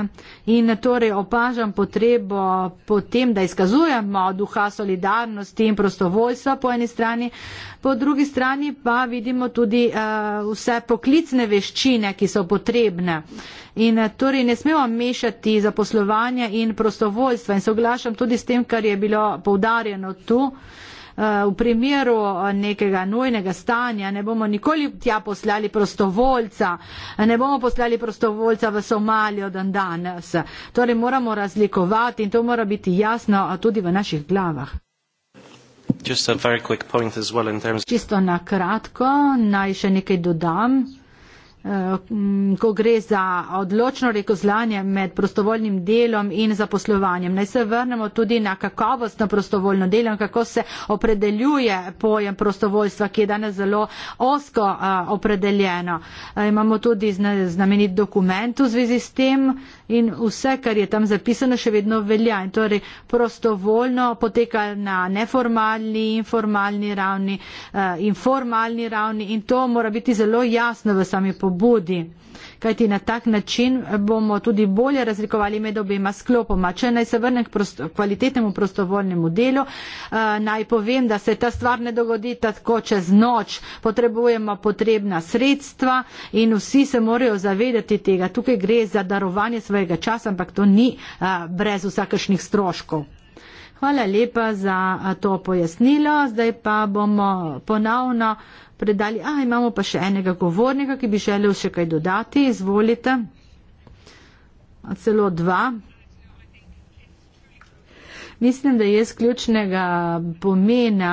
in torej opažam potrebo po tem, da izkazujemo duha solidarnosti in prostovoljstva po eni strani, po drugi strani pa vidimo tudi uh, vse poklicne veščine, ki so potrebne. In torej ne smemo mešati zaposlovanja in prostovoljstva in soglašam tudi s tem, kar je bilo poudarjeno tu. Eh, v primeru eh, nekega nujnega stanja ne bomo nikoli tja poslali prostovoljca, eh, ne bomo poslali prostovoljca v Somalijo dan danes. Torej moramo razlikovati in to mora biti jasno tudi v naših glavah. Well terms... Čisto na kratko, naj še nekaj dodam. Eh, ko gre za odločno rekozlanje med prostovoljnim delom in zaposlovanjem. Naj se vrnemo tudi na kakovostno prostovoljno delo in kako se opredeljuje pojem prostovoljstva, ki je danes zelo osko eh, opredeljeno. Eh, imamo tudi znamenit dokument v zvezi s tem, in vse, kar je tam zapisano, še vedno velja. In torej prostovoljno poteka na neformalni, informalni ravni, eh, informalni ravni in to mora biti zelo jasno v sami pobudi kajti na tak način bomo tudi bolje razlikovali med obema sklopoma. Če naj se vrnem k prosto, kvalitetnemu prostovoljnemu delu, eh, naj povem, da se ta stvar ne dogodi tako čez noč, potrebujemo potrebna sredstva in vsi se morajo zavedati tega. Tukaj gre za darovanje svojega časa, ampak to ni eh, brez vsakršnih stroškov. Hvala lepa za eh, to pojasnilo. Zdaj pa bomo ponovno predali, a imamo pa še enega govornika, ki bi želel še kaj dodati, izvolite. A celo dva. Mislim, da je sključnega pomena,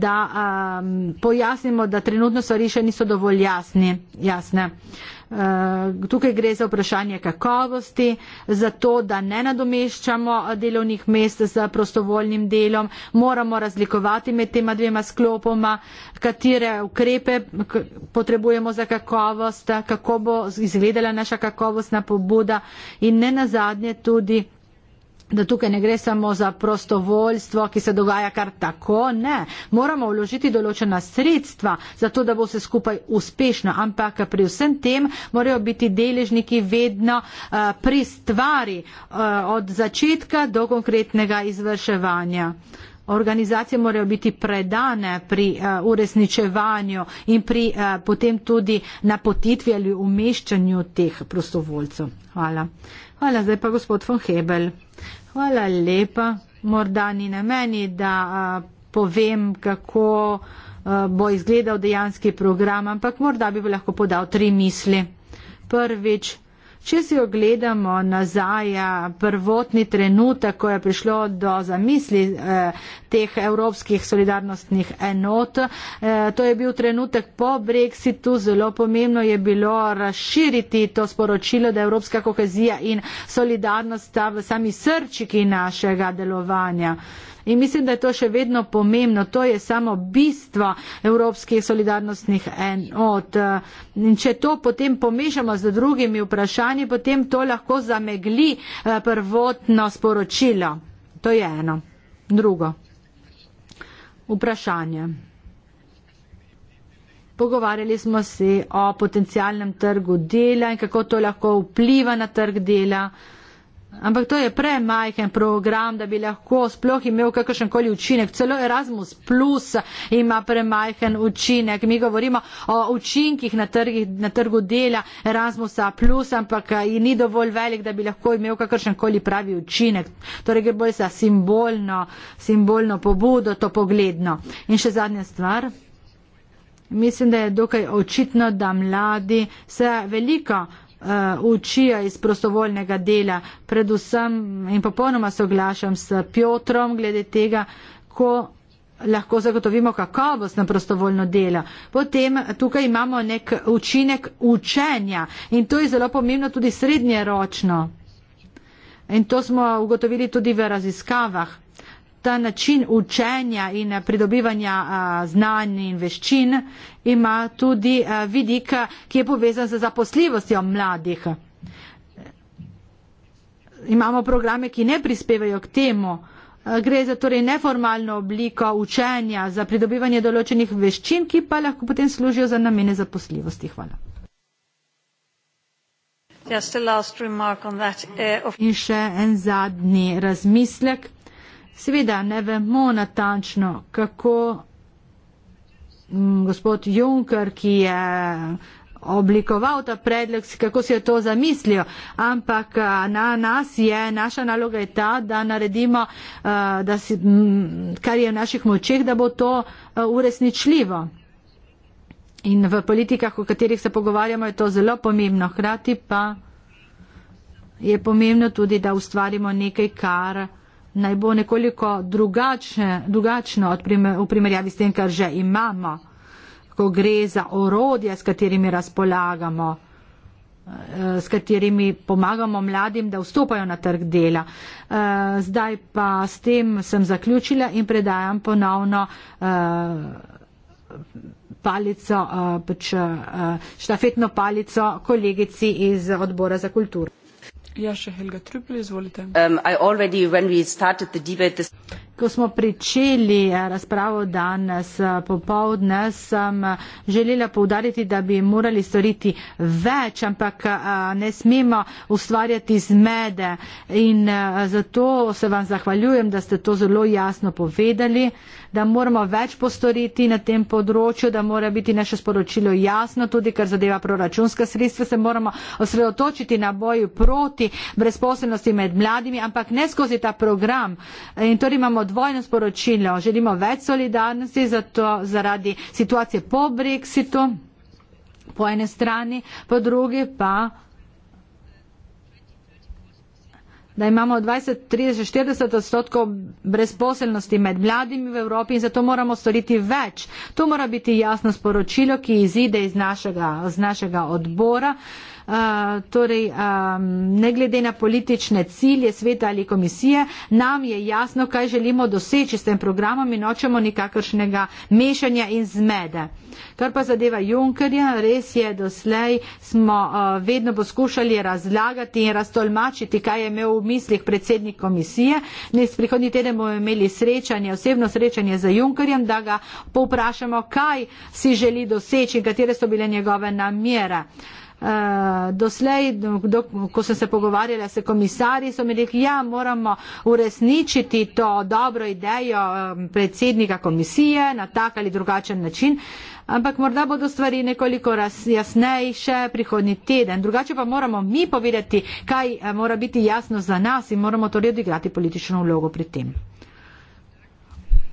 da um, pojasnimo, da trenutno stvari še niso dovolj jasni, jasne. Uh, Eh, tukaj gre za vprašanje kakovosti, za to, da ne nadomeščamo delovnih mest z prostovoljnim delom. Moramo razlikovati med tema dvema sklopoma, katere ukrepe potrebujemo za kakovost, kako bo izgledala naša kakovostna pobuda in ne nazadnje tudi da tukaj ne gre samo za prostovoljstvo, ki se dogaja kar tako, ne. Moramo vložiti določena sredstva za to, da bo vse skupaj uspešno, ampak pri vsem tem morajo biti deležniki vedno uh, pri stvari uh, od začetka do konkretnega izvrševanja. Organizacije morajo biti predane pri uh, uresničevanju in pri uh, potem tudi napotitvi ali umeščanju teh prostovoljcev. Hvala. Hvala, zdaj pa gospod von Hebel. Hvala lepa. Morda ni na meni, da a, povem, kako a, bo izgledal dejanski program, ampak morda bi lahko podal tri misli. Prvič, Če si ogledamo nazaj eh, prvotni trenutek, ko je prišlo do zamisli eh, teh evropskih solidarnostnih enot, eh, to je bil trenutek po Brexitu, zelo pomembno je bilo razširiti to sporočilo, da je evropska kohezija in solidarnost sta v sami srčiki našega delovanja. Eh, In mislim, da je to še vedno pomembno. To je samo bistvo evropskih solidarnostnih enot. In če to potem pomešamo z drugimi vprašanji, potem to lahko zamegli eh, prvotno sporočilo. To je eno. Drugo. Vprašanje. Pogovarjali smo se o potencialnem trgu dela in kako to lahko vpliva na trg dela. Uh, Ampak to je premajhen program, da bi lahko sploh imel kakršen koli učinek. Celo Erasmus Plus ima premajhen učinek. Mi govorimo o učinkih na, trgi, na trgu dela Erasmusa Plus, ampak eh, ni dovolj velik, da bi lahko imel kakršen koli pravi učinek. Torej gre bolj za simbolno, simbolno pobudo, to pogledno. In še zadnja stvar. Mislim, da je dokaj očitno, da mladi se veliko Eh, učijo iz prostovoljnega dela. Predvsem in popolnoma soglašam s Piotrom glede tega, ko lahko zagotovimo kakovost na prostovoljno delo. Potem tukaj imamo nek učinek učenja in to je zelo pomembno tudi srednjeročno. In to smo ugotovili tudi v raziskavah ta način učenja in eh, pridobivanja eh, znanj in veščin ima tudi eh, vidik, ki je povezan z zaposljivostjo mladih. Imamo programe, ki ne prispevajo k temu. Gre za torej neformalno obliko učenja za pridobivanje določenih veščin, ki pa lahko potem služijo za namene zaposljivosti. Hvala. In še en zadnji razmislek. Seveda ne vemo natančno, kako mm, gospod Juncker, ki je oblikoval ta predlog, kako si je to zamislil, ampak na nas je, naša naloga je ta, da naredimo, da si, kar je v naših močeh, da bo to uresničljivo. In v politikah, o katerih se pogovarjamo, je to zelo pomembno. Hrati pa je pomembno tudi, da ustvarimo nekaj, kar naj bo nekoliko drugačne, drugačno v primerjavi s tem, kar že imamo, ko gre za orodje, s katerimi razpolagamo, eh, s katerimi pomagamo mladim, da vstopajo na trg dela. Eh, zdaj pa s tem sem zaključila in predajam ponovno eh, palico, pač, štafetno palico kolegici iz odbora za kulturo. Ja, še Helga Trupel, izvolite. Um, already, debate, Ko smo pričeli eh, razpravo danes eh, popovdne, sem eh, želela povdariti, da bi morali storiti več, ampak ne smemo ustvarjati zmede. In zato se vam zahvaljujem, da ste to zelo jasno povedali, da moramo več postoriti na tem področju, da mora biti naše sporočilo jasno, tudi kar zadeva proračunska sredstva, se moramo osredotočiti na boju proti brezposelnosti med mladimi, ampak ne skozi ta program. In torej imamo dvojno sporočilo, želimo več solidarnosti zato, zaradi situacije po Brexitu po ene strani, po drugi pa da imamo 20, 30, 40 odstotkov brezposelnosti med mladimi v Evropi in zato moramo storiti več. To mora biti jasno sporočilo, ki izide iz našega, iz našega odbora. Uh, Eh, torej eh, ne glede na politične cilje sveta ali komisije, nam je jasno, kaj želimo doseči s tem programom in nočemo nikakršnega mešanja in zmede. Kar pa zadeva Junkerja, res je, doslej smo eh, vedno poskušali razlagati in raztolmačiti, kaj je imel v mislih predsednik komisije. Nes prihodnji teden bomo imeli srečanje, osebno srečanje z Junkerjem, da ga povprašamo, kaj si želi doseči in katere so bile njegove namere. Eh, doslej, do, ko sem se pogovarjala s komisarji, so mi rekli, ja, moramo uresničiti to dobro idejo predsednika komisije na tak ali drugačen način, ampak morda bodo stvari nekoliko jasnejše prihodnji teden. Drugače pa moramo mi povedati, kaj eh, mora biti jasno za nas in moramo torej odigrati politično vlogo pri tem.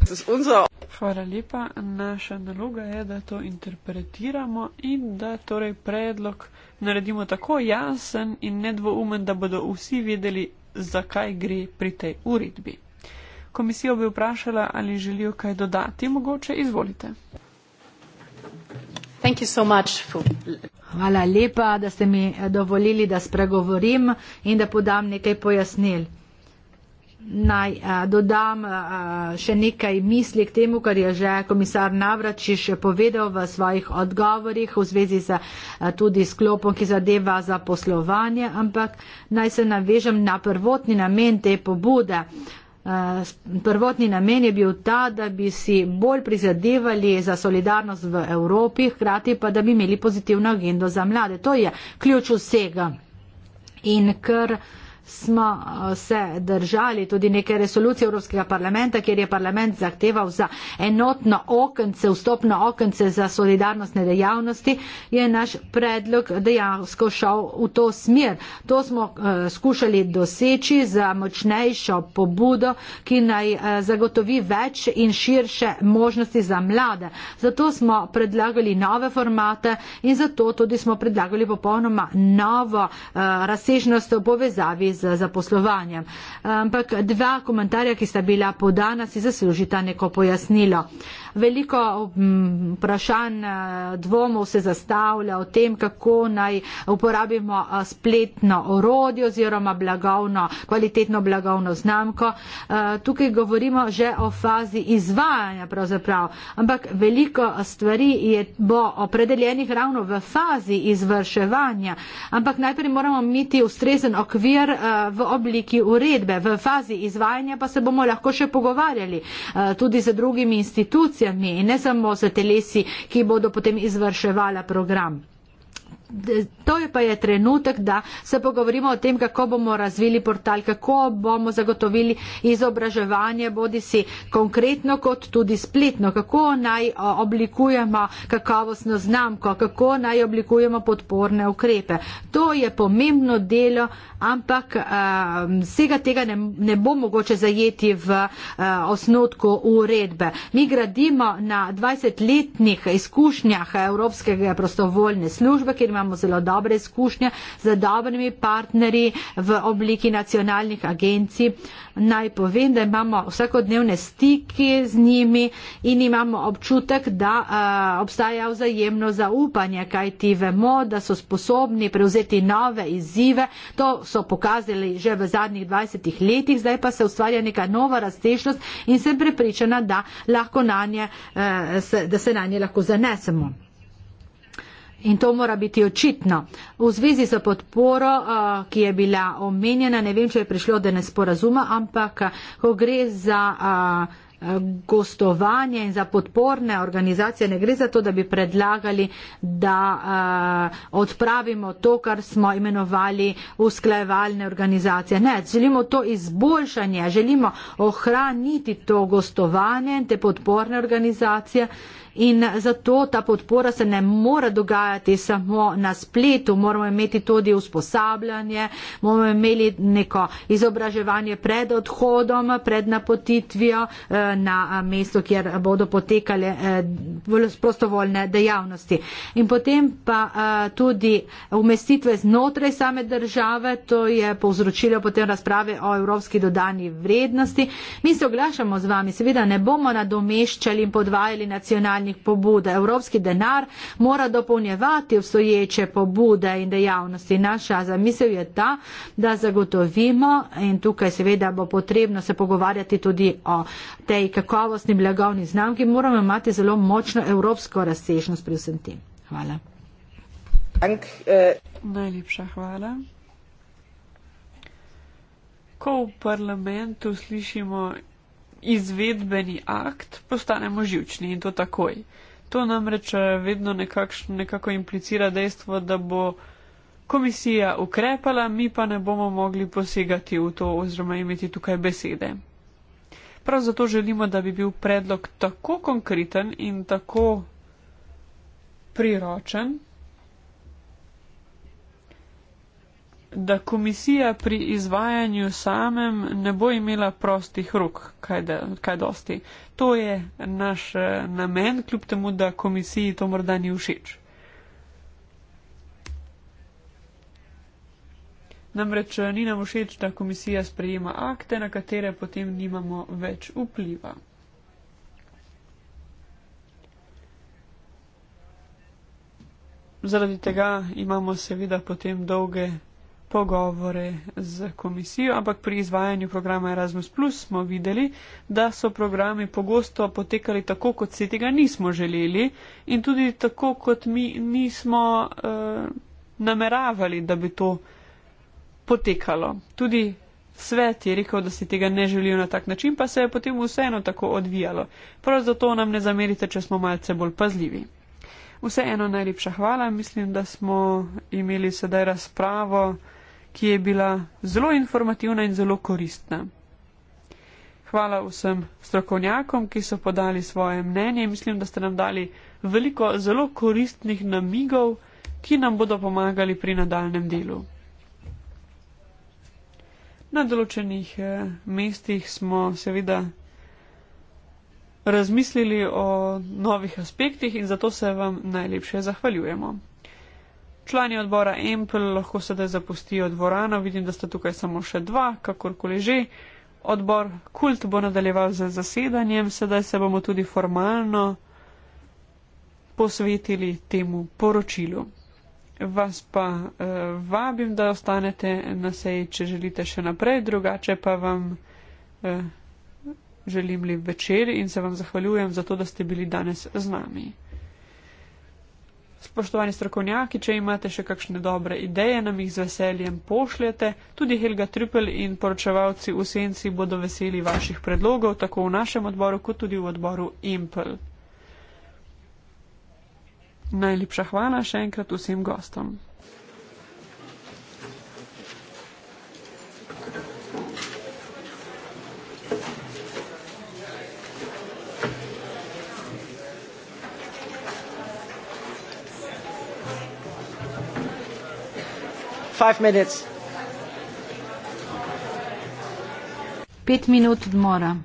Hvala lepa. Naša naloga je, da to interpretiramo in da torej predlog naredimo tako jasen in nedvoumen, da bodo vsi vedeli, zakaj gre pri tej uredbi. Komisijo bi vprašala, ali želijo kaj dodati, mogoče izvolite. So Hvala lepa, da ste mi dovolili, da spregovorim in da podam nekaj pojasnil naj a, eh, dodam a, eh, še nekaj misli k temu, kar je že komisar Navračiš povedal v svojih odgovorih v zvezi z a, eh, tudi sklopom, ki zadeva za poslovanje, ampak naj se navežem na prvotni namen te pobude. Prvotni namen je bil ta, da bi si bolj prizadevali za solidarnost v Evropi, hkrati pa, da bi imeli pozitivno agendo za mlade. To je ključ vsega. In ker uh, smo eh, se držali tudi neke resolucije Evropskega parlamenta, kjer je parlament zahteval za enotno okence, vstopno okence za solidarnostne dejavnosti, je naš predlog dejansko šel v to smer. To smo eh, skušali doseči za močnejšo pobudo, ki naj eh, zagotovi več in širše možnosti za mlade. Zato smo predlagali nove formate in zato tudi smo predlagali popolnoma novo razsežnost v povezavi z zaposlovanjem. Ampak dva komentarja, ki sta bila podana, si zaslužita neko pojasnilo veliko mm, vprašanj, eh, dvomov se zastavlja o tem, kako naj uporabimo eh, spletno orodje oziroma blagovno, kvalitetno blagovno znamko. Eh, tukaj govorimo že o fazi izvajanja pravzaprav, ampak veliko stvari je, bo opredeljenih ravno v fazi izvrševanja, ampak najprej moramo imeti ustrezen okvir v obliki uredbe. V fazi izvajanja pa se bomo lahko še pogovarjali tudi z drugimi institucijami organizacijami, ne samo s telesi, ki bodo potem izvrševala program. To je pa je trenutek, da se pogovorimo o tem, kako bomo razvili portal, kako bomo zagotovili izobraževanje, bodi si konkretno kot tudi spletno, kako naj eh, oblikujemo kakovostno znamko, kako naj oblikujemo podporne ukrepe. To je pomembno delo, ampak eh, vsega tega ne, ne bo mogoče zajeti v eh, osnotku uredbe. Mi gradimo na 20-letnih izkušnjah Evropske prostovoljne službe, imamo zelo dobre izkušnje z dobrimi partnerji v obliki nacionalnih agencij. Naj povem, da imamo vsakodnevne stike z njimi in imamo občutek, da a, eh, obstaja vzajemno zaupanje, kaj ti vemo, da so sposobni prevzeti nove izzive. To so pokazali že v zadnjih 20 letih, zdaj pa se ustvarja neka nova raztežnost in sem prepričana, da, lahko na nje, a, eh, se, da se na nje lahko zanesemo. In to mora biti očitno. V zvezi z podporo, uh, ki je bila omenjena, ne vem, če je prišlo do nesporazuma, ampak uh, ko gre za uh, gostovanje in za podporne organizacije, ne gre za to, da bi predlagali, da odpravimo to, kar smo imenovali usklajevalne organizacije. Ne, želimo to izboljšanje, želimo ohraniti to gostovanje in te podporne organizacije. In zato ta podpora se ne more dogajati samo na spletu, moramo imeti tudi usposabljanje, moramo imeti neko izobraževanje pred odhodom, pred napotitvijo eh, na eh, mesto, kjer bodo potekale eh, prostovoljne dejavnosti. In potem pa tudi umestitve znotraj same države, to je povzročilo potem razprave o evropski dodani vrednosti. Mi se oglašamo z vami, seveda ne bomo nadomeščali in podvajali nacionalni nacionalnih pobude. Evropski denar mora dopolnjevati obstoječe pobude in dejavnosti. Naša zamisel je ta, da zagotovimo in tukaj seveda bo potrebno se pogovarjati tudi o tej kakovostni blagovni znamki, moramo imati zelo močno evropsko razsežnost pri vsem tem. Hvala. Dank, eh. Najlepša hvala. Ko v parlamentu slišimo izvedbeni akt, postanemo živčni in to takoj. To namreč eh, vedno nekakš, nekako implicira dejstvo, da bo komisija ukrepala, mi pa ne bomo mogli posegati v to oziroma imeti tukaj besede. Prav zato želimo, da bi bil predlog tako konkreten in tako priročen, da komisija pri izvajanju samem ne bo imela prostih rok, kaj, da, kaj dosti. To je naš eh, namen, kljub temu, da komisiji to morda ni všeč. Namreč eh, ni nam všeč, da komisija sprejema akte, na katere potem nimamo več vpliva. Zaradi tega imamo seveda potem dolge pogovore z komisijo, ampak pri izvajanju programa Erasmus Plus smo videli, da so programi pogosto potekali tako, kot si tega nismo želeli in tudi tako, kot mi nismo uh, nameravali, da bi to potekalo. Tudi svet je rekel, da si tega ne želijo na tak način, pa se je potem vseeno tako odvijalo. Prav zato nam ne zamerite, če smo malce bolj pazljivi. Vseeno najlepša hvala, mislim, da smo imeli sedaj razpravo ki je bila zelo informativna in zelo koristna. Hvala vsem strokovnjakom, ki so podali svoje mnenje. Mislim, da ste nam dali veliko zelo koristnih namigov, ki nam bodo pomagali pri nadaljem delu. Na določenih eh, mestih smo seveda razmislili o novih aspektih in zato se vam najlepše zahvaljujemo. Člani odbora Empel lahko sedaj zapustijo dvorano, vidim, da sta tukaj samo še dva, kakorkoli že. Odbor Kult bo nadaljeval z zasedanjem, sedaj se bomo tudi formalno posvetili temu poročilu. Vas pa eh, vabim, da ostanete na seji, če želite še naprej, drugače pa vam eh, želim lep večer in se vam zahvaljujem za to, da ste bili danes z nami. Spoštovani strokovnjaki, če imate še kakšne dobre ideje, nam jih z veseljem pošljete. Tudi Helga Trupel in poročevalci v senci bodo veseli vaših predlogov, tako v našem odboru, kot tudi v odboru Impel. Najlepša hvala še enkrat vsem gostom. five minutes. Pet minut odmora.